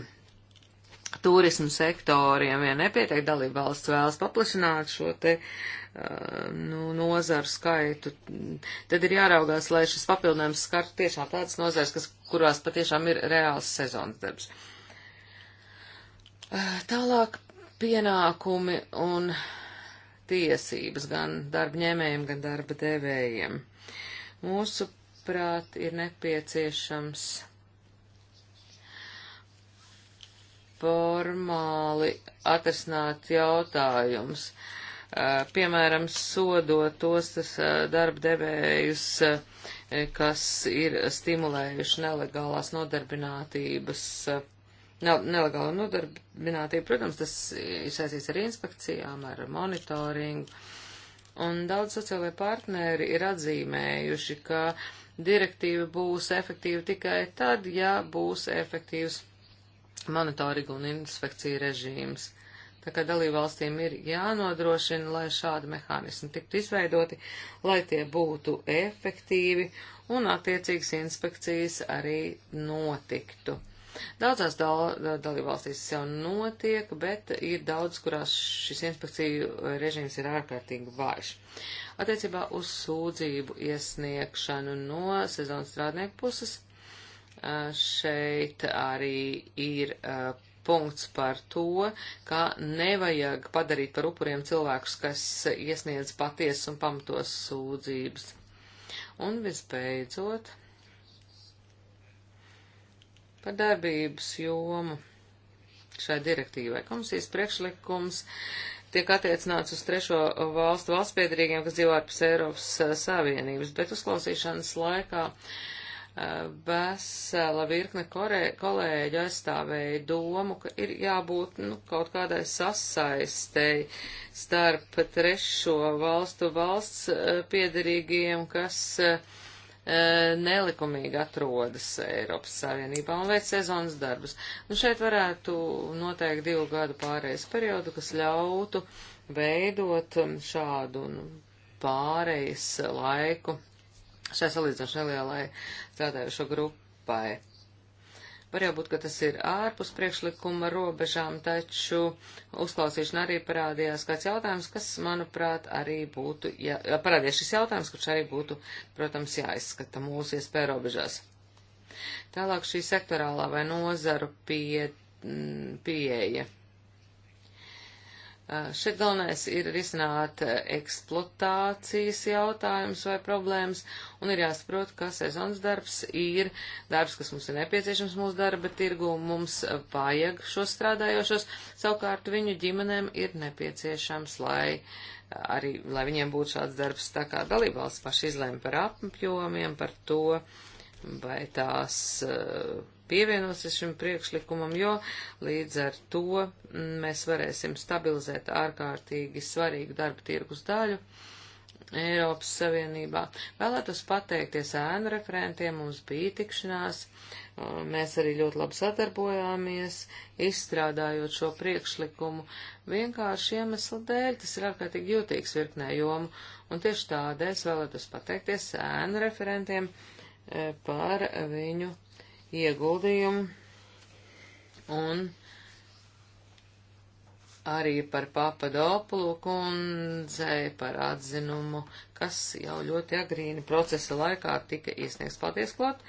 turismu sektoriem vien ja nepietiek dalība valsts vēlas paplašināt šo te eh, nu, nozaru skaitu, tad ir jāraugās, lai šis papildinājums skart tiešām tādas nozars, kas, kurās patiešām ir reāls sezonas darbs. Uh, Tālāk pienākumi un tiesības gan darba ņēmējiem, gan darba devējiem. Mūsu prāt ir nepieciešams formāli atrisināt jautājumus. Piemēram, sodot tos tas darba devējus, kas ir stimulējuši nelegālās nodarbinātības nelegāla nodarbinātība. Protams, tas ir saistīts ar inspekcijām, ar monitoringu. Un daudz sociālai partneri ir atzīmējuši, ka direktīva būs efektīva tikai tad, ja būs efektīvs monitoringa un inspekcija režīms. Tā kā dalībvalstīm ir jānodrošina, lai šādi mehānismi tiktu izveidoti, lai tie būtu efektīvi un attiecīgas inspekcijas arī notiktu. Daudzās dal dalībvalstīs tas jau notiek, bet ir daudz, kurās šis inspekciju režīms ir ārkārtīgi vājš. Attiecībā uz sūdzību iesniegšanu no sezonas strādnieku puses šeit arī ir punkts par to, ka nevajag padarīt par upuriem cilvēkus, kas iesniedz patiesas un pamatos sūdzības. Un visbeidzot, Par darbības jomu šai direktīvai komisijas priekšlikums tiek attiecināts uz trešo valstu valstspiedrīgiem, kas dzīvo ārpus Eiropas eh, Savienības, bet uzklausīšanas laikā eh, vesela virkne kolēģi aizstāvēja domu, ka ir jābūt nu, kaut kādai sasaistei starp trešo valstu valsts eh, piedarīgiem, kas uh, E, nelikumīgi atrodas Eiropas Savienībā un veic sezonas darbus. Un nu, šeit varētu noteikt divu gadu pārējais periodu, kas ļautu veidot um, šādu nu, pārējais laiku šai salīdzinoši nelielai strādājušo grupai. Var jau būt, ka tas ir ārpus priekšlikuma robežām, taču uzklausīšana arī parādījās kāds jautājums, kas, manuprāt, arī būtu, ja parādījās šis jautājums, kurš arī būtu, protams, jāizskata mūsu iespēja robežās. Tālāk šī sektorālā vai nozaru pie, pieeja. Eh, šeit galvenais ir risināt eh, eksploatācijas jautājums vai problēmas, un ir jāsaprot, ka sezonas darbs ir darbs, kas mums ir nepieciešams mūsu darba tirgu, mums vajag šos strādājošos, savukārt viņu ģimenēm ir nepieciešams, lai eh, arī, lai viņiem būtu šāds darbs, tā kā dalībvalsts paši izlēma par apjomiem, par to, vai tās uh, pievienosies šim priekšlikumam, jo līdz ar to mm, mēs varēsim stabilizēt ārkārtīgi svarīgu darba tirgus daļu. Eiropas Savienībā. Vēlētos pateikties ēnu referentiem, mums bija tikšanās, mēs arī ļoti labi sadarbojāmies, izstrādājot šo priekšlikumu, vienkārši iemesla dēļ, tas ir ārkārtīgi jūtīgs virknē jomu, un tieši tādēļ es vēlētos pateikties ēnu referentiem e, par viņu ieguldījumu un arī par Papadopulu kundzei par atzinumu, kas jau ļoti agrīni procesa laikā tika iesniegts. Paldies, klāt!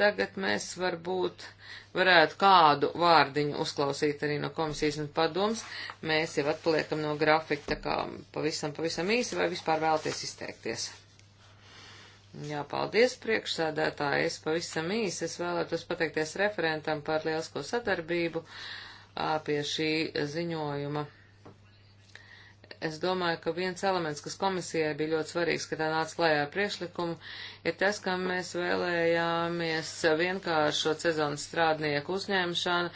Tagad mēs varbūt varētu kādu vārdiņu uzklausīt arī no komisijas un padoms. Mēs jau atpaliekam no grafika, tā kā pavisam, pavisam īsi vai vispār vēlties izteikties. Jā, paldies priekšsādētāji. Es pavisam īsi es vēlētos pateikties referentam par lielisko sadarbību pie šī ziņojuma. Es domāju, ka viens elements, kas komisijai bija ļoti svarīgs, kad tā nāca klajā ar priekšlikumu, ir tas, ka mēs vēlējāmies vienkāršot sezonas strādnieku uzņemšanu,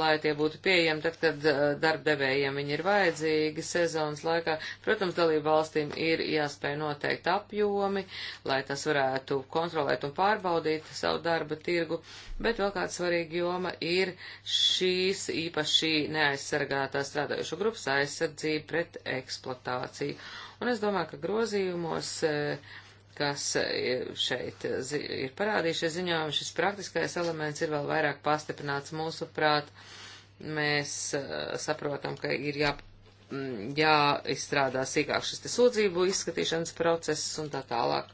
lai tie būtu pieejami tad, kad uh, darbdevējiem viņi ir vajadzīgi sezonas laikā. Protams, dalību valstīm ir jāspēj noteikt apjomi, lai tas varētu kontrolēt un pārbaudīt savu darba tirgu, bet vēl kāda svarīga joma ir šīs īpaši neaizsargātā strādājušo grupas aizsardzība pret eksploatāciju. Un es domāju, ka grozījumos eh, kas eh, šeit eh, ir parādījušies ziņojumi, šis praktiskais elements ir vēl vairāk pastiprināts mūsu prāt. Mēs eh, saprotam, ka ir jā, mm, jāizstrādā sīkāk šis te sūdzību izskatīšanas process un tā tālāk.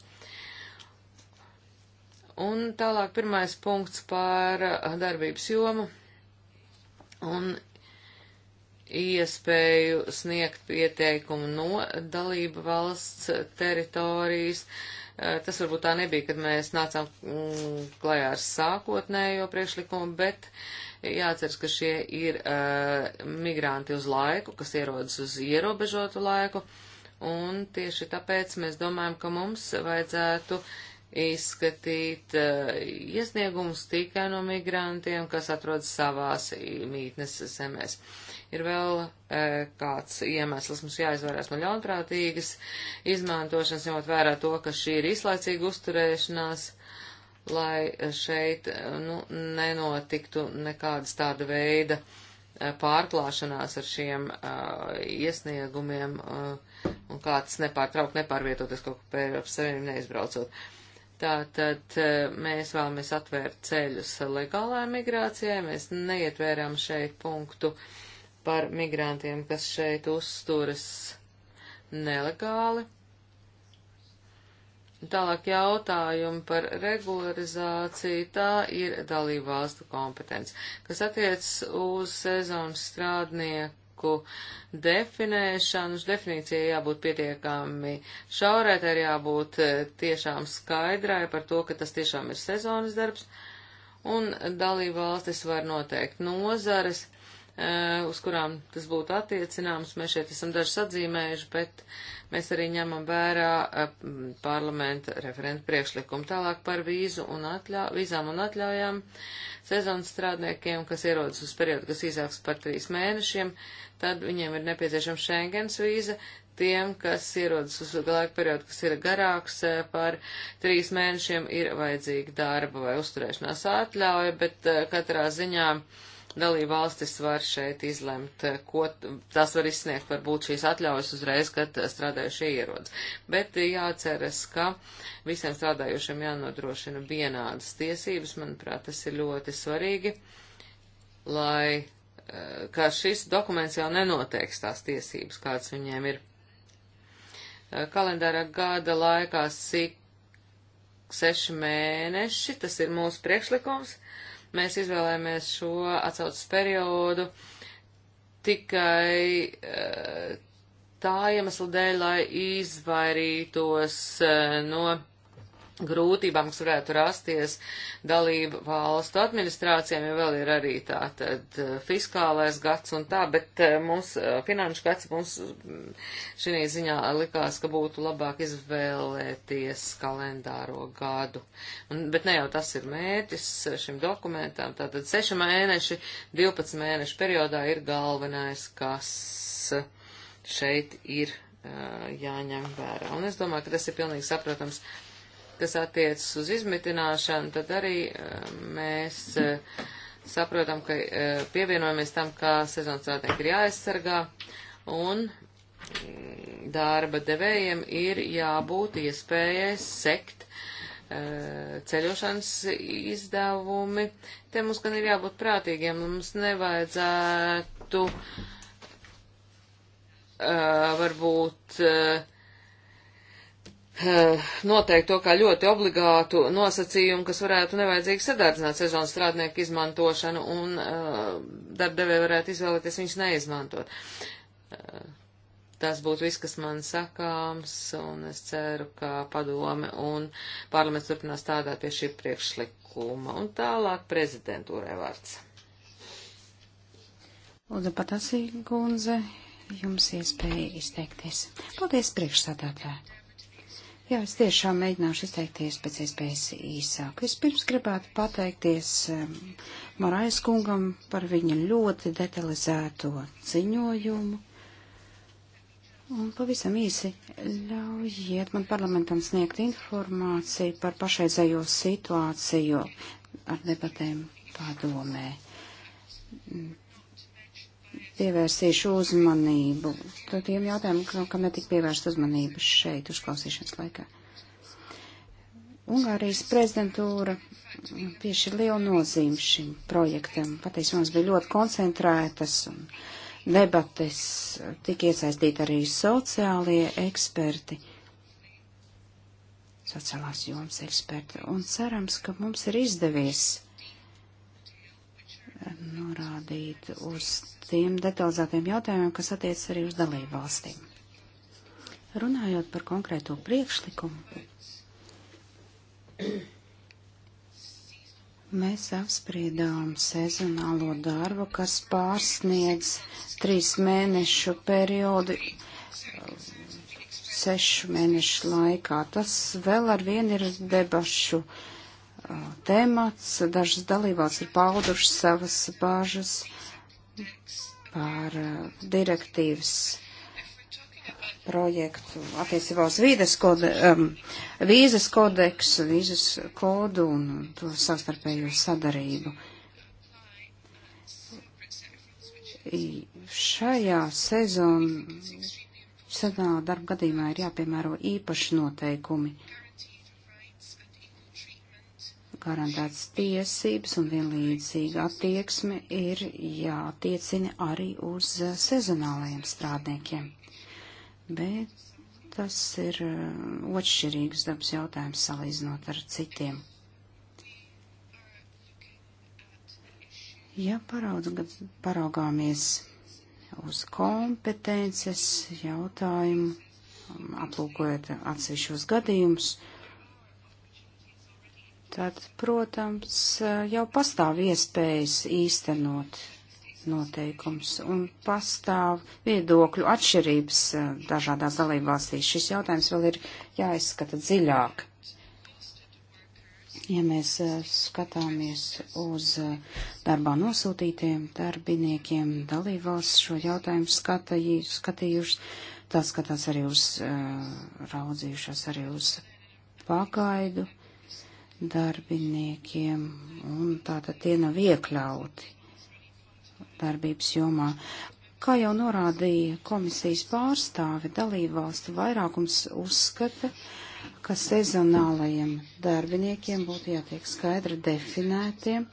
Un tālāk pirmais punkts par darbības jomu un iespēju sniegt pieteikumu no dalība valsts teritorijas. Eh, tas varbūt tā nebija, kad mēs nācām mm, klajā ar sākotnējo priekšlikumu, bet jāatceras, ka šie ir uh, migranti uz laiku, kas ierodas uz ierobežotu laiku, un tieši tāpēc mēs domājam, ka mums vajadzētu uh, izskatīt eh, iesniegumus tikai no migrantiem, kas atrodas savās mītnes zemēs. Ir vēl eh, kāds iemesls mums jāizvairās no ļaunprātīgas izmantošanas, ņemot vērā to, ka šī ir izlaicīga uzturēšanās lai šeit eh, nu, nenotiktu nekādas tāda veida pārklāšanās ar šiem uh, iesniegumiem uh, un kāds nepārtraukt nepārvietoties kaut kur pēc Eiropas Savienību neizbraucot. Tātad e, mēs vēlamies atvērt ceļus legālai migrācijai, mēs neietvērām šeit punktu par migrantiem, kas šeit uzturas nelegāli. Tālāk jautājumi par regularizāciju, tā ir dalību valstu kompetence, kas attiec uz sezonas strādnieku lauku definēšanu. Definīcija jābūt pietiekami šaurai, tai ir jābūt e, tiešām skaidrai par to, ka tas tiešām ir sezonas darbs. Un dalība valstis var noteikt nozares, Eh, uz kurām tas būtu attiecināms. Mēs šeit esam dažs atzīmējuši, bet mēs arī ņemam vērā eh, parlamenta referenta priekšlikumu. Tālāk par vīzu un atļā, vīzām un atļaujām sezonas strādniekiem, kas ierodas uz periodu, kas īsāks par trīs mēnešiem, tad viņiem ir nepieciešama Schengens vīza. Tiem, kas ierodas uz laika periodu, kas ir garāks eh, par trīs mēnešiem, ir vajadzīga darba vai uzturēšanās atļauja, bet katrā ziņā uh, dalība valstis var šeit izlemt, eh, ko tās var izsniegt, varbūt šīs atļaujas uzreiz, kad eh, strādājušie ierodas. Bet jāceras, ka visiem strādājušiem jānodrošina vienādas tiesības, manuprāt, tas ir ļoti svarīgi, lai, eh, ka šis dokuments jau nenoteiks tās tiesības, kāds viņiem ir. Kalendāra gada laikā sik seši mēneši, tas ir mūsu priekšlikums. Uh, mēs izvēlējāmies šo atsaucas periodu tikai eh, tā iemesla dēļ, lai izvairītos eh, no grūtībām, kas varētu rasties dalību valstu administrācijām, jo vēl ir arī tā tad eh, fiskālais gads un tā, bet eh, mums eh, finanšu gads mums mm, šī ziņā likās, ka būtu labāk izvēlēties kalendāro gadu. Un, bet ne jau tas ir mērķis šim dokumentam, tātad 6 mēneši, 12 mēnešu periodā ir galvenais, kas šeit ir jāņem vērā. Un es domāju, ka tas ir pilnīgi saprotams kas attiecas uz izmitināšanu, tad arī eh, mēs eh, saprotam, ka eh, pievienojamies tam, kā sezonas strādnieki ir jāaizsargā, un mm, darba devējiem ir jābūt iespējai sekt ceļošanas izdevumi. Te mums gan ir jābūt prātīgiem, mums nevajadzētu varbūt Eh, noteikt to kā ļoti obligātu nosacījumu, kas varētu nevajadzīgi sadārdzināt sezonas strādnieku izmantošanu un uh, eh, darbdevē varētu izvēlēties viņus neizmantot. Uh, tas būtu viss, kas man sakāms, un es ceru, ka padome un parlaments turpinās strādāt pie šī priekšlikuma. Un tālāk prezidentūrai vārds. Lūdzu, patasī, Gunze, jums iespēja izteikties. Paldies priekšsādātāji. Jā, es tiešām mēģināšu izteikties pēc iespējas īsāk. Vispirms gribētu pateikties Marais um, kungam par viņa ļoti detalizēto ziņojumu. Un pavisam īsi ļaujiet man parlamentam sniegt informāciju par pašreizējo situāciju ar debatēm padomē pievērsīšu uzmanību. Tad tiem jautājumiem, kam netika pievērst uzmanību šeit uzklausīšanas laikā. Ungārijas prezidentūra piešķir lielu nozīmi šim projektam. Patiesībā mums bija ļoti koncentrētas un debates, tika iesaistīti arī sociālie eksperti, sociālās jomas eksperti. Un cerams, ka mums ir izdevies norādīt uz tiem detalizētiem jautājumiem, kas attiec arī uz dalību valstīm. Runājot par konkrēto priekšlikumu, mēs apspriedām sezonālo darbu, kas pārsniedz trīs mēnešu periodu sešu mēnešu laikā. Tas vēl ar vienu ir debašu uh, temats. Dažas dalībās ir paudušas savas bāžas par eh, direktīvas projektu attiecībā uz vīdes kode, um, vīzes kodeksu, vīzes kodu un to savstarpējo sadarību. I šajā sezonā darba gadījumā ir jāpiemēro īpaši noteikumi garantētas tiesības un vienlīdzīga attieksme ir jātiecina arī uz eh, sezonālajiem strādniekiem. Bet tas ir eh, otšķirīgs dabas jautājums salīdzinot ar citiem. Ja paraudz, paraugāmies uz kompetences jautājumu, um, aplūkojot atsevišķos gadījumus, tad, protams, jau pastāv iespējas īstenot noteikums un pastāv viedokļu atšķirības eh, dažādās dalībvalstīs. Šis jautājums vēl ir jāizskata dziļāk. Ja mēs eh, skatāmies uz eh, darbā nosūtītiem darbiniekiem, dalībvalsts šo jautājumu skatījušas, tā skatās arī uz, raudzījušās arī uz pagaidu darbiniekiem, un tātad tie nav iekļauti darbības jomā. Kā jau norādīja komisijas pārstāve, dalībvalstu vairākums uzskata, ka sezonālajiem darbiniekiem būtu jātiek skaidri definētiem,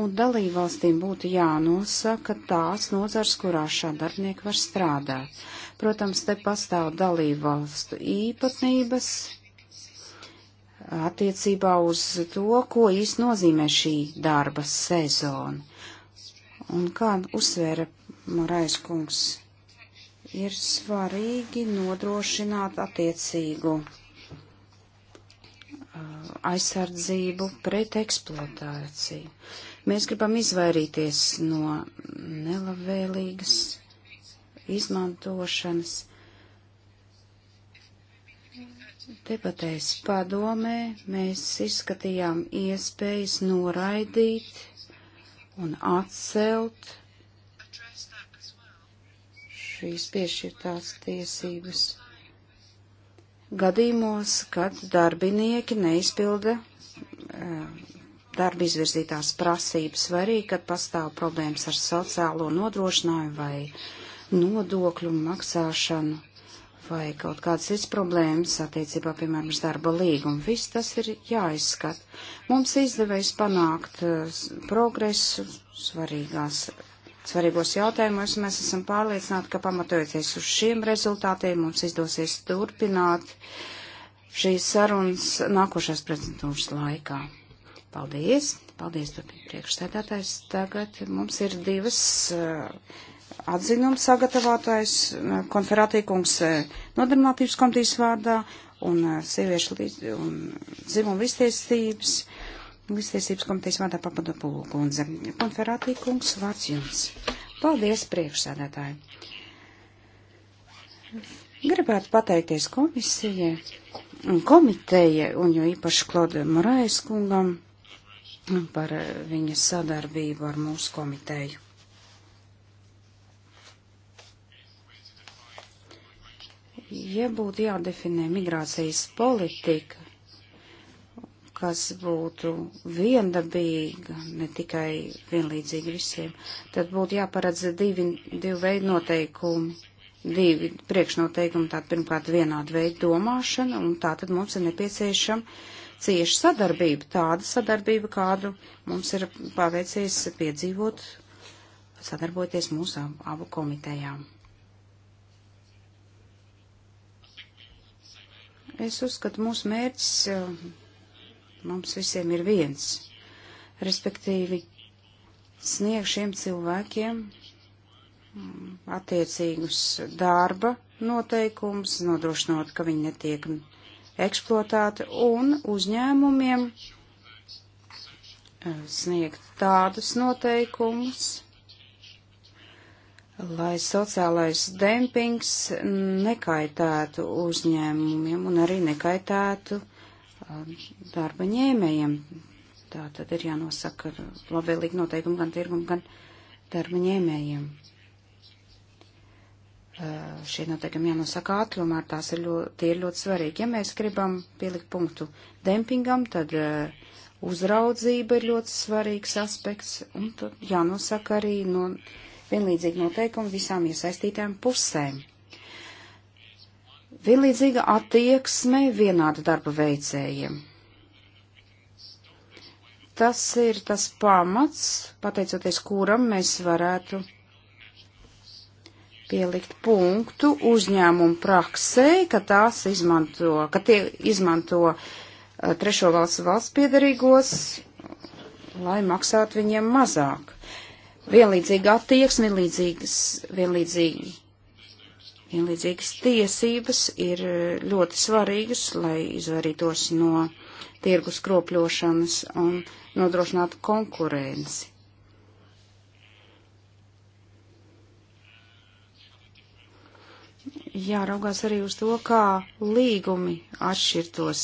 un dalībvalstīm būtu jānosaka tās nozars, kurā šā darbinieka var strādāt. Protams, te pastāv dalībvalstu īpatnības, attiecībā uz to, ko īsti nozīmē šī darba sezona. Un kā uzsvēra Morais kungs, ir svarīgi nodrošināt attiecīgu aizsardzību pret eksploatāciju. Mēs gribam izvairīties no nelabvēlīgas izmantošanas Debatēs padomē mēs izskatījām iespējas noraidīt un atcelt šīs piešķirtās tiesības gadījumos, kad darbinieki neizpilda eh, darba izvirzītās prasības, vai arī, kad pastāv problēmas ar sociālo nodrošinājumu vai nodokļu maksāšanu vai kaut kādas cits problēmas attiecībā, piemēram, uz darba līgumu. Viss tas ir jāizskat. Mums izdevies panākt eh, progresu svarīgās, svarīgos jautājumos. Mēs esam pārliecināti, ka pamatojoties uz šiem rezultātiem mums izdosies turpināt šīs sarunas nākošās prezentūras laikā. Paldies! Paldies, priekšstādātājs. Tagad mums ir divas. Uh, atzinums sagatavotājs eh, konferātīkums eh, nodarbinātības komitejas vārdā un eh, sieviešu un dzimumu iztiesības, iztiesības komitejas vārdā papadopulu kundze. Konferātīkums vārds jums. Paldies priekšsēdētāji. Gribētu pateikties komisijai un komiteja un jo īpaši Klauda Morais kungam par viņa sadarbību ar mūsu komiteju. Ja būtu jādefinē migrācijas politika, kas būtu viendabīga, ne tikai vienlīdzīga visiem, tad būtu jāparedz divi, divi veidi noteikumi, divi priekšnoteikumi, tātad pirmkārt vienāda veida domāšana, un tātad mums ir nepieciešama cieša sadarbība, tāda sadarbība, kādu mums ir paveicies piedzīvot, sadarboties mūsu abu komitejām. Es uzskatu, mūsu mērķis eh, mums visiem ir viens. Respektīvi, sniegt šiem cilvēkiem mm, attiecīgus darba noteikumus, nodrošinot, ka viņi netiek eksploatāti un uzņēmumiem eh, sniegt tādus noteikumus, lai sociālais dempings nekaitētu uzņēmumiem un arī nekaitētu um, darba ņēmējiem. Tā tad ir jānosaka labvēlīgi noteikumi gan tirgum, gan darba ņēmējiem. Uh, šie noteikumi jānosaka ātri, tomēr tās ir ļoti, tie ir ļoti svarīgi. Ja mēs gribam pielikt punktu dempingam, tad uh, uzraudzība ir ļoti svarīgs aspekts un tad jānosaka arī no. Nu, vienlīdzīgi noteikumi visām iesaistītām pusēm. Vienlīdzīga attieksme vienāda darba veicējiem. Tas ir tas pamats, pateicoties kuram mēs varētu pielikt punktu uzņēmumu praksē, ka tās izmanto, ka tie izmanto trešo valstu valsts piedarīgos, lai maksātu viņiem mazāk vienlīdzīga attieksme, vienlīdzīgas, vienlīdzīgi, vienlīdzīgas tiesības ir ļoti svarīgas, lai izvairītos no tirgus kropļošanas un nodrošinātu konkurenci. Jāraugās arī uz to, kā līgumi atšķirtos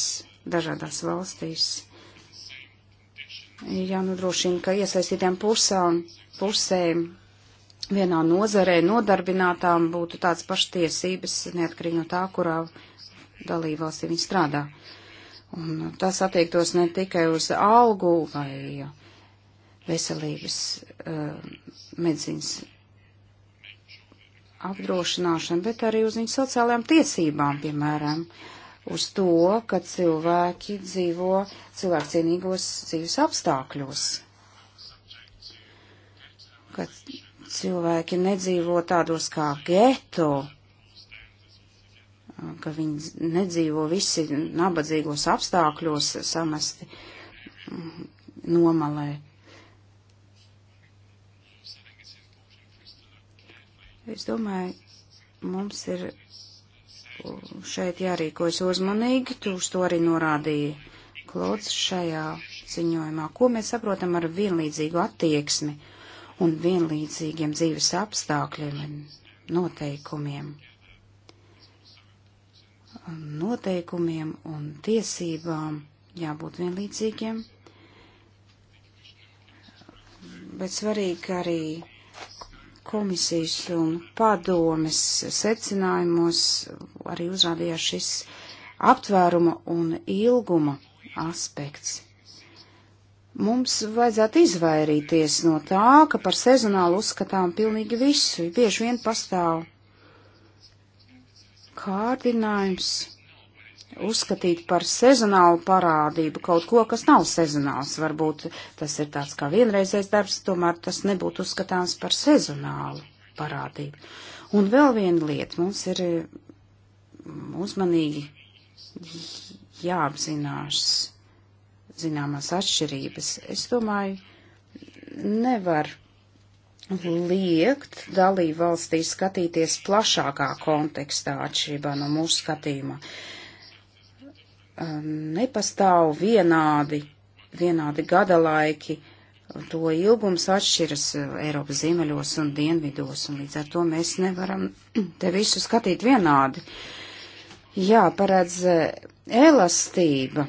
dažādās valstīs. Jānodrošina, ka iesaistītām pusām pusēm vienā nozarē nodarbinātām būtu tāds pašs tiesības, neatkarīgi no tā, kurā dalībvalstī viņi strādā. Un tas attiektos ne tikai uz algu vai veselības eh, medicīnas apdrošināšanu, bet arī uz viņu sociālajām tiesībām, piemēram, uz to, ka cilvēki dzīvo cilvēku cienīgos dzīves apstākļos ka cilvēki nedzīvo tādos kā geto, ka viņi nedzīvo visi nabadzīgos apstākļos samesti nomalē. Es domāju, mums ir šeit jārīkojas uzmanīgi, tu uz to arī norādīji Klods šajā ziņojumā. Ko mēs saprotam ar vienlīdzīgu attieksmi? un vienlīdzīgiem dzīves apstākļiem un noteikumiem. Noteikumiem un tiesībām jābūt vienlīdzīgiem, bet svarīgi arī komisijas un padomes secinājumos arī uzrādījās šis aptvēruma un ilguma aspekts. Mums vajadzētu izvairīties no tā, ka par sezonālu uzskatām pilnīgi visu. Bieži vien pastāv kārdinājums uzskatīt par sezonālu parādību kaut ko, kas nav sezonāls. Varbūt tas ir tāds kā vienreizais darbs, tomēr tas nebūtu uzskatāms par sezonālu parādību. Un vēl viena lieta mums ir mm, uzmanīgi jāapzinās zināmas atšķirības. Es domāju, nevar liekt dalību valstī skatīties plašākā kontekstā atšķirībā no mūsu skatījuma. Ehm, nepastāv vienādi, vienādi gadalaiki, to ilgums atšķiras eh, Eiropas ziemeļos un dienvidos, un līdz ar to mēs nevaram te visu skatīt vienādi. Jā, paredz eh, elastība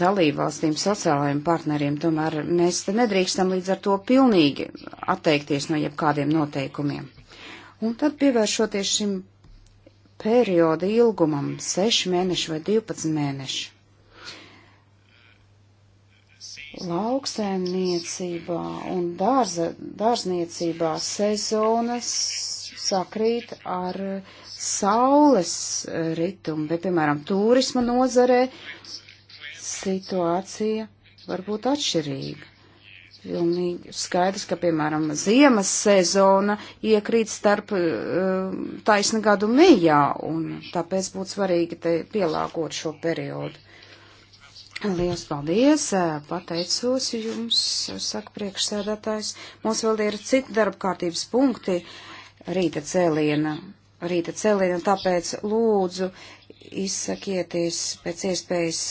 dalībvalstīm, sociālajiem partneriem, tomēr mēs te nedrīkstam līdz ar to pilnīgi atteikties no jebkādiem noteikumiem. Un tad pievēršoties šim perioda ilgumam - 6 mēneši vai 12 mēneši. Lauksēmniecībā un dārza, dārzniecībā sezonas sakrīt ar saules ritumu, bet, piemēram, turisma nozarē situācija var būt atšķirīga. Pilnīgi skaidrs, ka, piemēram, ziemas sezona iekrīt starp uh, eh, taisnu gadu mejā, un tāpēc būtu svarīgi te pielāgot šo periodu. Lielas paldies, eh, pateicos jums, saka priekšsēdētājs. Mums vēl ir citi darba kārtības punkti rīta cēliena, rīta cēliena, tāpēc lūdzu izsakieties pēc iespējas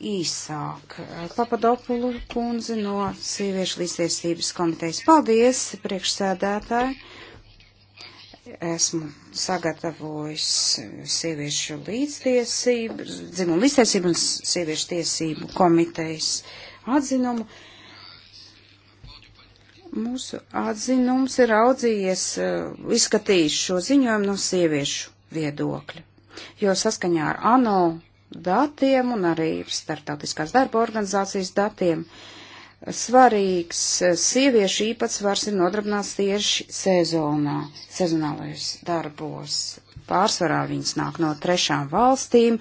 īsāk. Papadopulu kundze no Sieviešu līdztiesības komitejas. Paldies, priekšsēdētāji! Esmu sagatavojis Sieviešu līdztiesību, dzimumu līdztiesību un Sieviešu tiesību komitejas atzinumu. Mūsu atzinums ir audzījies, uh, izskatījis šo ziņojumu no sieviešu viedokļa, jo saskaņā ar ANO datiem un arī starptautiskās darba organizācijas datiem. Svarīgs eh, sieviešu īpatsvars ir nodarbināts tieši sezonā, sezonālajos darbos. Pārsvarā viņas nāk no trešām valstīm,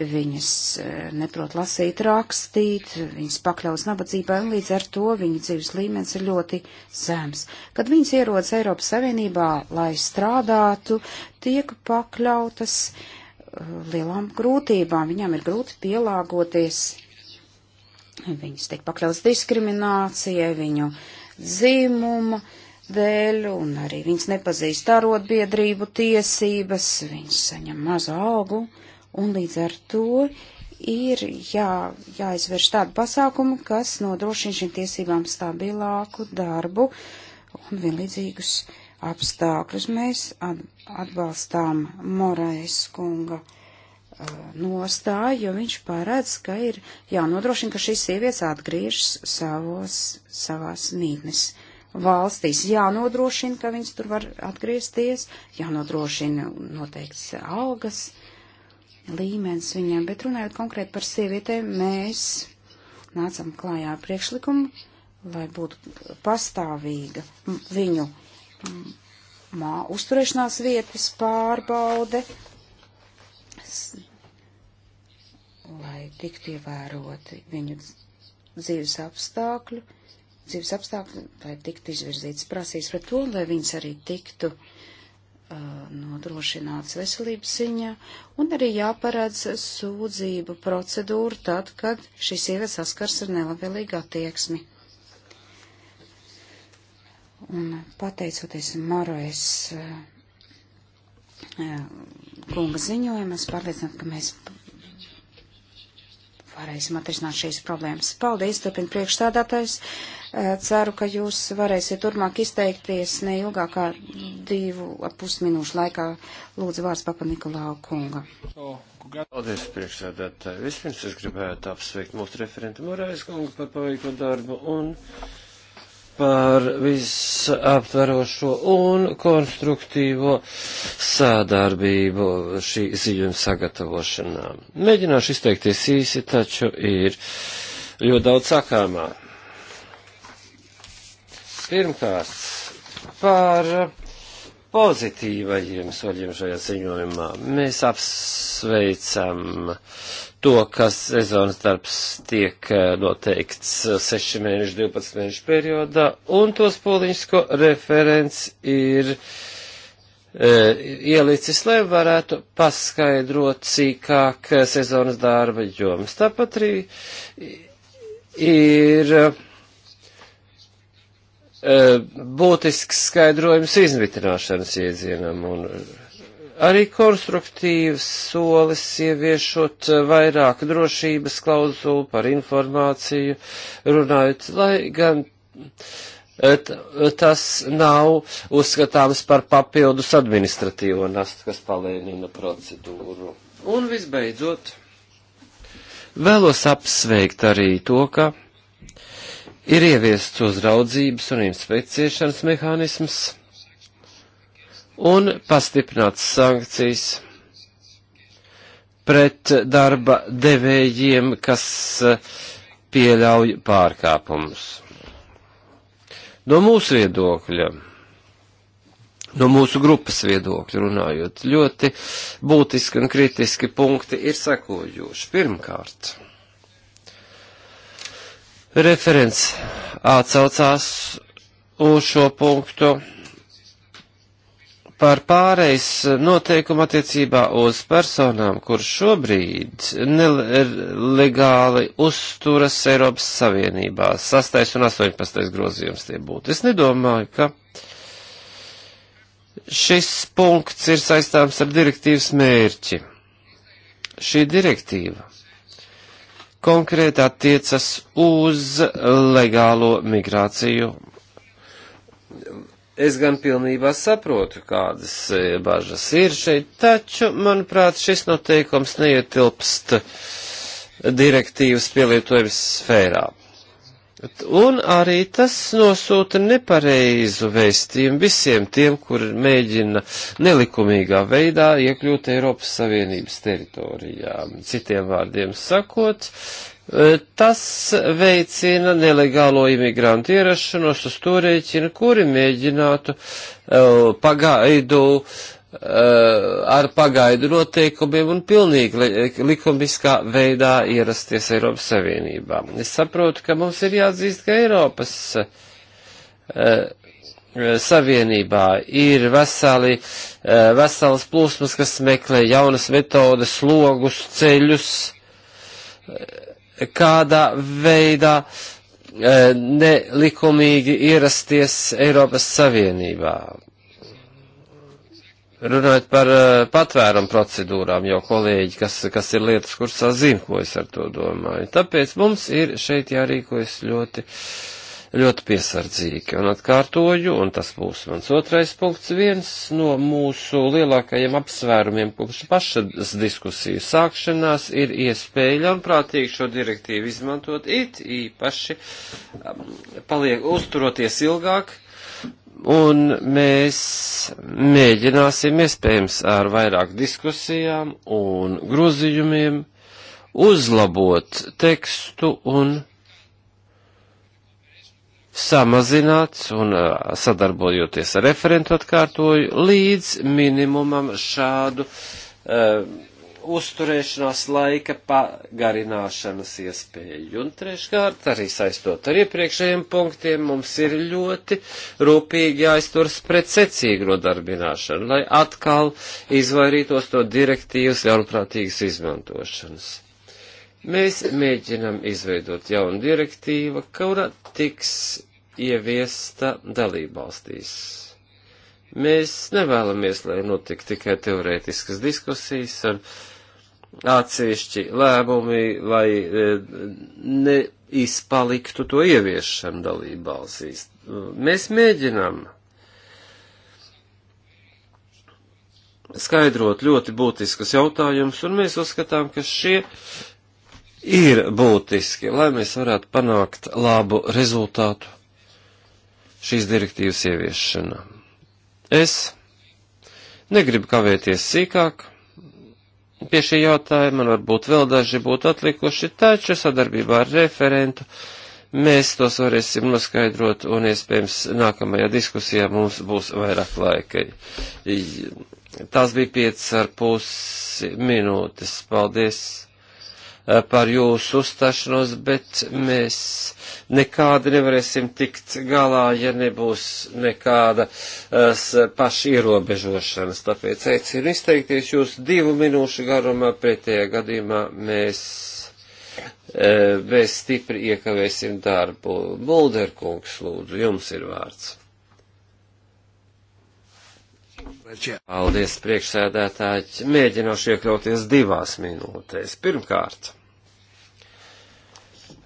viņas eh, neprot lasīt, rakstīt, viņas pakļaus nabadzībai un līdz ar to viņu dzīves līmenis ir ļoti zems. Kad viņas ierodas Eiropas Savienībā, lai strādātu, tiek pakļautas uh, lielām grūtībām. Viņām ir grūti pielāgoties, viņas tiek pakļauts diskriminācijai, viņu dzimuma dēļ, un arī viņas nepazīst arotbiedrību tiesības, viņas saņem mazu augu, un līdz ar to ir jā, jāizvērš tādu pasākumu, kas nodrošina šīm tiesībām stabilāku darbu un vienlīdzīgus apstākļus. Mēs atbalstām Morais kunga uh, nostāju, jo viņš paredz, ka ir jānodrošina, ka šīs sievietes atgriežas savos, savās mītnes valstīs. Jānodrošina, ka viņas tur var atgriezties, jānodrošina noteikts algas līmenis viņiem, bet runājot konkrēti par sievietēm, mēs nācam klājā priekšlikumu, lai būtu pastāvīga viņu mā uzturēšanās vietas pārbaude, lai tiktu ievēroti viņu dzīves apstākļu, dzīves apstākļi, lai tiktu izvirzītas prasīs pret to, lai viņas arī tiktu uh, nodrošināts veselības ziņā, un arī jāparedz sūdzību procedūru tad, kad šī sieviete saskars ar nelabvēlīgu attieksmi. Un pateicoties Marojas eh, eh, kunga ziņojumu, es pārliecinātu, ka mēs varēsim atrisināt šīs problēmas. Paldies, turpin priekšstādātais. Eh, ceru, ka jūs varēsiet turmāk izteikties ne ilgāk kā divu pusminūšu laikā. Lūdzu, vārds papa Nikolau kunga. Paldies, priekšsēdētāji. Vispirms es gribētu apsveikt mūsu referentu Morais kungu par paveikto darbu un par visaptverošo un konstruktīvo sādarbību šī ziņojuma sagatavošanā. Mēģināšu izteikties īsi, taču ir ļoti daudz sakāmā. Pirmkārt, par pozitīvajiem soļiem šajā ziņojumā mēs apsveicam to, ka sezonas darbs tiek eh, noteikts 6 mēnešu, 12 mēnešu periodā, un tos poliņus, ko referents ir e, ielicis, lai varētu paskaidrot cīkāk eh, sezonas darba jomas. Tāpat arī ir būtisks skaidrojums izmitināšanas iedzienam. Un, Arī konstruktīvs solis ieviešot vairāk drošības klauzulu par informāciju, runājot, lai gan eh, tas nav uzskatāms par papildus administratīvo nastu, kas palēnina procedūru. Un visbeidzot, vēlos apsveikt arī to, ka ir ieviests uzraudzības un inspekciešanas mehānisms un pastiprināts sankcijas pret darba devējiem, kas eh, pieļauj pārkāpumus. No mūsu viedokļa, no mūsu grupas viedokļa runājot, ļoti būtiski un kritiski punkti ir sekojoši. Pirmkārt, referents atsaucās uz šo punktu par pārejas noteikumu attiecībā uz personām, kur šobrīd nelegāli uzturas Eiropas Savienībā. 6. un 18. grozījums tie būtu. Es nedomāju, ka šis punkts ir saistāms ar direktīvas mērķi. Šī direktīva konkrēti attiecas uz legālo migrāciju Es gan pilnībā saprotu, kādas e, bažas ir šeit, taču, manuprāt, šis noteikums neietilpst direktīvas pielietojums sfērā. Un arī tas nosūta nepareizu vēstījumu visiem tiem, kur mēģina nelikumīgā veidā iekļūt Eiropas Savienības teritorijā. Citiem vārdiem sakot, E, tas veicina nelegālo imigrantu ierašanos uz to rēķinu, kuri mēģinātu e, pagaidu e, ar pagaidu noteikumiem un pilnīgi likumiskā veidā ierasties Eiropas Savienībā. Es saprotu, ka mums ir jāatzīst, ka Eiropas Savienībā ir veseli, veselas plūsmas, kas meklē jaunas metodas, logus, ceļus, kādā veidā e, nelikumīgi ierasties Eiropas Savienībā. Runājot par e, patvērumu procedūrām, jau kolēģi, kas, kas ir lietas kursā, zina, ko es ar to domāju. Tāpēc mums ir šeit jārīkojas ļoti uh, ļoti piesardzīgi. Un atkārtoju, un tas būs mans otrais punkts, viens no mūsu lielākajiem apsvērumiem kopš pašas diskusiju sākšanās ir iespēja ļaunprātīgi šo direktīvu izmantot, it īpaši um, paliek uzturoties ilgāk, un mēs mēģināsim iespējams ar vairāk diskusijām un grozījumiem uzlabot tekstu un samazināts un sadarbojoties ar referentu atkārtoju līdz minimumam šādu uh, uzturēšanās laika pagarināšanas iespēju. Un treškārt, arī saistot ar iepriekšējiem punktiem, mums ir ļoti rūpīgi jāizturas pret secīgu nodarbināšanu, lai atkal izvairītos no direktīvas ļaunprātīgas izmantošanas. Mēs mēģinam izveidot jaunu direktīvu, kura tiks ieviesta dalībvalstīs. Mēs nevēlamies, lai notik tikai teorētiskas diskusijas un atsevišķi lēmumi, lai e, neizpaliktu to ieviešanu dalībvalstīs. Mēs mēģinām skaidrot ļoti būtiskus jautājumus, un mēs uzskatām, ka šie ir būtiski, lai mēs varētu panākt labu rezultātu šīs direktīvas ieviešana. Es negribu kavēties sīkāk. Pie šī jautājuma man varbūt vēl daži būtu atlikuši, taču sadarbībā ar referentu mēs tos varēsim noskaidrot un iespējams nākamajā diskusijā mums būs vairāk laika. Tās bija piecas ar pusi minūtes. Paldies! Eh, par jūsu uzstāšanos, bet mēs nekādi nevarēsim tikt galā, ja nebūs nekāda eh, pašierobežošanas. Tāpēc aicinu izteikties jūs divu minūšu garumā, pretējā gadījumā mēs, eh, mēs stipri iekavēsim darbu. Bulderkungs, lūdzu, jums ir vārds. Paldies, priekšsēdētāji. Mēģināšu iekļauties divās minūtēs. Pirmkārt,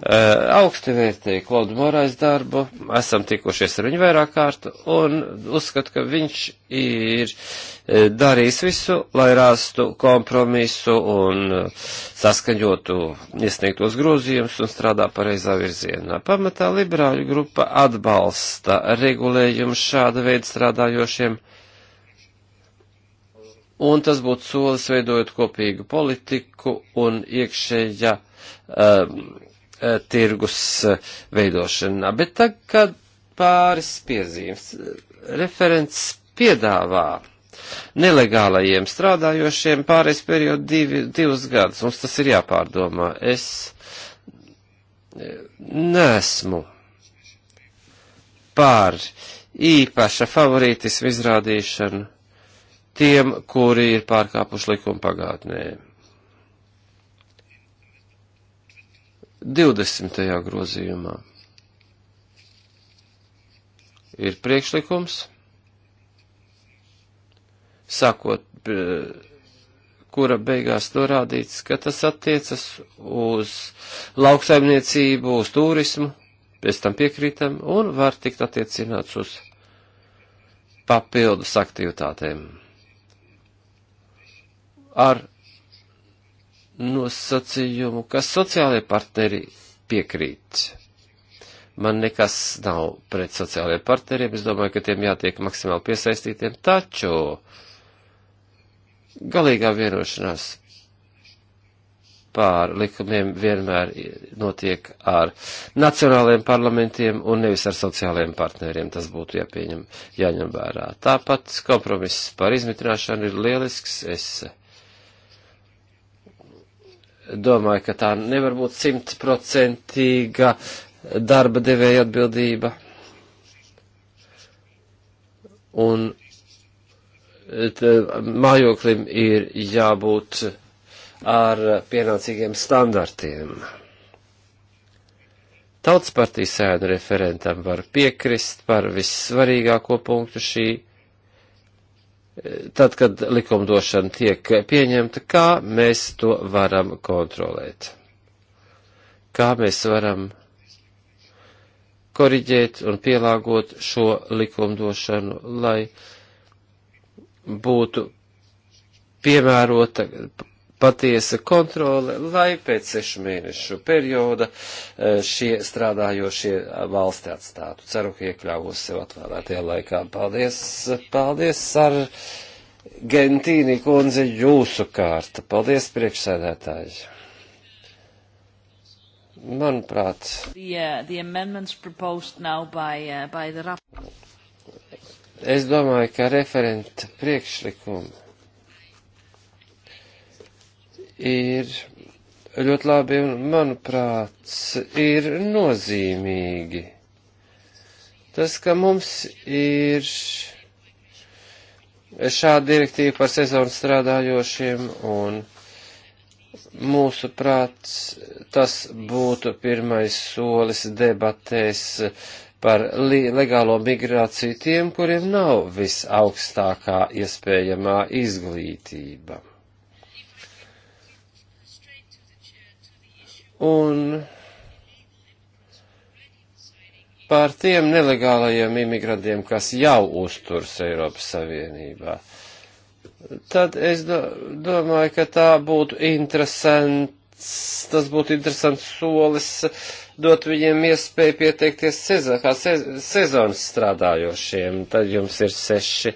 Eh, augsti vērtēju Klaudu Morais darbu, esam tikušies ar viņu vairāk kārtu un uzskatu, ka viņš ir eh, darījis visu, lai rāstu kompromisu un eh, saskaņotu iesniegtos grozījumus un strādā pareizā virzienā. Pamatā liberāļu grupa atbalsta regulējumu šāda veida strādājošiem. Un tas būtu solis veidojot kopīgu politiku un iekšēja um, Eh, tirgus eh, veidošanā. Bet tagad pāris piezīmes. Referents piedāvā nelegālajiem strādājošiem pāris periodu divi, divus gadus. Mums tas ir jāpārdomā. Es eh, nesmu pār īpaša favorītismu izrādīšanu tiem, kuri ir pārkāpuši likumu pagātnē. 20. grozījumā ir priekšlikums, sakot, kura beigās norādīts, ka tas attiecas uz lauksaimniecību, uz turismu, pēc tam piekrītam un var tikt attiecināts uz papildus aktivitātēm. Ar nosacījumu, kas sociālajie partneri piekrīt. Man nekas nav pret sociālajiem partneriem, es domāju, ka tiem jātiek maksimāli piesaistītiem, taču galīgā vienošanās pār likumiem vienmēr notiek ar nacionālajiem parlamentiem un nevis ar sociālajiem partneriem. Tas būtu jāpieņem, jāņem vērā. Tāpat kompromiss par izmitināšanu ir lielisks. Es domāju, ka tā nevar būt simtprocentīga darba devēja atbildība. Un e, mājoklim ir jābūt ar pienācīgiem standartiem. Tautas partijas sēdu referentam var piekrist par vissvarīgāko punktu šī tad, kad likumdošana tiek pieņemta, kā mēs to varam kontrolēt? Kā mēs varam koriģēt un pielāgot šo likumdošanu, lai būtu piemērota patiesa kontrole, lai pēc sešu mēnešu perioda e, šie strādājošie valsti atstātu. Ceru, ka iekļāvos sev atvēlētajā laikā. Paldies, paldies ar Gentīni kundze jūsu kārta. Paldies, priekšsēdētāji. Manuprāt. The, uh, the amendments proposed now by, uh, by the... Es domāju, ka referenta priekšlikumi ir ļoti labi un, manuprāt, ir nozīmīgi. Tas, ka mums ir šāda direktīva par sezonu strādājošiem un mūsu prāts tas būtu pirmais solis debatēs par legālo migrāciju tiem, kuriem nav visaugstākā iespējamā izglītība. un pār tiem nelegālajiem imigrantiem, kas jau uzturs Eiropas Savienībā. Tad es do, domāju, ka tā būtu interesants, tas būtu interesants solis dot viņiem iespēju pieteikties sezon, kā se, sezonas strādājošiem. Tad jums ir seši,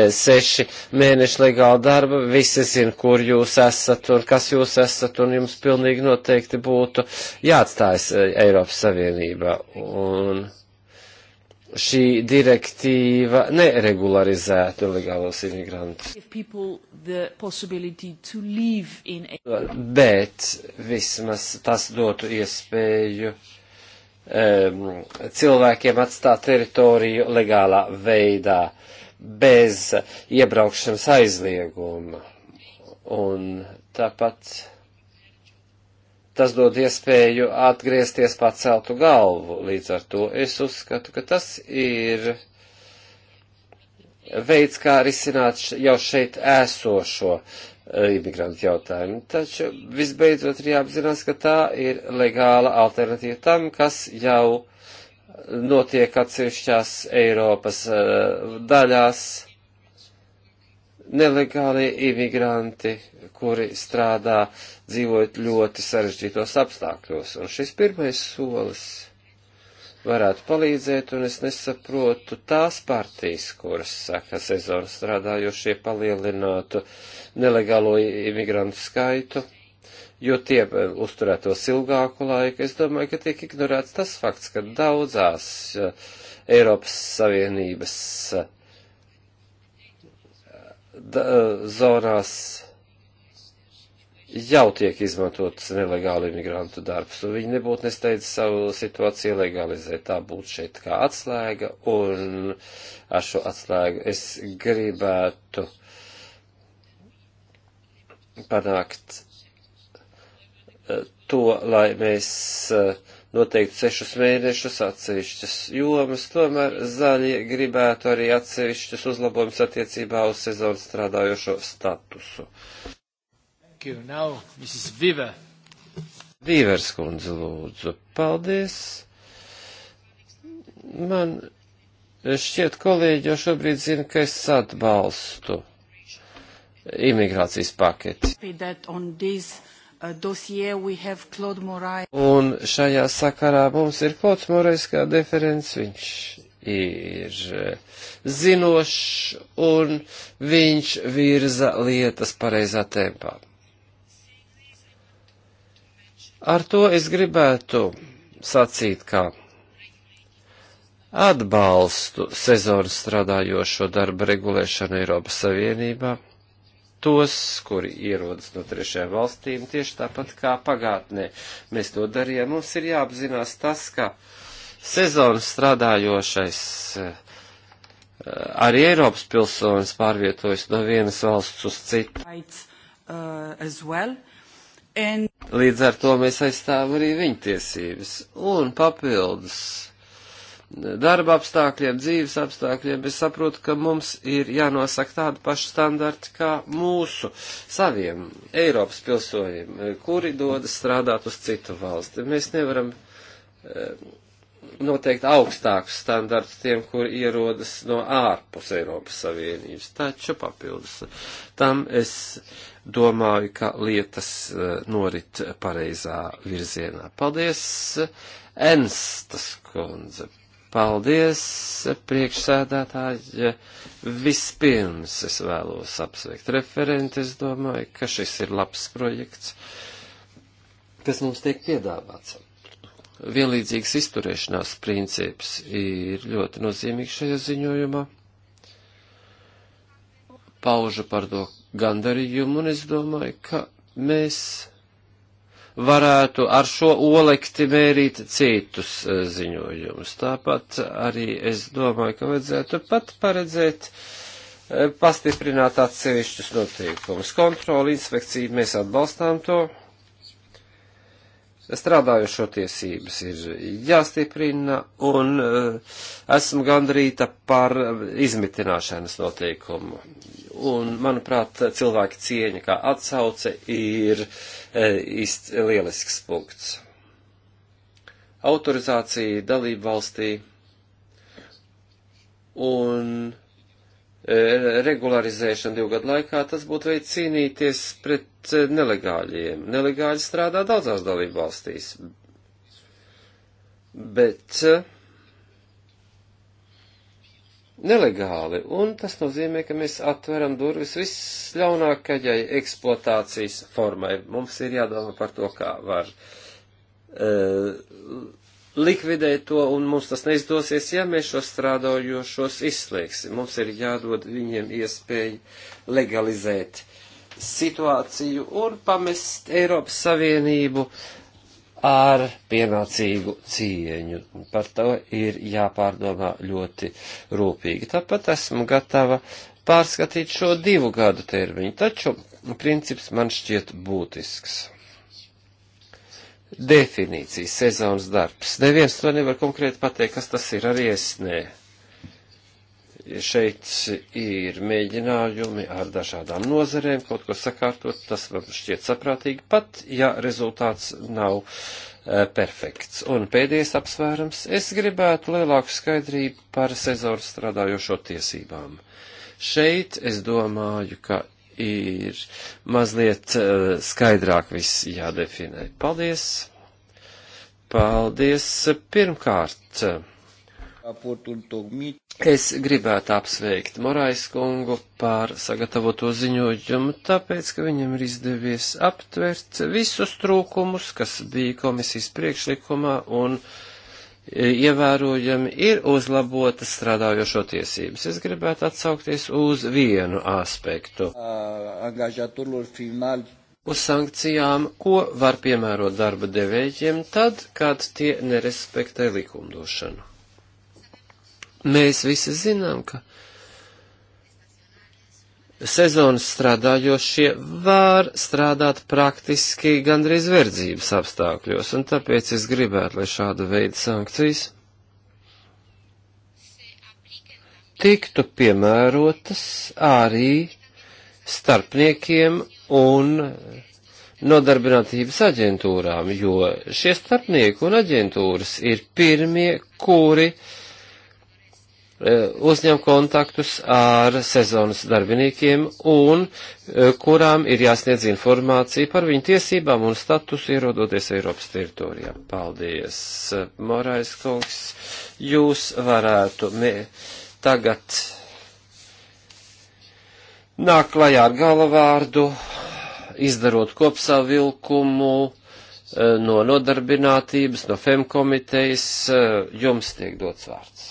e, seši mēneši legāla darba, visi zin, kur jūs esat un kas jūs esat, un jums pilnīgi noteikti būtu jāatstājas e, Eiropas Savienībā. Un, šī direktīva neregularizētu ilegālos imigrantus. In... Bet vismaz tas dotu iespēju um, cilvēkiem atstāt teritoriju legālā veidā, bez iebraukšanas aizlieguma. Un tāpat tas dod iespēju atgriezties paceltu galvu. Līdz ar to es uzskatu, ka tas ir veids, kā risināt jau šeit esošo eh, imigrantu jautājumu. Taču visbeidzot ir jāapzinās, ka tā ir legāla alternatīva tam, kas jau notiek atsevišķās Eiropas eh, daļās nelegālie imigranti, kuri strādā, dzīvojot ļoti sarežģītos apstākļos. Un šis pirmais solis varētu palīdzēt, un es nesaprotu tās partijas, kuras saka sezonu strādājošie palielinātu nelegālo imigrantu skaitu, jo tie eh, uzturētos ilgāku laiku. Es domāju, ka tiek ignorēts tas fakts, ka daudzās eh, Eiropas Savienības eh, Eh, zonās jau tiek izmantots nelegāli imigrantu darbs, un viņi nebūtu nesteidz savu situāciju legalizēt. Tā būtu šeit kā atslēga, un ar šo atslēgu es gribētu panākt eh, to, lai mēs uh, noteikti sešus mēnešus atsevišķas jomas, tomēr zaļie gribētu arī atsevišķus uzlabojumus attiecībā uz sezonu strādājošo statusu. Now, Viver. Vīvers kundze lūdzu, paldies. Man šķiet kolēģi jau šobrīd zina, ka es atbalstu imigrācijas paketi. Uh, dossier we have Claude Moraes. Un šajā sakarā mums ir Klods Morais kā deferents, viņš ir uh, zinošs un viņš virza lietas pareizā tempā. Ar to es gribētu sacīt, ka atbalstu sezonas strādājošo darba regulēšanu Eiropas Savienībā tos, kuri ierodas no trešajām valstīm, tieši tāpat kā pagātnē. Mēs to darījām. Mums ir jāapzinās tas, ka sezonas strādājošais eh, arī Eiropas pilsonis pārvietojas no vienas valsts uz citu. Eh, Līdz ar to mēs aizstāvam arī viņa tiesības. Un papildus darba apstākļiem, dzīves apstākļiem, es saprotu, ka mums ir jānosaka tādi paši standarti kā mūsu saviem Eiropas pilsoņiem, eh, kuri dodas strādāt uz citu valsti. Mēs nevaram eh, noteikt augstākus standartus tiem, kuri ierodas no ārpus Eiropas Savienības. Taču papildus tam es domāju, ka lietas eh, norit pareizā virzienā. Paldies, Enstas kundze. Paldies, priekšsēdētāji. Vispirms es vēlos apsveikt referenti. Es domāju, ka šis ir labs projekts, kas mums tiek piedāvāts. Vienlīdzīgas izturēšanās princips ir ļoti nozīmīgs šajā ziņojumā. Paužu par to gandarījumu, un es domāju, ka mēs varētu ar šo olekti mērīt citus eh, ziņojumus. Tāpat arī es domāju, ka vajadzētu pat paredzēt eh, pastiprināt atsevišķus noteikumus. Kontroli, inspekcija, mēs atbalstām to. Strādājošo tiesības ir jāstiprina un eh, esmu gandrīta par izmitināšanas noteikumu. Un, manuprāt, cilvēka cieņa kā atsauce ir uh, E, īsts lielisks punkts. Autorizācija dalību valstī un e, regularizēšana divu gadu laikā, tas būtu veids cīnīties pret e, nelegāļiem. Nelegāļi strādā daudzās dalību valstīs. Bet uh, nelegāli, un tas nozīmē, ka mēs atveram durvis visļaunākajai eksploatācijas formai. Mums ir jādomā par to, kā var uh, likvidēt to, un mums tas neizdosies, ja mēs šos strādājošos izslēgsim. Mums ir jādod viņiem iespēju legalizēt situāciju un pamest Eiropas Savienību uh, ar pienācīgu cieņu. Par to ir jāpārdomā ļoti rūpīgi. Tāpat esmu gatava pārskatīt šo divu gadu termiņu, taču princips man šķiet būtisks. Definīcija, sezonas darbs. Neviens to nevar konkrēti pateikt, kas tas ir, arī es nē. Ne šeit ir mēģinājumi ar dažādām nozerēm kaut ko sakārtot, tas man šķiet saprātīgi, pat ja rezultāts nav e, perfekts. Un pēdējais apsvērums - es gribētu lielāku skaidrību par sezonu strādājošo tiesībām. Šeit es domāju, ka ir mazliet e, skaidrāk viss jādefinē. Paldies! Paldies! Pirmkārt! Es gribētu apsveikt Morais kungu par sagatavoto ziņojumu, tāpēc, ka viņam ir izdevies aptvert visus trūkumus, kas bija komisijas priekšlikumā un e, ievērojami ir uzlabotas strādājošo tiesības. Es gribētu atsaukties uz vienu aspektu. Uz sankcijām, ko var piemērot darba devējiem tad, kad tie nerespektē likumdošanu. Mēs visi zinām, ka sezonas strādājošie var strādāt praktiski gandrīz verdzības apstākļos, un tāpēc es gribētu, lai šāda veida sankcijas tiktu piemērotas arī starpniekiem un nodarbinātības aģentūrām, jo šie starpnieki un aģentūras ir pirmie, kuri uh, Eh, uzņem kontaktus ar sezonas darbiniekiem un eh, kurām ir jāsniedz informācija par viņu tiesībām un statusu ierodoties Eiropas teritorijā. Paldies, Morais kungs. Jūs varētu mē, tagad nāk klajā ar galvārdu, izdarot kopsavilkumu eh, no nodarbinātības, no FEM komitejas. Jums tiek dots vārds.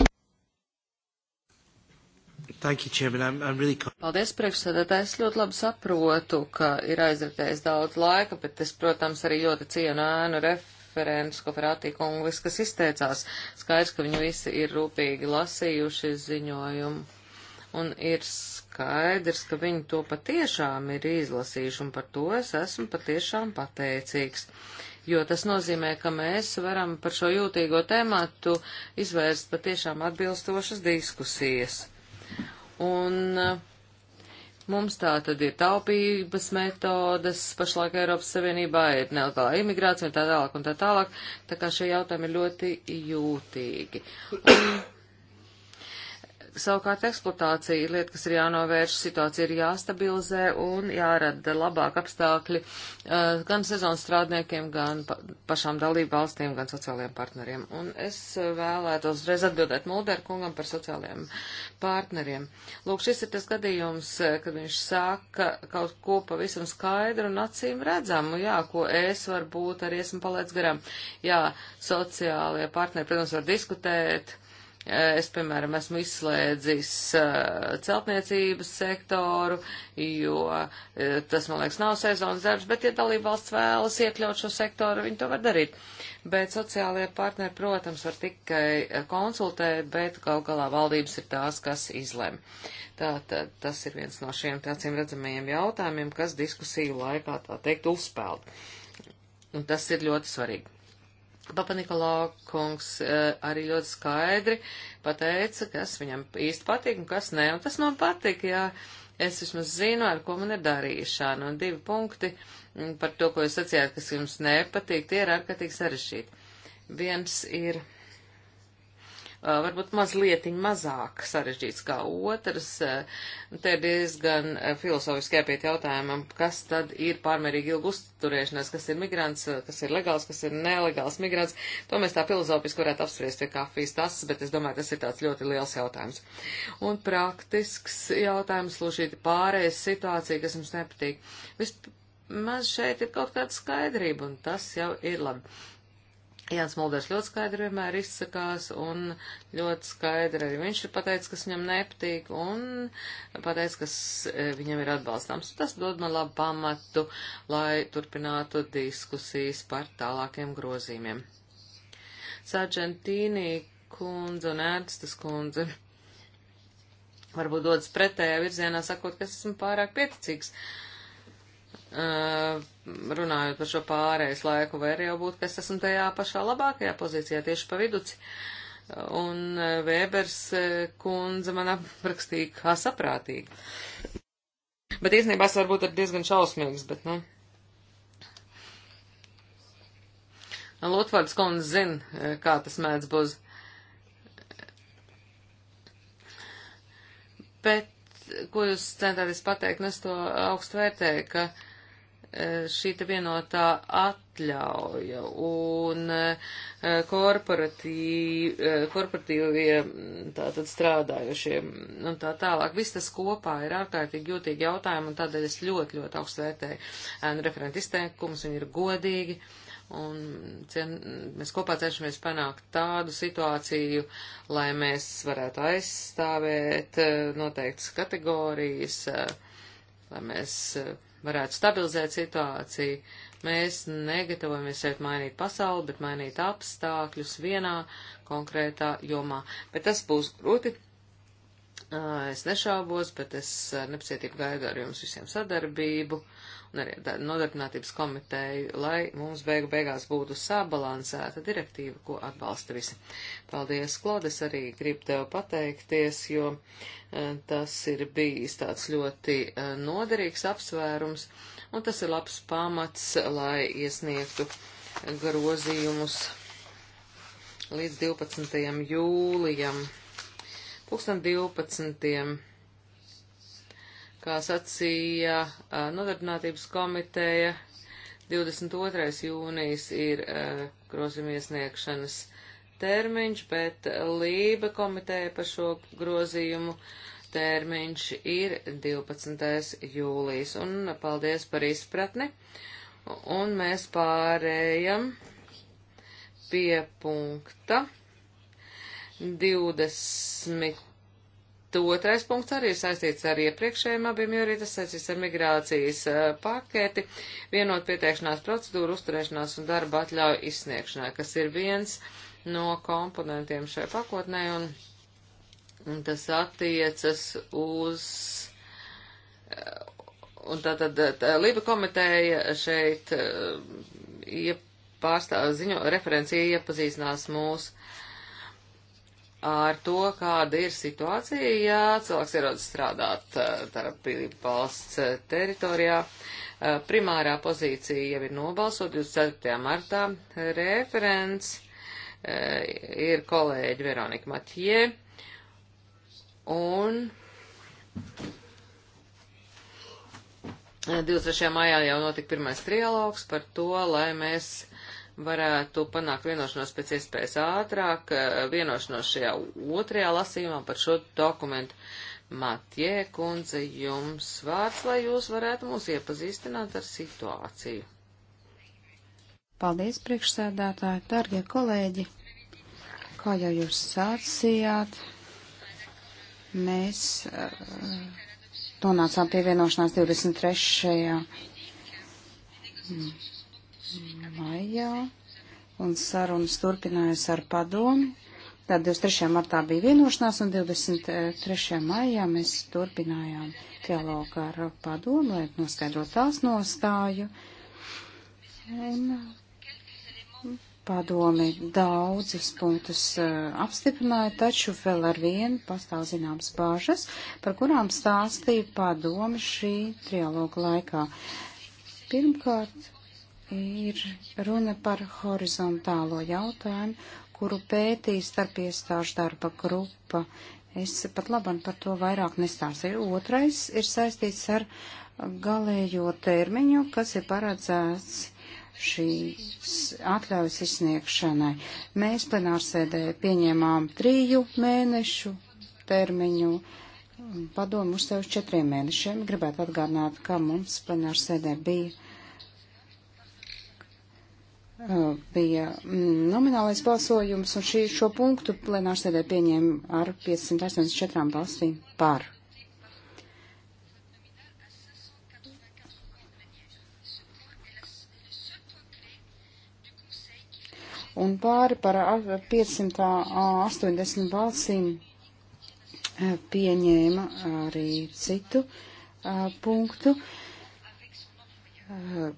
Thank you, Chairman. I'm, I'm really... Paldies, priekšsēdētāji. Es ļoti labi saprotu, ka ir aizritējis daudz laika, bet es, protams, arī ļoti cienu ēnu referents, ko Ferātī kungu viss, kas izteicās. Skaidrs, ka viņi visi ir rūpīgi lasījuši ziņojumu. Un ir skaidrs, ka viņi to patiešām ir izlasījuši, un par to es esmu patiešām pateicīgs jo tas nozīmē, ka mēs varam par šo jūtīgo tēmatu izvērst patiešām atbilstošas diskusijas. Un eh, mums tā tad ir taupības metodas, pašlaik Eiropas Savienībā ir nelegāla imigrācija un tā tālāk un tā tālāk, tā kā šie jautājumi ir ļoti jūtīgi. Un Savukārt eksploatācija ir lieta, kas ir jānovērš, situācija ir jāstabilizē un jārada labāk apstākļi uh, gan sezonas strādniekiem, gan pa pašām dalību valstīm, gan sociālajiem partneriem. Un es eh, vēlētos uzreiz atbildēt Mulder kungam par sociālajiem partneriem. Lūk, šis ir tas gadījums, eh, kad viņš saka kaut ko pavisam skaidru un acīm redzamu, jā, ko es varbūt arī esmu palaidis garām. Jā, sociālajie partneri, protams, var diskutēt Es, piemēram, esmu izslēdzis eh, celtniecības sektoru, jo eh, tas, man liekas, nav sezonas darbs, bet, ja dalība valsts vēlas iekļaut šo sektoru, viņi to var darīt. Bet sociālajie partneri, protams, var tikai eh, konsultēt, bet gal galā valdības ir tās, kas izlem. Tātad tas ir viens no šiem tāciem redzamajiem jautājumiem, kas diskusiju laikā, tā teikt, uzspēld. Un tas ir ļoti svarīgi. Papa Nikolā kungs eh, arī ļoti skaidri pateica, kas viņam īsti patīk un kas nē, un tas man patīk, jā. Es vismaz zinu, ar ko man ir darīšana, un divi punkti mm, par to, ko jūs sacījāt, kas jums nepatīk, tie ir ārkārtīgi sarežģīti. Viens ir Eh, varbūt mazliet mazāk sarežģīts kā otrs. Eh, te ir diezgan eh, filozofiski jāpiet jautājumam, kas tad ir pārmērīgi ilgi uzturēšanās, kas ir migrants, kas ir legāls, kas ir nelegāls migrants. To mēs tā filozofiski varētu apspriest pie kafijas tasas, bet es domāju, tas ir tāds ļoti liels jautājums. Un praktisks jautājums, lūšīti pārējais situācija, kas mums nepatīk. Vismaz šeit ir kaut kāda skaidrība, un tas jau ir labi. Jānis Mulders ļoti skaidri vienmēr izsakās, un ļoti skaidri arī viņš ir pateicis, kas viņam nepatīk, un pateicis, kas eh, viņam ir atbalstāms. Tas dod man labu pamatu, lai turpinātu diskusijas par tālākiem grozījumiem. Sargentīnī kundze un ērstas kundze varbūt dodas pretējā virzienā, sakot, ka esmu pārāk pieticīgs. Uh, Uh, runājot par šo pārējais laiku, vai arī jau būtu, ka es esmu tajā pašā labākajā pozīcijā, tieši pa viduci. Un uh, Vēbers uh, kundze man aprakstīja, kā saprātīgi. Bet īstenībā es varbūt ir diezgan šausmīgs, bet, nu. Lutvards kundze zina, kā tas mēdz būs. Bet, ko jūs centāties pateikt, nu es to augstu vērtēju, ka uh, E, šī te vienotā atļauja un e, e, korporatīvie tātad strādājušie un nu, tā tālāk. Viss tas kopā ir ārkārtīgi jūtīgi jautājumi un tādēļ es ļoti, ļoti augstu vērtēju nu, referentu izteikumus, viņi ir godīgi. Un cien, mēs kopā cenšamies panākt tādu situāciju, lai mēs varētu aizstāvēt noteiktas kategorijas, lai mēs uh, varētu stabilizēt situāciju. Mēs negatavojamies šeit mainīt pasauli, bet mainīt apstākļus vienā konkrētā jomā. Bet tas būs grūti. Es nešaubos, bet es ar nepacietību gaidu ar jums visiem sadarbību. Uh, nodarbinātības komiteju, lai mums beigu beigās būtu sabalansēta direktīva, ko atbalsta visi. Paldies, Klodes, arī gribu tev pateikties, jo e, tas ir bijis tāds ļoti e, noderīgs apsvērums, un tas ir labs pamats, lai iesniegtu grozījumus līdz 12. jūlijam. 2012 kā sacīja Nodarbinātības komiteja, 22. jūnijas ir grozījuma iesniegšanas termiņš, bet Lība komiteja par šo grozījumu termiņš ir 12. jūlijas. Un paldies par izpratni. Un mēs pārējam pie punkta 20. Otrais punkts arī ir saistīts ar iepriekšējiem abiem, jo arī tas saistīts ar migrācijas paketi, vienot pieteikšanās procedūru, uzturēšanās un darba atļauju izsniegšanai, kas ir viens no komponentiem šai pakotnē, un, un tas attiecas uz. Un tātad tā, tā, Lība komiteja šeit ja pārstāv ziņo, referencija iepazīstinās mūsu ar to, kāda ir situācija, ja cilvēks ierodas strādāt darbību eh, valsts eh, teritorijā. Eh, primārā pozīcija jau ir nobalsot 24. martā. Referents ir kolēģi Veronika Matjē. Un 23. maijā jau notika pirmais trialogs par to, lai mēs varētu panākt vienošanos pēc iespējas ātrāk, eh, vienošanos šajā otrajā lasījumā par šo dokumentu. Matie kundze, jums vārds, lai jūs varētu mūs iepazīstināt ar situāciju. Paldies, priekšsēdētāji, dargie kolēģi! Kā jau jūs sācījāt, mēs eh, nonācām pie vienošanās 23 maijā, un sarunas turpinājas ar padomi. Tad 23. martā bija vienošanās, un 23. maijā mēs turpinājām dialogu ar padomu, lai noskaidrotu tās nostāju. Un padomi daudzus punktus eh, apstiprināja, taču vēl ar vienu pastāv zināmas bāžas, par kurām stāstīja padomi šī trialoga laikā. Pirmkārt, ir runa par horizontālo jautājumu, kuru pētīs starp iestāžu darba grupa. Es pat labam par to vairāk nestāstīju. Otrais ir saistīts ar galējo termiņu, kas ir paredzēts šīs atļaujas izsniegšanai. Mēs plenārsēdē pieņēmām triju mēnešu termiņu padomu uz sevi četriem mēnešiem. Gribētu atgādināt, ka mums plenārsēdē bija bija mm, nominālais balsojums, un šī, šo punktu plenārsēdē pieņēma ar 584 balsīm par. Un pāri par 580 balsīm pieņēma arī citu uh, punktu. Uh,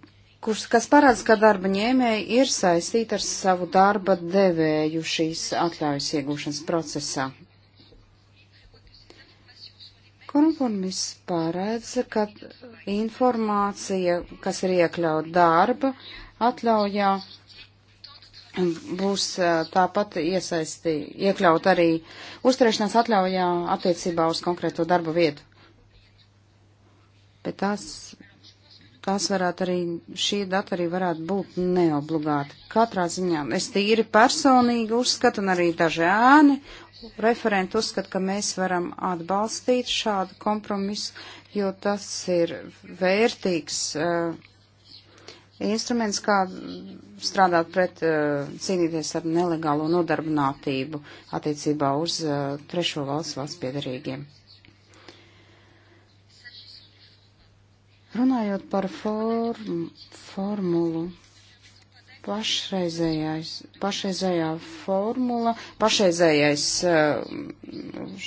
kurs, kas parāds, ka darba ņēmēji ir saistīti ar savu darba devēju šīs atļaujas iegūšanas procesā. Konformis paredz, ka informācija, kas ir iekļaut darba atļaujā, būs tāpat iesaisti, iekļaut arī uzturēšanās atļaujā attiecībā uz konkrēto darba vietu. Bet tās tās varētu arī, šie dati arī varētu būt neobligāti. Katrā ziņā es tīri personīgi uzskatu, un arī daži ēni referenti uzskata, ka mēs varam atbalstīt šādu kompromisu, jo tas ir vērtīgs uh, instruments, kā strādāt pret, uh, cīnīties ar nelegālo nodarbinātību attiecībā uz uh, trešo valsts valsts piedarīgiem. Runājot par form, formulu, pašreizējā formula, pašreizējais eh,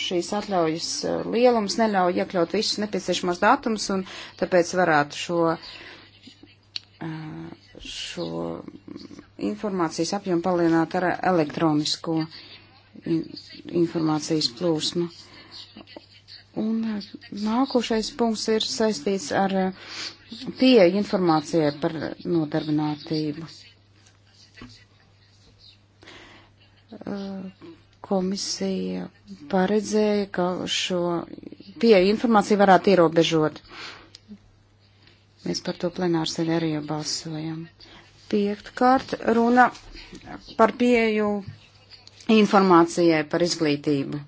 šīs atļaujas eh, lielums neļauj iekļaut visus nepieciešamos datumus, un tāpēc varētu šo, eh, šo informācijas apjomu palielināt ar elektronisko informācijas plūsmu. Un nākošais punkts ir saistīts ar uh, pieeja informācijai par nodarbinātību. Uh, komisija paredzēja, ka šo pieeja informāciju varētu ierobežot. Mēs par to plenāru sēdē arī jau balsojam. Piektkārt runa par pieeju informācijai par izglītību.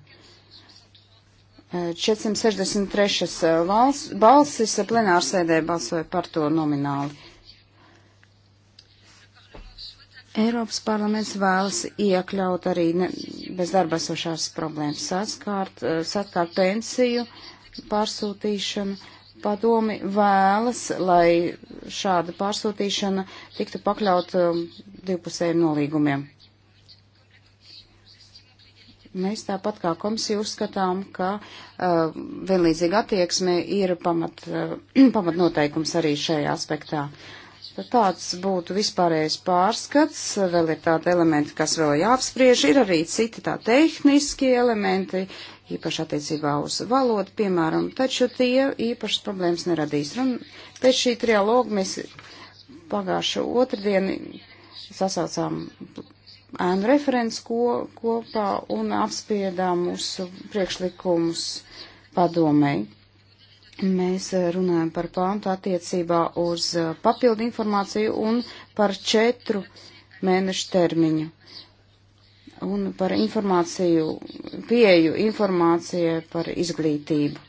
463 eh, valsts, balsis eh, plenārsēdē balsoja par to nomināli. Eiropas parlaments vēlas iekļaut arī ne, bezdarba esošās problēmas saskārt, eh, saskārt pensiju pārsūtīšanu. Padomi vēlas, lai šāda pārsūtīšana tiktu pakļaut divpusējiem nolīgumiem. Mēs tāpat kā komisija uzskatām, ka uh, vienlīdzīga attieksme ir pamat, uh, pamat noteikums arī šajā aspektā. Tad tāds būtu vispārējais pārskats, vēl ir tādi elementi, kas vēl jāapspriež, ir arī citi tā tehniski elementi, īpaši attiecībā uz valodu, piemēram, taču tie īpašas problēmas neradīs. Un pēc šī trialoga mēs pagājušo otrdienu sasaucām ēnu referents ko, kopā un apspriedām mūsu priekšlikumus padomēji. Mēs eh, runājam par plānu attiecībā uz eh, papildu informāciju un par četru mēnešu termiņu. Un par informāciju, pieeju informācijai par izglītību.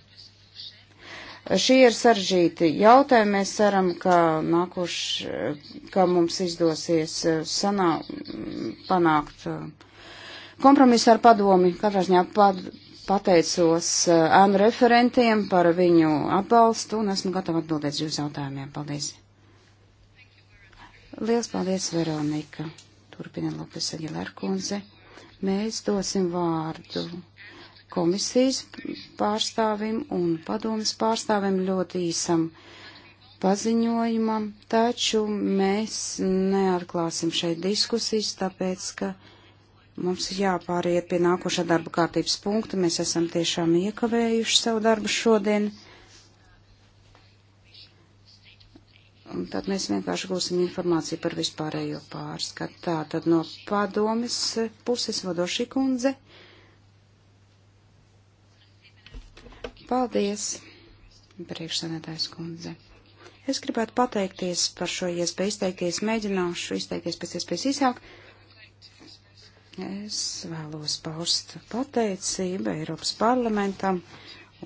Šie ir saržīti jautājumi. Mēs ceram, ka nākuš, ka mums izdosies eh, sanā, panākt eh, kompromisu ar padomi. Katrā ziņā pad, pateicos eh, ēnu referentiem par viņu atbalstu un esmu gatava atbildēt jūsu jautājumiem. Paldies! Liels paldies, Veronika! Turpina Lopes Aģilērkundze. Mēs dosim vārdu komisijas pārstāvim un padomas pārstāvim ļoti īsam paziņojumam, taču mēs neatklāsim šeit diskusijas, tāpēc, ka mums jāpāriet pie nākošā darba kārtības punkta. Mēs esam tiešām iekavējuši savu darbu šodien. Un tad mēs vienkārši gūsim informāciju par vispārējo pārskatu. Tā tad no padomis puses vadošī kundze. Paldies, priekšsēdētājs kundze. Es gribētu pateikties par šo iespēju izteikties, mēģināšu izteikties pēc iespējas īsāk. Es vēlos paust pateicību Eiropas parlamentam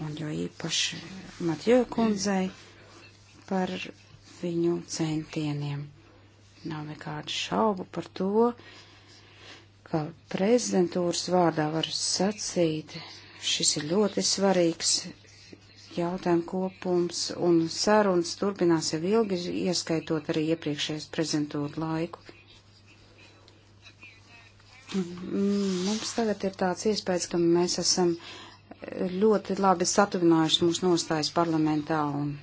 un jo īpaši Matjo kundzei par viņu centieniem. Nav nekādu šaubu par to, ka prezidentūras vārdā var sacīt, Šis ir ļoti svarīgs jautājumu kopums, un sarunas turpinās jau ilgi, ieskaitot arī iepriekšējais prezentūru laiku. Mm, mums tagad ir tāds iespējas, ka mēs esam ļoti labi satuvinājuši mūsu nostājas parlamentā un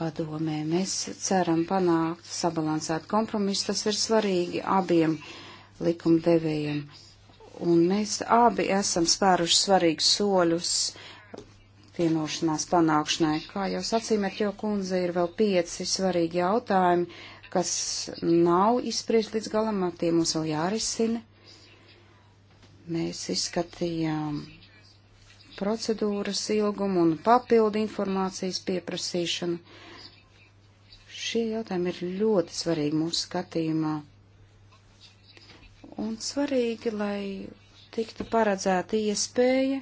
padomē. Mēs ceram panākt sabalansētu kompromisu, tas ir svarīgi abiem likumdevējiem un mēs abi esam spēruši svarīgus soļus vienošanās panākšanai. Kā jau sacīmēt, jo kundze ir vēl pieci svarīgi jautājumi, kas nav izspriest līdz galam, tie mums vēl jārisina. Mēs izskatījām procedūras ilgumu un papildu informācijas pieprasīšanu. Šie jautājumi ir ļoti svarīgi mūsu skatījumā un svarīgi, lai tiktu paredzēta iespēja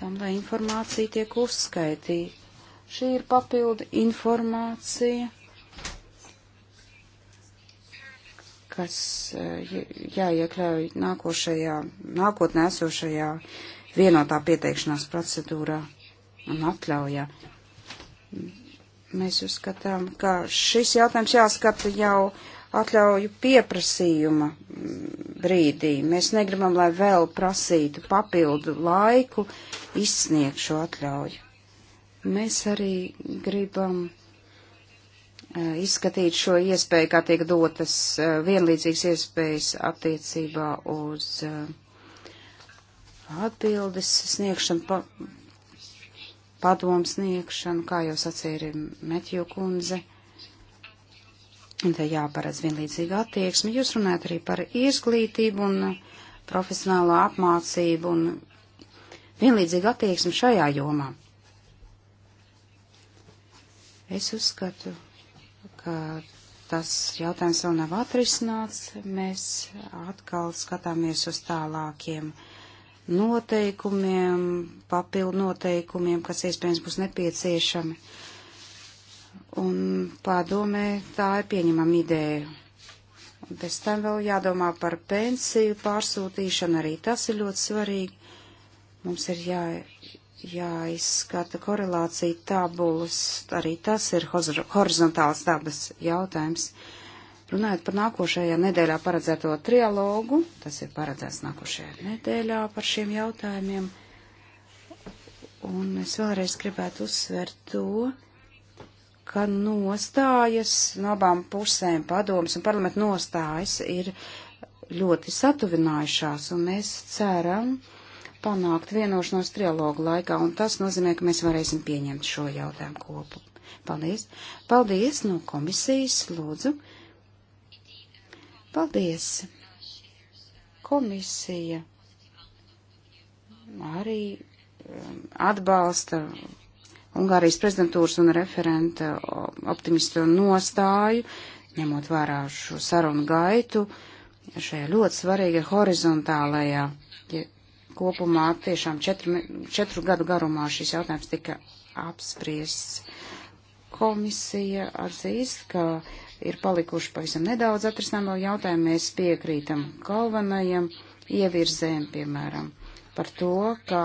tam, lai informācija tiek uzskaitīta. Šī ir papildu informācija, kas eh, jāiekļauj nākošajā, nākotnē esošajā vienotā pieteikšanās procedūrā un atļaujā. Mēs uzskatām, ka šis jautājums jāskata jau atļauju pieprasījuma brīdī. Mēs negribam, lai vēl prasītu papildu laiku izsniegt šo atļauju. Mēs arī gribam eh, izskatīt šo iespēju, kā tiek dotas eh, vienlīdzīgas iespējas attiecībā uz eh, atbildes sniegšanu, pa, padomu sniegšanu, kā jau sacīja Metju kundze. Un te jāparedz vienlīdzīga attieksme. Jūs runājat arī par izglītību un profesionālo apmācību un vienlīdzīgu attieksmi šajā jomā. Es uzskatu, ka tas jautājums vēl nav atrisināts. Mēs atkal skatāmies uz tālākiem noteikumiem, papildu noteikumiem, kas iespējams būs nepieciešami. Uh, Un padomē, tā ir pieņemama ideja. Un pēc tam vēl jādomā par pensiju pārsūtīšanu, arī tas ir ļoti svarīgi. Mums ir jā, jāizskata korelācija tabulas, arī tas ir horizontāls dabas jautājums. Runājot par nākošajā nedēļā paredzēto trialogu, tas ir paredzēts nākošajā nedēļā par šiem jautājumiem. Un es vēlreiz gribētu uzsvērt to, ka nostājas no abām pusēm padomas un parlamentu nostājas ir ļoti satuvinājušās, un mēs ceram panākt vienošanos trialogu laikā, un tas nozīmē, ka mēs varēsim pieņemt šo jautājumu kopu. Paldies! Paldies no komisijas, lūdzu! Paldies! Komisija arī um, atbalsta Ungārijas prezidentūras un referenta optimistu nostāju, ņemot vērā šo sarunu gaitu, šajā ļoti svarīga horizontālajā ja kopumā tiešām četru, četru gadu garumā šis jautājums tika apspriests. Komisija atzīst, ka ir palikuši pavisam nedaudz atrisināmo jautājumu, mēs piekrītam galvenajam ievirzēm, piemēram, par to, kā,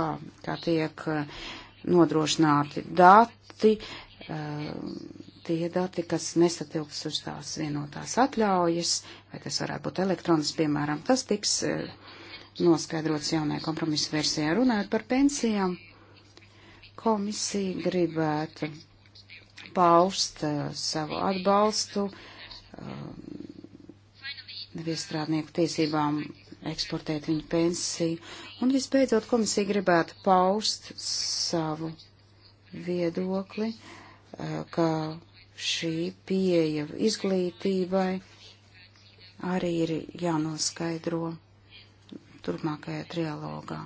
kā tiek uh, nodrošināti dati, eh, tie dati, kas nesatilps uz tās vienotās atļaujas, vai tas varētu būt elektronis, piemēram, tas tiks eh, noskaidrots jaunajā kompromisa versijā. Runājot par pensijām, komisija gribētu paust eh, savu atbalstu viestrādnieku tiesībām eksportēt viņu pensiju. Un visbeidzot, komisija gribētu paust savu viedokli, eh, ka šī pieeja izglītībai arī ir jānoskaidro turpmākajā trialogā.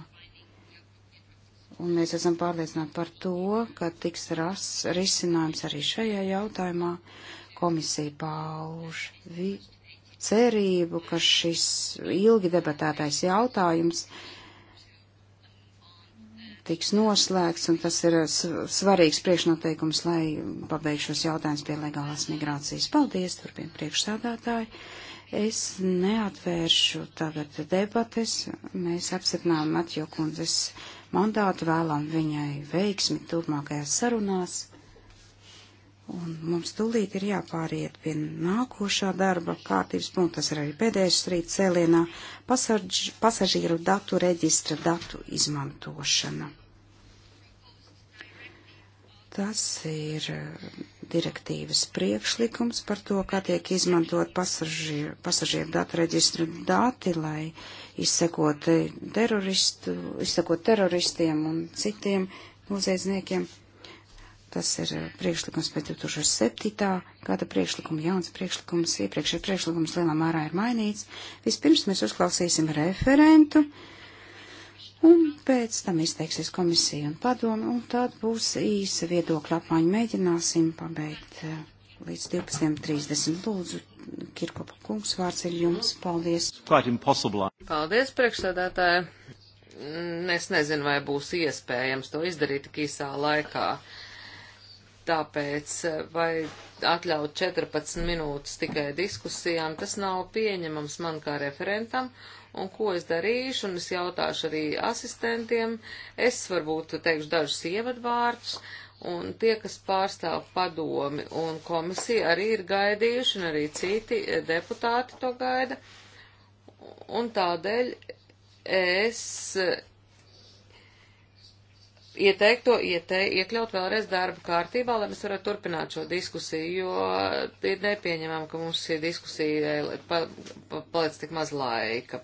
Un mēs esam pārliecināti par to, ka tiks rasts risinājums arī šajā jautājumā. Komisija pauž vi cerību, ka šis ilgi debatētais jautājums tiks noslēgts, un tas ir svarīgs priekšnoteikums, lai pabeigšos jautājums pie legālās migrācijas. Paldies, turpina priekšsādātāji. Es neatvēršu tagad debates. Mēs apstiprinām Matjo kundzes mandātu, vēlam viņai veiksmi turpmākajās sarunās. Un mums tūlīt ir jāpāriet pie nākošā darba kārtības punkta, tas ir arī pēdējais rīt cēlienā pasaž, pasažīru datu reģistra datu izmantošana. Tas ir eh, direktīvas priekšlikums par to, kā tiek izmantot pasažieru, pasažieru datu reģistra dati, lai izsekot, eh, teroristu, izsekot teroristiem un citiem noziedzniekiem. Nu, Tas ir eh, priekšlikums pēc 2007. gada priekšlikuma, jauns priekšlikums, iepriekšējais priekšlikums lielā mērā ir mainīts. Vispirms mēs uzklausīsim referentu, un pēc tam izteiksies komisija un padomu, un tad būs īsa viedokļa apmaiņa. Mēģināsim pabeigt eh, līdz 12.30. Lūdzu, Kirkopa kungs, vārds ir jums. Paldies. Paldies, priekšsēdētāji. Mm, es nezinu, vai būs iespējams to izdarīt tik īsā laikā. Uh, Tāpēc eh, vai atļaut 14 minūtes tikai diskusijām, tas nav pieņemams man kā referentam, un ko es darīšu, un es jautāšu arī asistentiem, es varbūt teikšu dažus ievadvārdus, un tie, kas pārstāv padomi un komisija, arī ir gaidījuši, un arī citi eh, deputāti to gaida, un tādēļ es eh, ieteikto iete, iekļaut vēlreiz darba kārtībā, lai mēs varētu turpināt šo diskusiju, jo ir nepieņemama, ka mums šī diskusija pa, pa, paliec tik maz laika.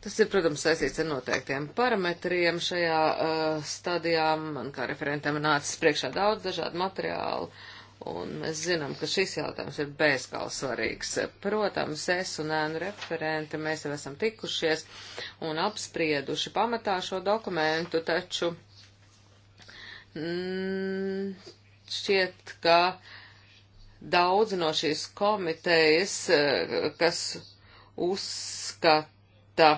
Tas ir, protams, saistīts ar noteiktiem parametriem. Šajā uh, stadijā man kā referentam nācis priekšā daudz dažādu materiālu. Uh, Un mēs zinām, ka šis jautājums ir bezgalīgi svarīgs. Protams, es un ēnu referente, mēs jau esam tikušies un apsprieduši pamatā šo dokumentu, taču mm, šķiet, ka daudz no šīs komitejas, eh, kas uzskata,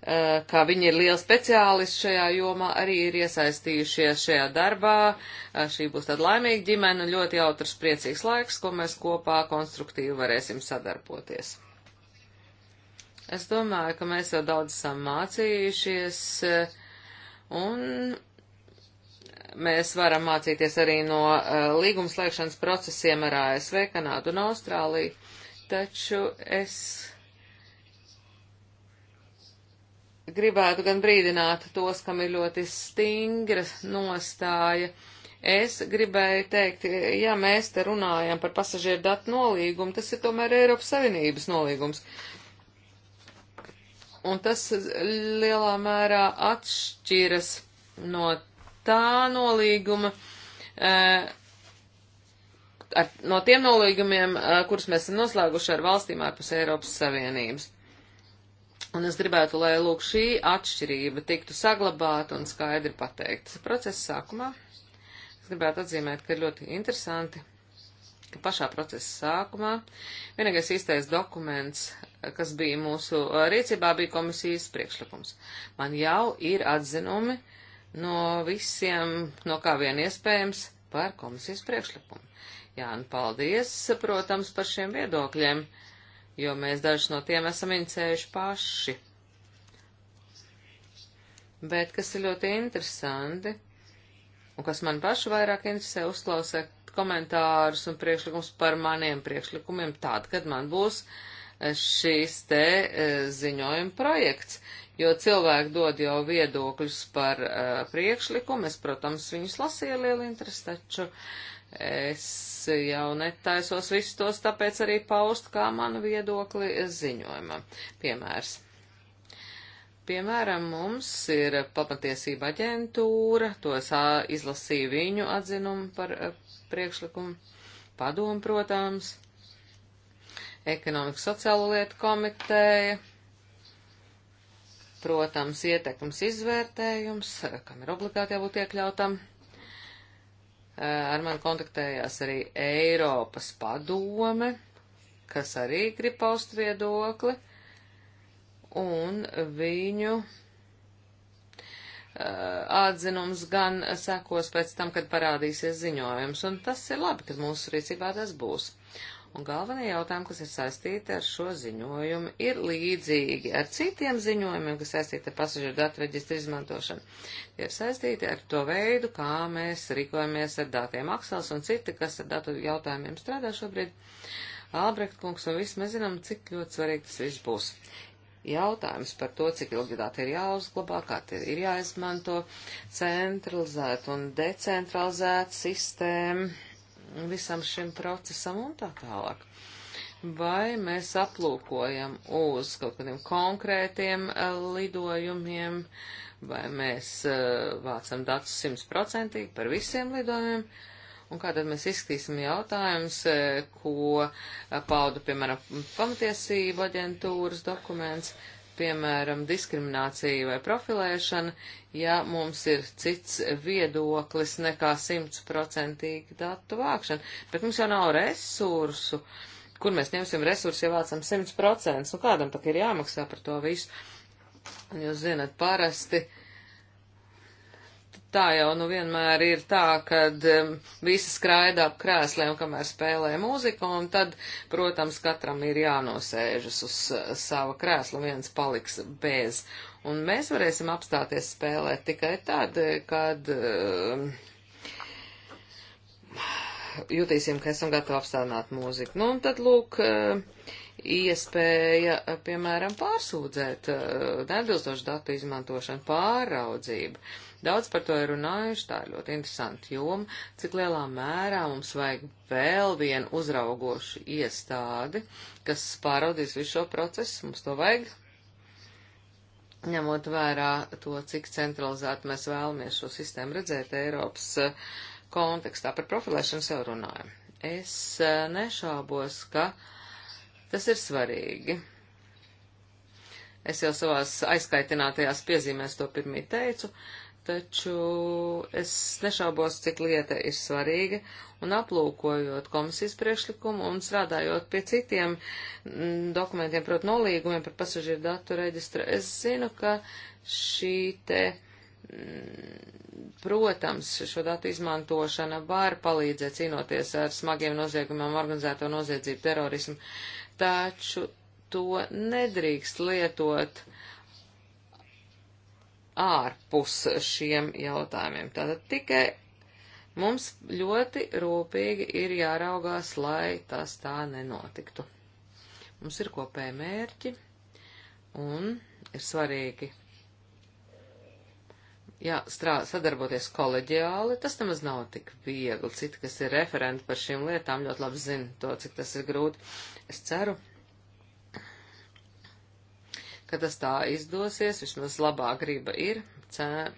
Eh, ka viņi ir lieli speciālisti šajā jomā, arī ir iesaistījušies šajā darbā. Eh, šī būs tāda laimīga ģimene un ļoti jautrs, priecīgs laiks, ko mēs kopā konstruktīvi varēsim sadarboties. Es domāju, ka mēs jau daudz esam mācījušies, eh, un mēs varam mācīties arī no līgumslēgšanas procesiem ar ASV, Kanādu un Austrāliju, taču es gribētu gan brīdināt tos, kam ir ļoti stingra nostāja. Es gribēju teikt, ja mēs te runājam par pasažieru datu nolīgumu, tas ir tomēr Eiropas Savienības nolīgums. Un tas lielā mērā atšķiras no tā nolīguma, eh, no tiem nolīgumiem, eh, kurus mēs esam noslēguši ar valstīm ārpus Eiropas Savienības. Un es gribētu, lai lūk šī atšķirība tiktu saglabāta un skaidri pateikta. Procesa sākumā es gribētu atzīmēt, ka ir ļoti interesanti, ka pašā procesa sākumā vienīgais īstais dokuments, kas bija mūsu rīcībā, bija komisijas priekšlikums. Man jau ir atzinumi no visiem, no kā vien iespējams, par komisijas priekšlikumu. Jā, un paldies, protams, par šiem viedokļiem. Uh, jo mēs dažus no tiem esam inicējuši paši. Bet kas ir ļoti interesanti, un kas man pašu vairāk interesē, uzklausēt komentārus un priekšlikumus par maniem priekšlikumiem, tad, kad man būs eh, šīs te eh, ziņojuma projekts, jo cilvēki dod jau viedokļus par uh, priekšlikumu, es, protams, viņus lasīju lielu interesi, taču Es jau netaisos visus tos, tāpēc arī paust kā manu viedokli ziņojumā. Piemērs. Piemēram, mums ir pamatiesība aģentūra, to es izlasīju viņu atzinumu par priekšlikumu, padomu, protams, ekonomikas sociālo lietu komiteja, protams, ietekmes izvērtējums, kam ir obligāti jābūt iekļautam, Eh, ar mani kontaktējās arī Eiropas padome, kas arī grib paust viedokli, un viņu eh, atzinums gan sekos pēc tam, kad parādīsies ziņojums, un tas ir labi, kad mūsu rīcībā tas būs. Un galvenie jautājumi, kas ir saistīti ar šo ziņojumu, ir līdzīgi ar citiem ziņojumiem, kas saistīti ar pasažieru datu reģistru izmantošanu. Tie ir saistīti ar to veidu, kā mēs rīkojamies ar datiem. Aksels un citi, kas ar datu jautājumiem strādā šobrīd, Albrecht kungs un viss, mēs zinām, cik ļoti svarīgi tas viss būs. Jautājums par to, cik ilgi dati ir jāuzglabā, kā tie ir jāizmanto, centralizēt un decentralizēt sistēmu visam šim procesam un tā tālāk. Vai mēs aplūkojam uz kaut kādiem konkrētiem eh, lidojumiem, vai mēs eh, vācam datus simtprocentīgi par visiem lidojumiem, Un kā tad mēs izskatīsim jautājumus, eh, ko pauda, piemēram, pamatiesība aģentūras dokuments, piemēram, diskriminācija vai profilēšana, ja mums ir cits viedoklis nekā simtprocentīgi datu vākšana, bet mums jau nav resursu, kur mēs ņemsim resursu, ja vācam simtprocents, nu kādam tā ir jāmaksā par to visu. Jūs zinat, parasti uh, tā jau nu vienmēr ir tā, kad um, visi skraida ap krēsliem, kamēr spēlē mūziku, un tad, protams, katram ir jānosēžas uz uh, sava krēsla, viens paliks bez. Un mēs varēsim apstāties spēlēt tikai tad, eh, kad um, jutīsim, ka esam gatavi apstādināt mūziku. Nu, un tad, lūk, uh, iespēja, piemēram, pārsūdzēt uh, neatbilstošu datu izmantošanu, pāraudzību. Uh, Daudz par to ir runājuši, tā ir ļoti interesanti joma, cik lielā mērā mums vajag vēl vienu uzraugošu iestādi, kas pāraudīs visu šo procesu, mums to vajag, ņemot vērā to, cik centralizēti mēs vēlamies šo sistēmu redzēt Eiropas eh, kontekstā. Par profilēšanu jau runājam. Es eh, nešābos, ka tas ir svarīgi. Es jau savās aizskaitinātajās piezīmēs to pirmī teicu. Uh, taču es nešaubos, cik lieta ir svarīga, un aplūkojot komisijas priekšlikumu un strādājot pie citiem mm, dokumentiem, proti nolīgumiem par pasažieru datu reģistru, es zinu, ka šī te, mm, protams, šo datu izmantošana var palīdzēt cīnoties ar smagiem noziegumiem, organizēto noziedzību, terorismu, taču to nedrīkst lietot uh, ārpus šiem jautājumiem. Tātad tikai mums ļoti rūpīgi ir jāraugās, lai tas tā nenotiktu. Mums ir kopēji mērķi un ir svarīgi jā, strā, sadarboties koleģiāli, tas nemaz nav tik viegli. Citi, kas ir referenti par šīm lietām, ļoti labi zina to, cik tas ir grūti. Es ceru, ka tas tā izdosies, vismaz labā griba ir,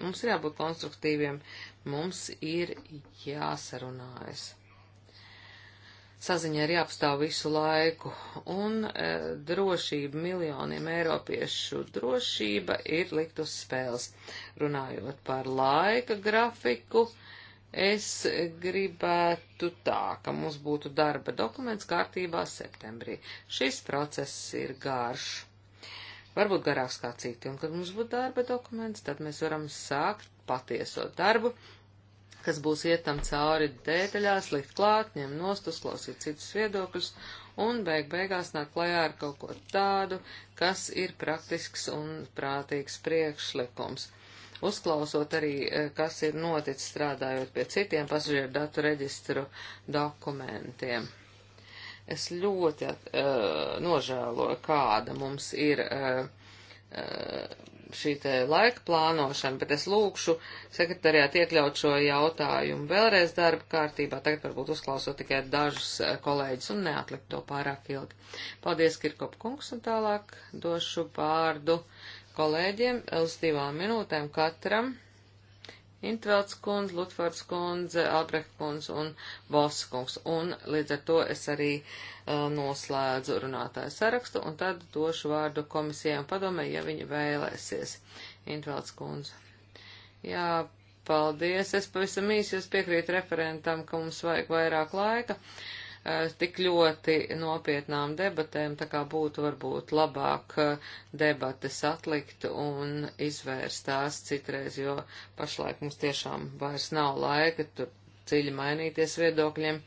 mums ir jābūt konstruktīviem, mums ir jāsarunājas. Saziņa ir jāapstāv visu laiku, un e, drošība miljoniem eiropiešu drošība ir likt uz spēles. Runājot par laika grafiku, es gribētu tā, ka mums būtu darba dokuments kārtībā septembrī. Šis process ir garš varbūt garāks kā citi, un kad mums būtu darba dokuments, tad mēs varam sākt patieso darbu, kas būs ietam cauri detaļās, likt klāt, ņem nost, uzklausīt citus viedokļus, un beig beigās nāk klajā ar kaut ko tādu, kas ir praktisks un prātīgs priekšlikums. Uzklausot arī, e, kas ir noticis strādājot pie citiem pasažieru datu reģistru dokumentiem. Es ļoti uh, nožēloju, kāda mums ir uh, uh, šī te laika plānošana, bet es lūkšu sekretariāt iekļaut šo jautājumu vēlreiz darba kārtībā, tagad varbūt uzklausot tikai dažus kolēģus un neatlikt to pārāk ilgi. Paldies, Kirkop kungs, un tālāk došu vārdu kolēģiem uz divām minūtēm katram. Intvelds kundze, Lutfords kundze, Albrecht kundze un Valsts kungs. Un līdz ar to es arī uh, noslēdzu runātāju sarakstu un tad došu vārdu komisijai un padomē, ja viņi vēlēsies. Intvelds kundze. Jā, paldies. Es pavisam īsi jūs piekrītu referentam, ka mums vajag vairāk laika. Uh, Eh, tik ļoti nopietnām debatēm, tā kā būtu varbūt labāk eh, debates atlikt un izvērst tās citreiz, jo pašlaik mums tiešām vairs nav laika tur dziļi mainīties viedokļiem.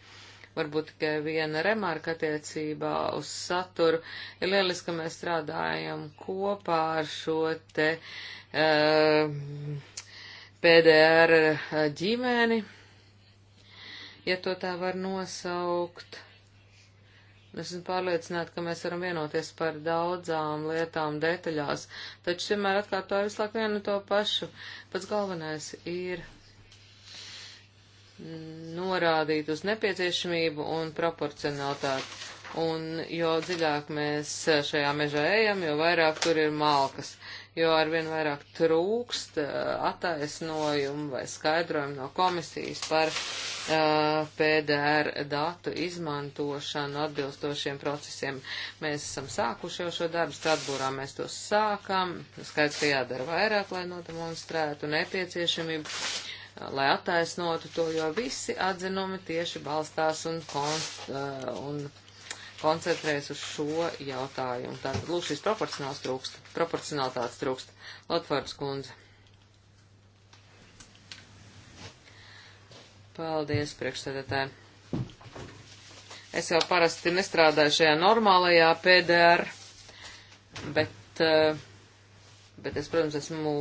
Varbūt tikai viena remarka attiecībā uz saturu. Ir lieliski, ka mēs strādājam kopā ar šo te uh, eh, PDR ģimeni, ja to tā var nosaukt. Esmu pārliecināta, ka mēs varam vienoties par daudzām lietām detaļās, taču vienmēr atkārtoju visu laiku vienu to pašu. Pats galvenais ir norādīt uz nepieciešamību un proporcionalitāti. Un jo dziļāk mēs šajā mežā ejam, jo vairāk tur ir malkas jo arvien vairāk trūkst eh, attaisnojumu vai skaidrojumu no komisijas par uh, eh, PDR datu izmantošanu atbilstošiem procesiem. Mēs esam sākuši jau šo darbu, Stratbūrā mēs to sākam, skaidrs, ka jādara vairāk, lai nodemonstrētu nepieciešamību, eh, lai attaisnotu to, jo visi atzinumi tieši balstās un, konst, uh, un koncentrējas uz šo jautājumu. Tātad, lūk, šis proporcionāls trūkst, proporcionālitātes trūkst. Latvārds kundze. Paldies, priekšsēdētāji. Es jau parasti nestrādāju šajā normālajā PDR, bet, eh, bet es, protams, esmu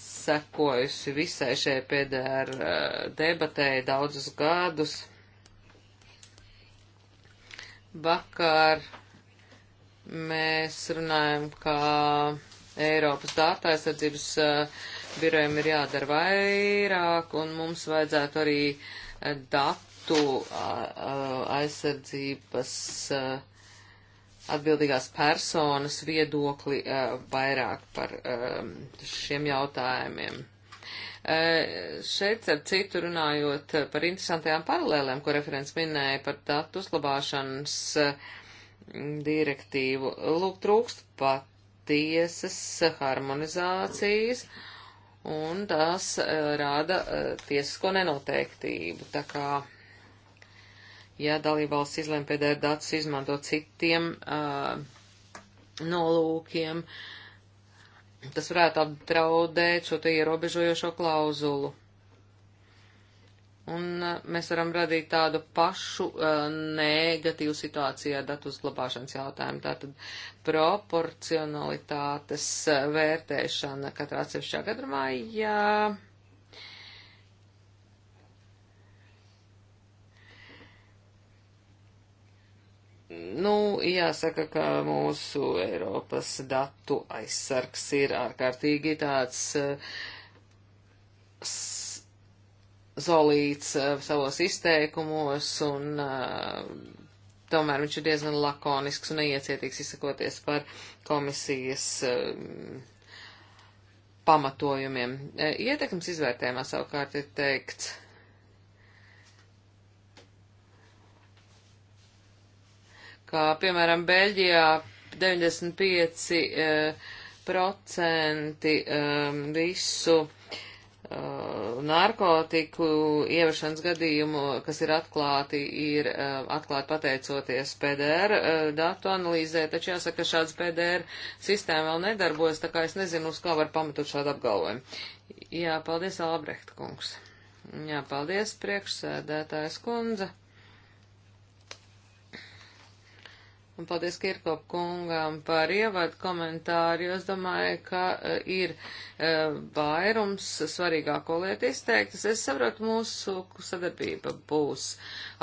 sekojusi visai šai PDR eh, debatēji daudzus gadus. Vakar mēs runājam, ka Eiropas datu aizsardzības eh, birojiem ir jādara vairāk, un mums vajadzētu arī eh, datu aizsardzības eh, atbildīgās personas viedokli vairāk par šiem jautājumiem. Eh, šeit, ar citu runājot par interesantajām paralēlēm, ko referents minēja par datu uzlabāšanas eh, direktīvu, lūk, trūkst patiesas harmonizācijas, un tās eh, rāda tiesisko nenoteiktību. Tā kā, ja dalībvalsts izlēma pēdējā datus izmantot citiem uh, nolūkiem, uh, tas varētu apdraudēt šo te ierobežojošo klauzulu. Un uh, mēs varam radīt tādu pašu uh, negatīvu situāciju ar datu uzglabāšanas jautājumu. Tātad proporcionalitātes uh, vērtēšana katrā atsevišķā gadrumā, jā. Ja Nu, jāsaka, ka mūsu Eiropas datu aizsargs ir ārkārtīgi tāds zolīts uh, uh, savos izteikumos, un uh, tomēr viņš ir diezgan lakonisks un neiecietīgs izsakoties par komisijas um, pamatojumiem. Ietekmes izvērtējumā savukārt ir teikts, kā piemēram Beļģijā 95% uh, e, procenti, um, visu uh, narkotiku ievešanas gadījumu, kas ir atklāti, ir uh, atklāti pateicoties PDR datu analīzē, taču jāsaka, ka šāds PDR sistēma vēl nedarbojas, tā kā es nezinu, uz kā var pamatot šādu apgalvojumu. Jā, paldies, Albrecht kungs. Jā, paldies, priekšsēdētājs kundze. Un paldies Kirkop kungām par ievadu komentāru, jo es domāju, ka uh, ir uh, vairums svarīgāko lietu izteiktas. Es saprotu, mūsu sadarbība būs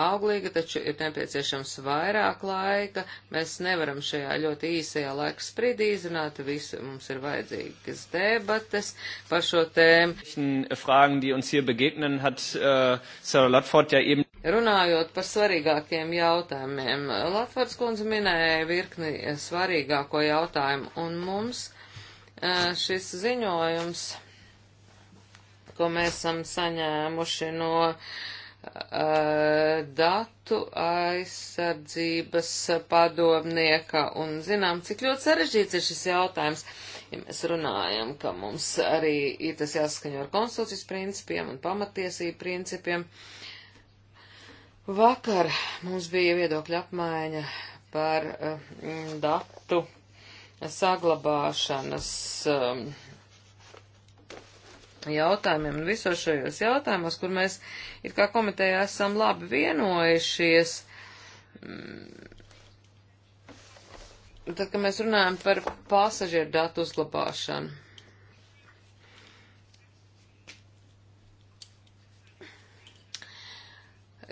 auglīga, taču ir nepieciešams vairāk laika. Mēs nevaram šajā ļoti īsajā laika spridī izrunāt visu. Mums ir vajadzīgas debates par šo tēmu. Fragen, die uns hier begegnen, hat uh, Sarah Lotford ja eben Runājot par svarīgākiem jautājumiem, Latvārds kundze minēja virkni svarīgāko jautājumu, un mums e, šis ziņojums, ko mēs esam saņēmuši no uh, datu aizsardzības padomnieka, un zinām, cik ļoti sarežģīts ir šis jautājums, ja mēs runājam, ka mums arī ir tas jāskaņo ar konstitūcijas principiem un pamatiesību principiem. Uh, Vakar mums bija viedokļa apmaiņa par uh, datu saglabāšanas um, jautājumiem un visos šajos jautājumos, kur mēs it kā komiteja esam labi vienojušies. Mm. Tad, kad mēs runājam par pasažieru datu uzglabāšanu.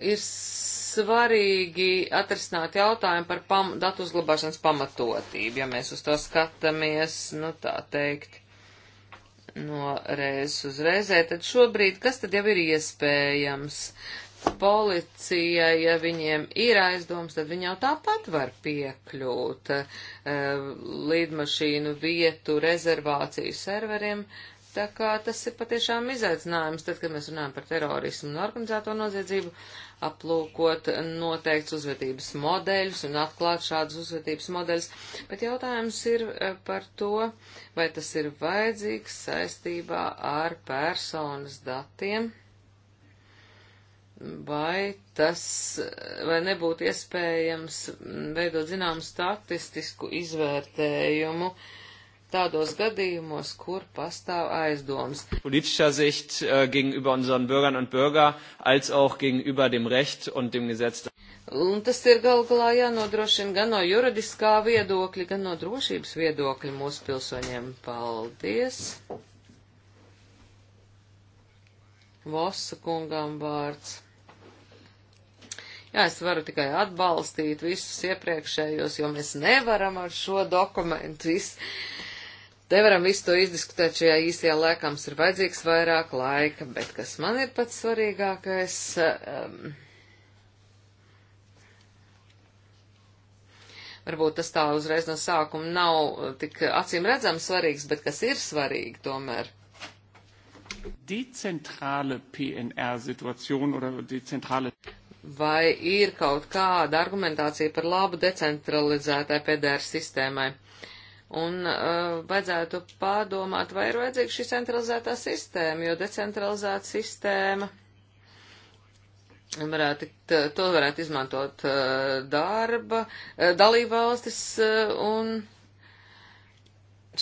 ir svarīgi atrisināt jautājumu par pam datu uzglabāšanas pamatotību, ja mēs uz to skatāmies, nu tā teikt, no reizes uz reizē, tad šobrīd, kas tad jau ir iespējams? Policija, ja viņiem ir aizdoms, tad viņi jau tāpat var piekļūt e, eh, līdmašīnu vietu rezervāciju serveriem, Tā kā tas ir patiešām izaicinājums, tad, kad mēs runājam par terorismu un organizēto noziedzību, aplūkot noteikts uzvedības modeļus un atklāt šādus uzvedības modeļus, bet jautājums ir e, par to, vai tas ir vajadzīgs saistībā ar personas datiem, vai tas, vai nebūtu iespējams veidot zinām statistisku izvērtējumu, uh, tādos gadījumos, kur pastāv aizdomas. Politischer Sicht äh, gegenüber unseren Bürgern und Bürger, als auch gegenüber dem Recht und dem Gesetz. Un tas ir gal galā jānodrošina gan no juridiskā viedokļa, gan no drošības viedokļa mūsu pilsoņiem. Paldies! Vosa kungām vārds. Jā, es varu tikai atbalstīt visus iepriekšējos, jo mēs nevaram ar šo dokumentu visu Nevaram visu to izdiskutēt šajā īsajā laikā, mums ir vajadzīgs vairāk laika, bet kas man ir pats svarīgākais. Um, varbūt tas tā uzreiz no sākuma nav tik acīm redzams svarīgs, bet kas ir svarīgi tomēr. Decentrāla PNR situācija oder decentrāla. Vai ir kaut kāda argumentācija par labu decentralizētai PDR sistēmai? Un uh, vajadzētu pārdomāt, vai ir vajadzīga šī centralizētā sistēma, jo decentralizēta sistēma varētu, to varētu izmantot uh, darba, uh, dalībvalstis uh, un.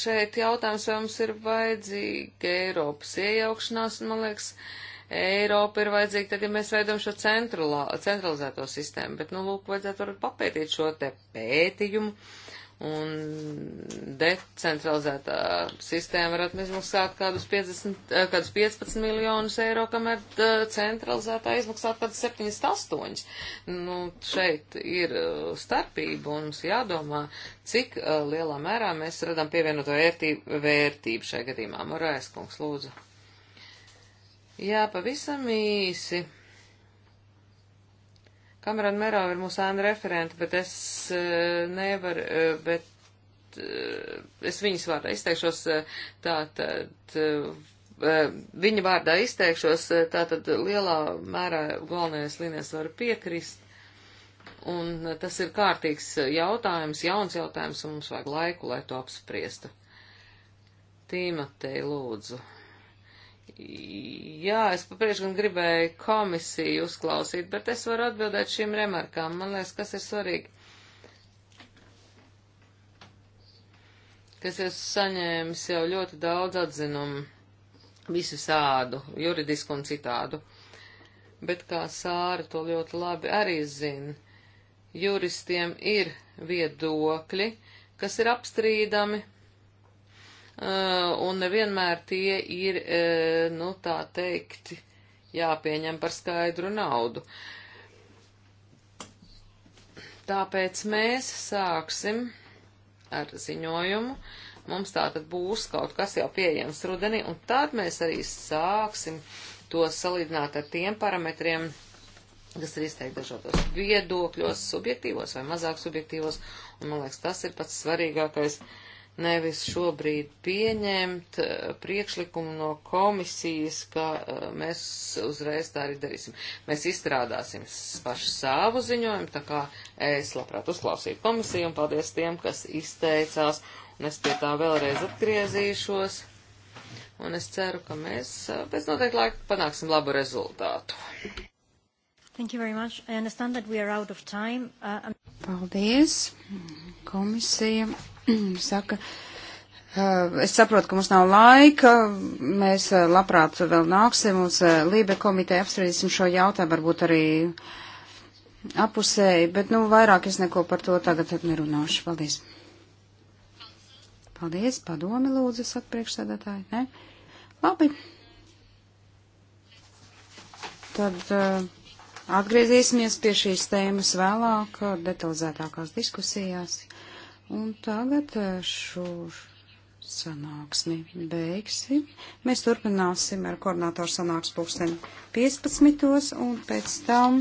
Šeit jautājums, vai mums ir vajadzīga Eiropas iejaukšanās, un man liekas, Eiropa ir vajadzīga tad, ja mēs veidojam šo centrulā, centralizēto sistēmu, bet, nu, lūk, vajadzētu varbūt papētīt šo te pētījumu. Uh, un decentralizētā sistēma varētu izmaksāt kādus, 50, eh, kādus 15 miljonus eiro, kamēr eh, centralizētā izmaksāt kādus 78. Nu, šeit ir eh, starpība un mums jādomā, cik uh, lielā mērā mēs radām pievienoto vērtību, vērtību šajā gadījumā. Morais kungs, lūdzu. Jā, pavisam īsi. Kameran Merau ir mūsu ēna referenta, bet es eh, nevaru, eh, bet eh, es viņas vārdā izteikšos tātad, viņa vārdā izteikšos, tātad lielā mērā galvenais līnijas var piekrist. Un tas ir kārtīgs jautājums, jauns jautājums, un mums vajag laiku, lai to apspriestu. Tīmatei lūdzu. Jā, es papriekš gan gribēju komisiju uzklausīt, bet es varu atbildēt šīm remarkām. Man liekas, kas ir svarīgi. Kas ir saņēmis jau ļoti daudz atzinumu, visu sādu, juridisku un citādu. Bet kā sāra to ļoti labi arī zina, juristiem ir viedokļi, kas ir apstrīdami, Eh, un nevienmēr tie ir, eh, nu tā teikt, jāpieņem par skaidru naudu. Tāpēc mēs sāksim ar ziņojumu. Mums tā tad būs kaut kas jau pieejams rudenī, un tad mēs arī sāksim to salīdzināt ar tiem parametriem, kas ir izteikti dažādos viedokļos, subjektīvos vai mazāk subjektīvos, un man liekas, tas ir pats svarīgākais. Uh, nevis šobrīd pieņemt eh, priekšlikumu no komisijas, ka eh, mēs uzreiz tā arī darīsim. Mēs izstrādāsim pašu savu ziņojumu, tā kā es labprāt uzklausīju komisiju un paldies tiem, kas izteicās, un es pie tā vēlreiz atgriezīšos. Un es ceru, ka mēs eh, pēc noteikti laika panāksim labu rezultātu. Thank you very much. I understand that we are out of time. Uh, Paldies, komisija. Saka, es saprotu, ka mums nav laika, mēs labprāt vēl nāksim uz Lībe komiteju, apspriedīsim šo jautājumu, varbūt arī apusēji, bet nu vairāk es neko par to tagad nerunāšu. Paldies. Paldies, padomi lūdzu, saka priekšsēdētāji. Ne? Labi. Tad uh, atgriezīsimies pie šīs tēmas vēlāk, detalizētākās diskusijās. Un tagad eh, šo sanāksmi beigsim. Mēs turpināsim ar koordinātoru sanāks pulksten 15. un pēc tam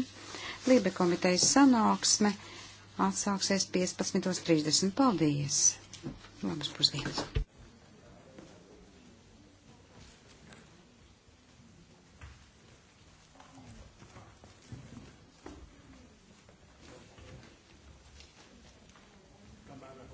Lībe komitejas sanāksme atsāksies 15.30. Paldies! Labas pusdienas!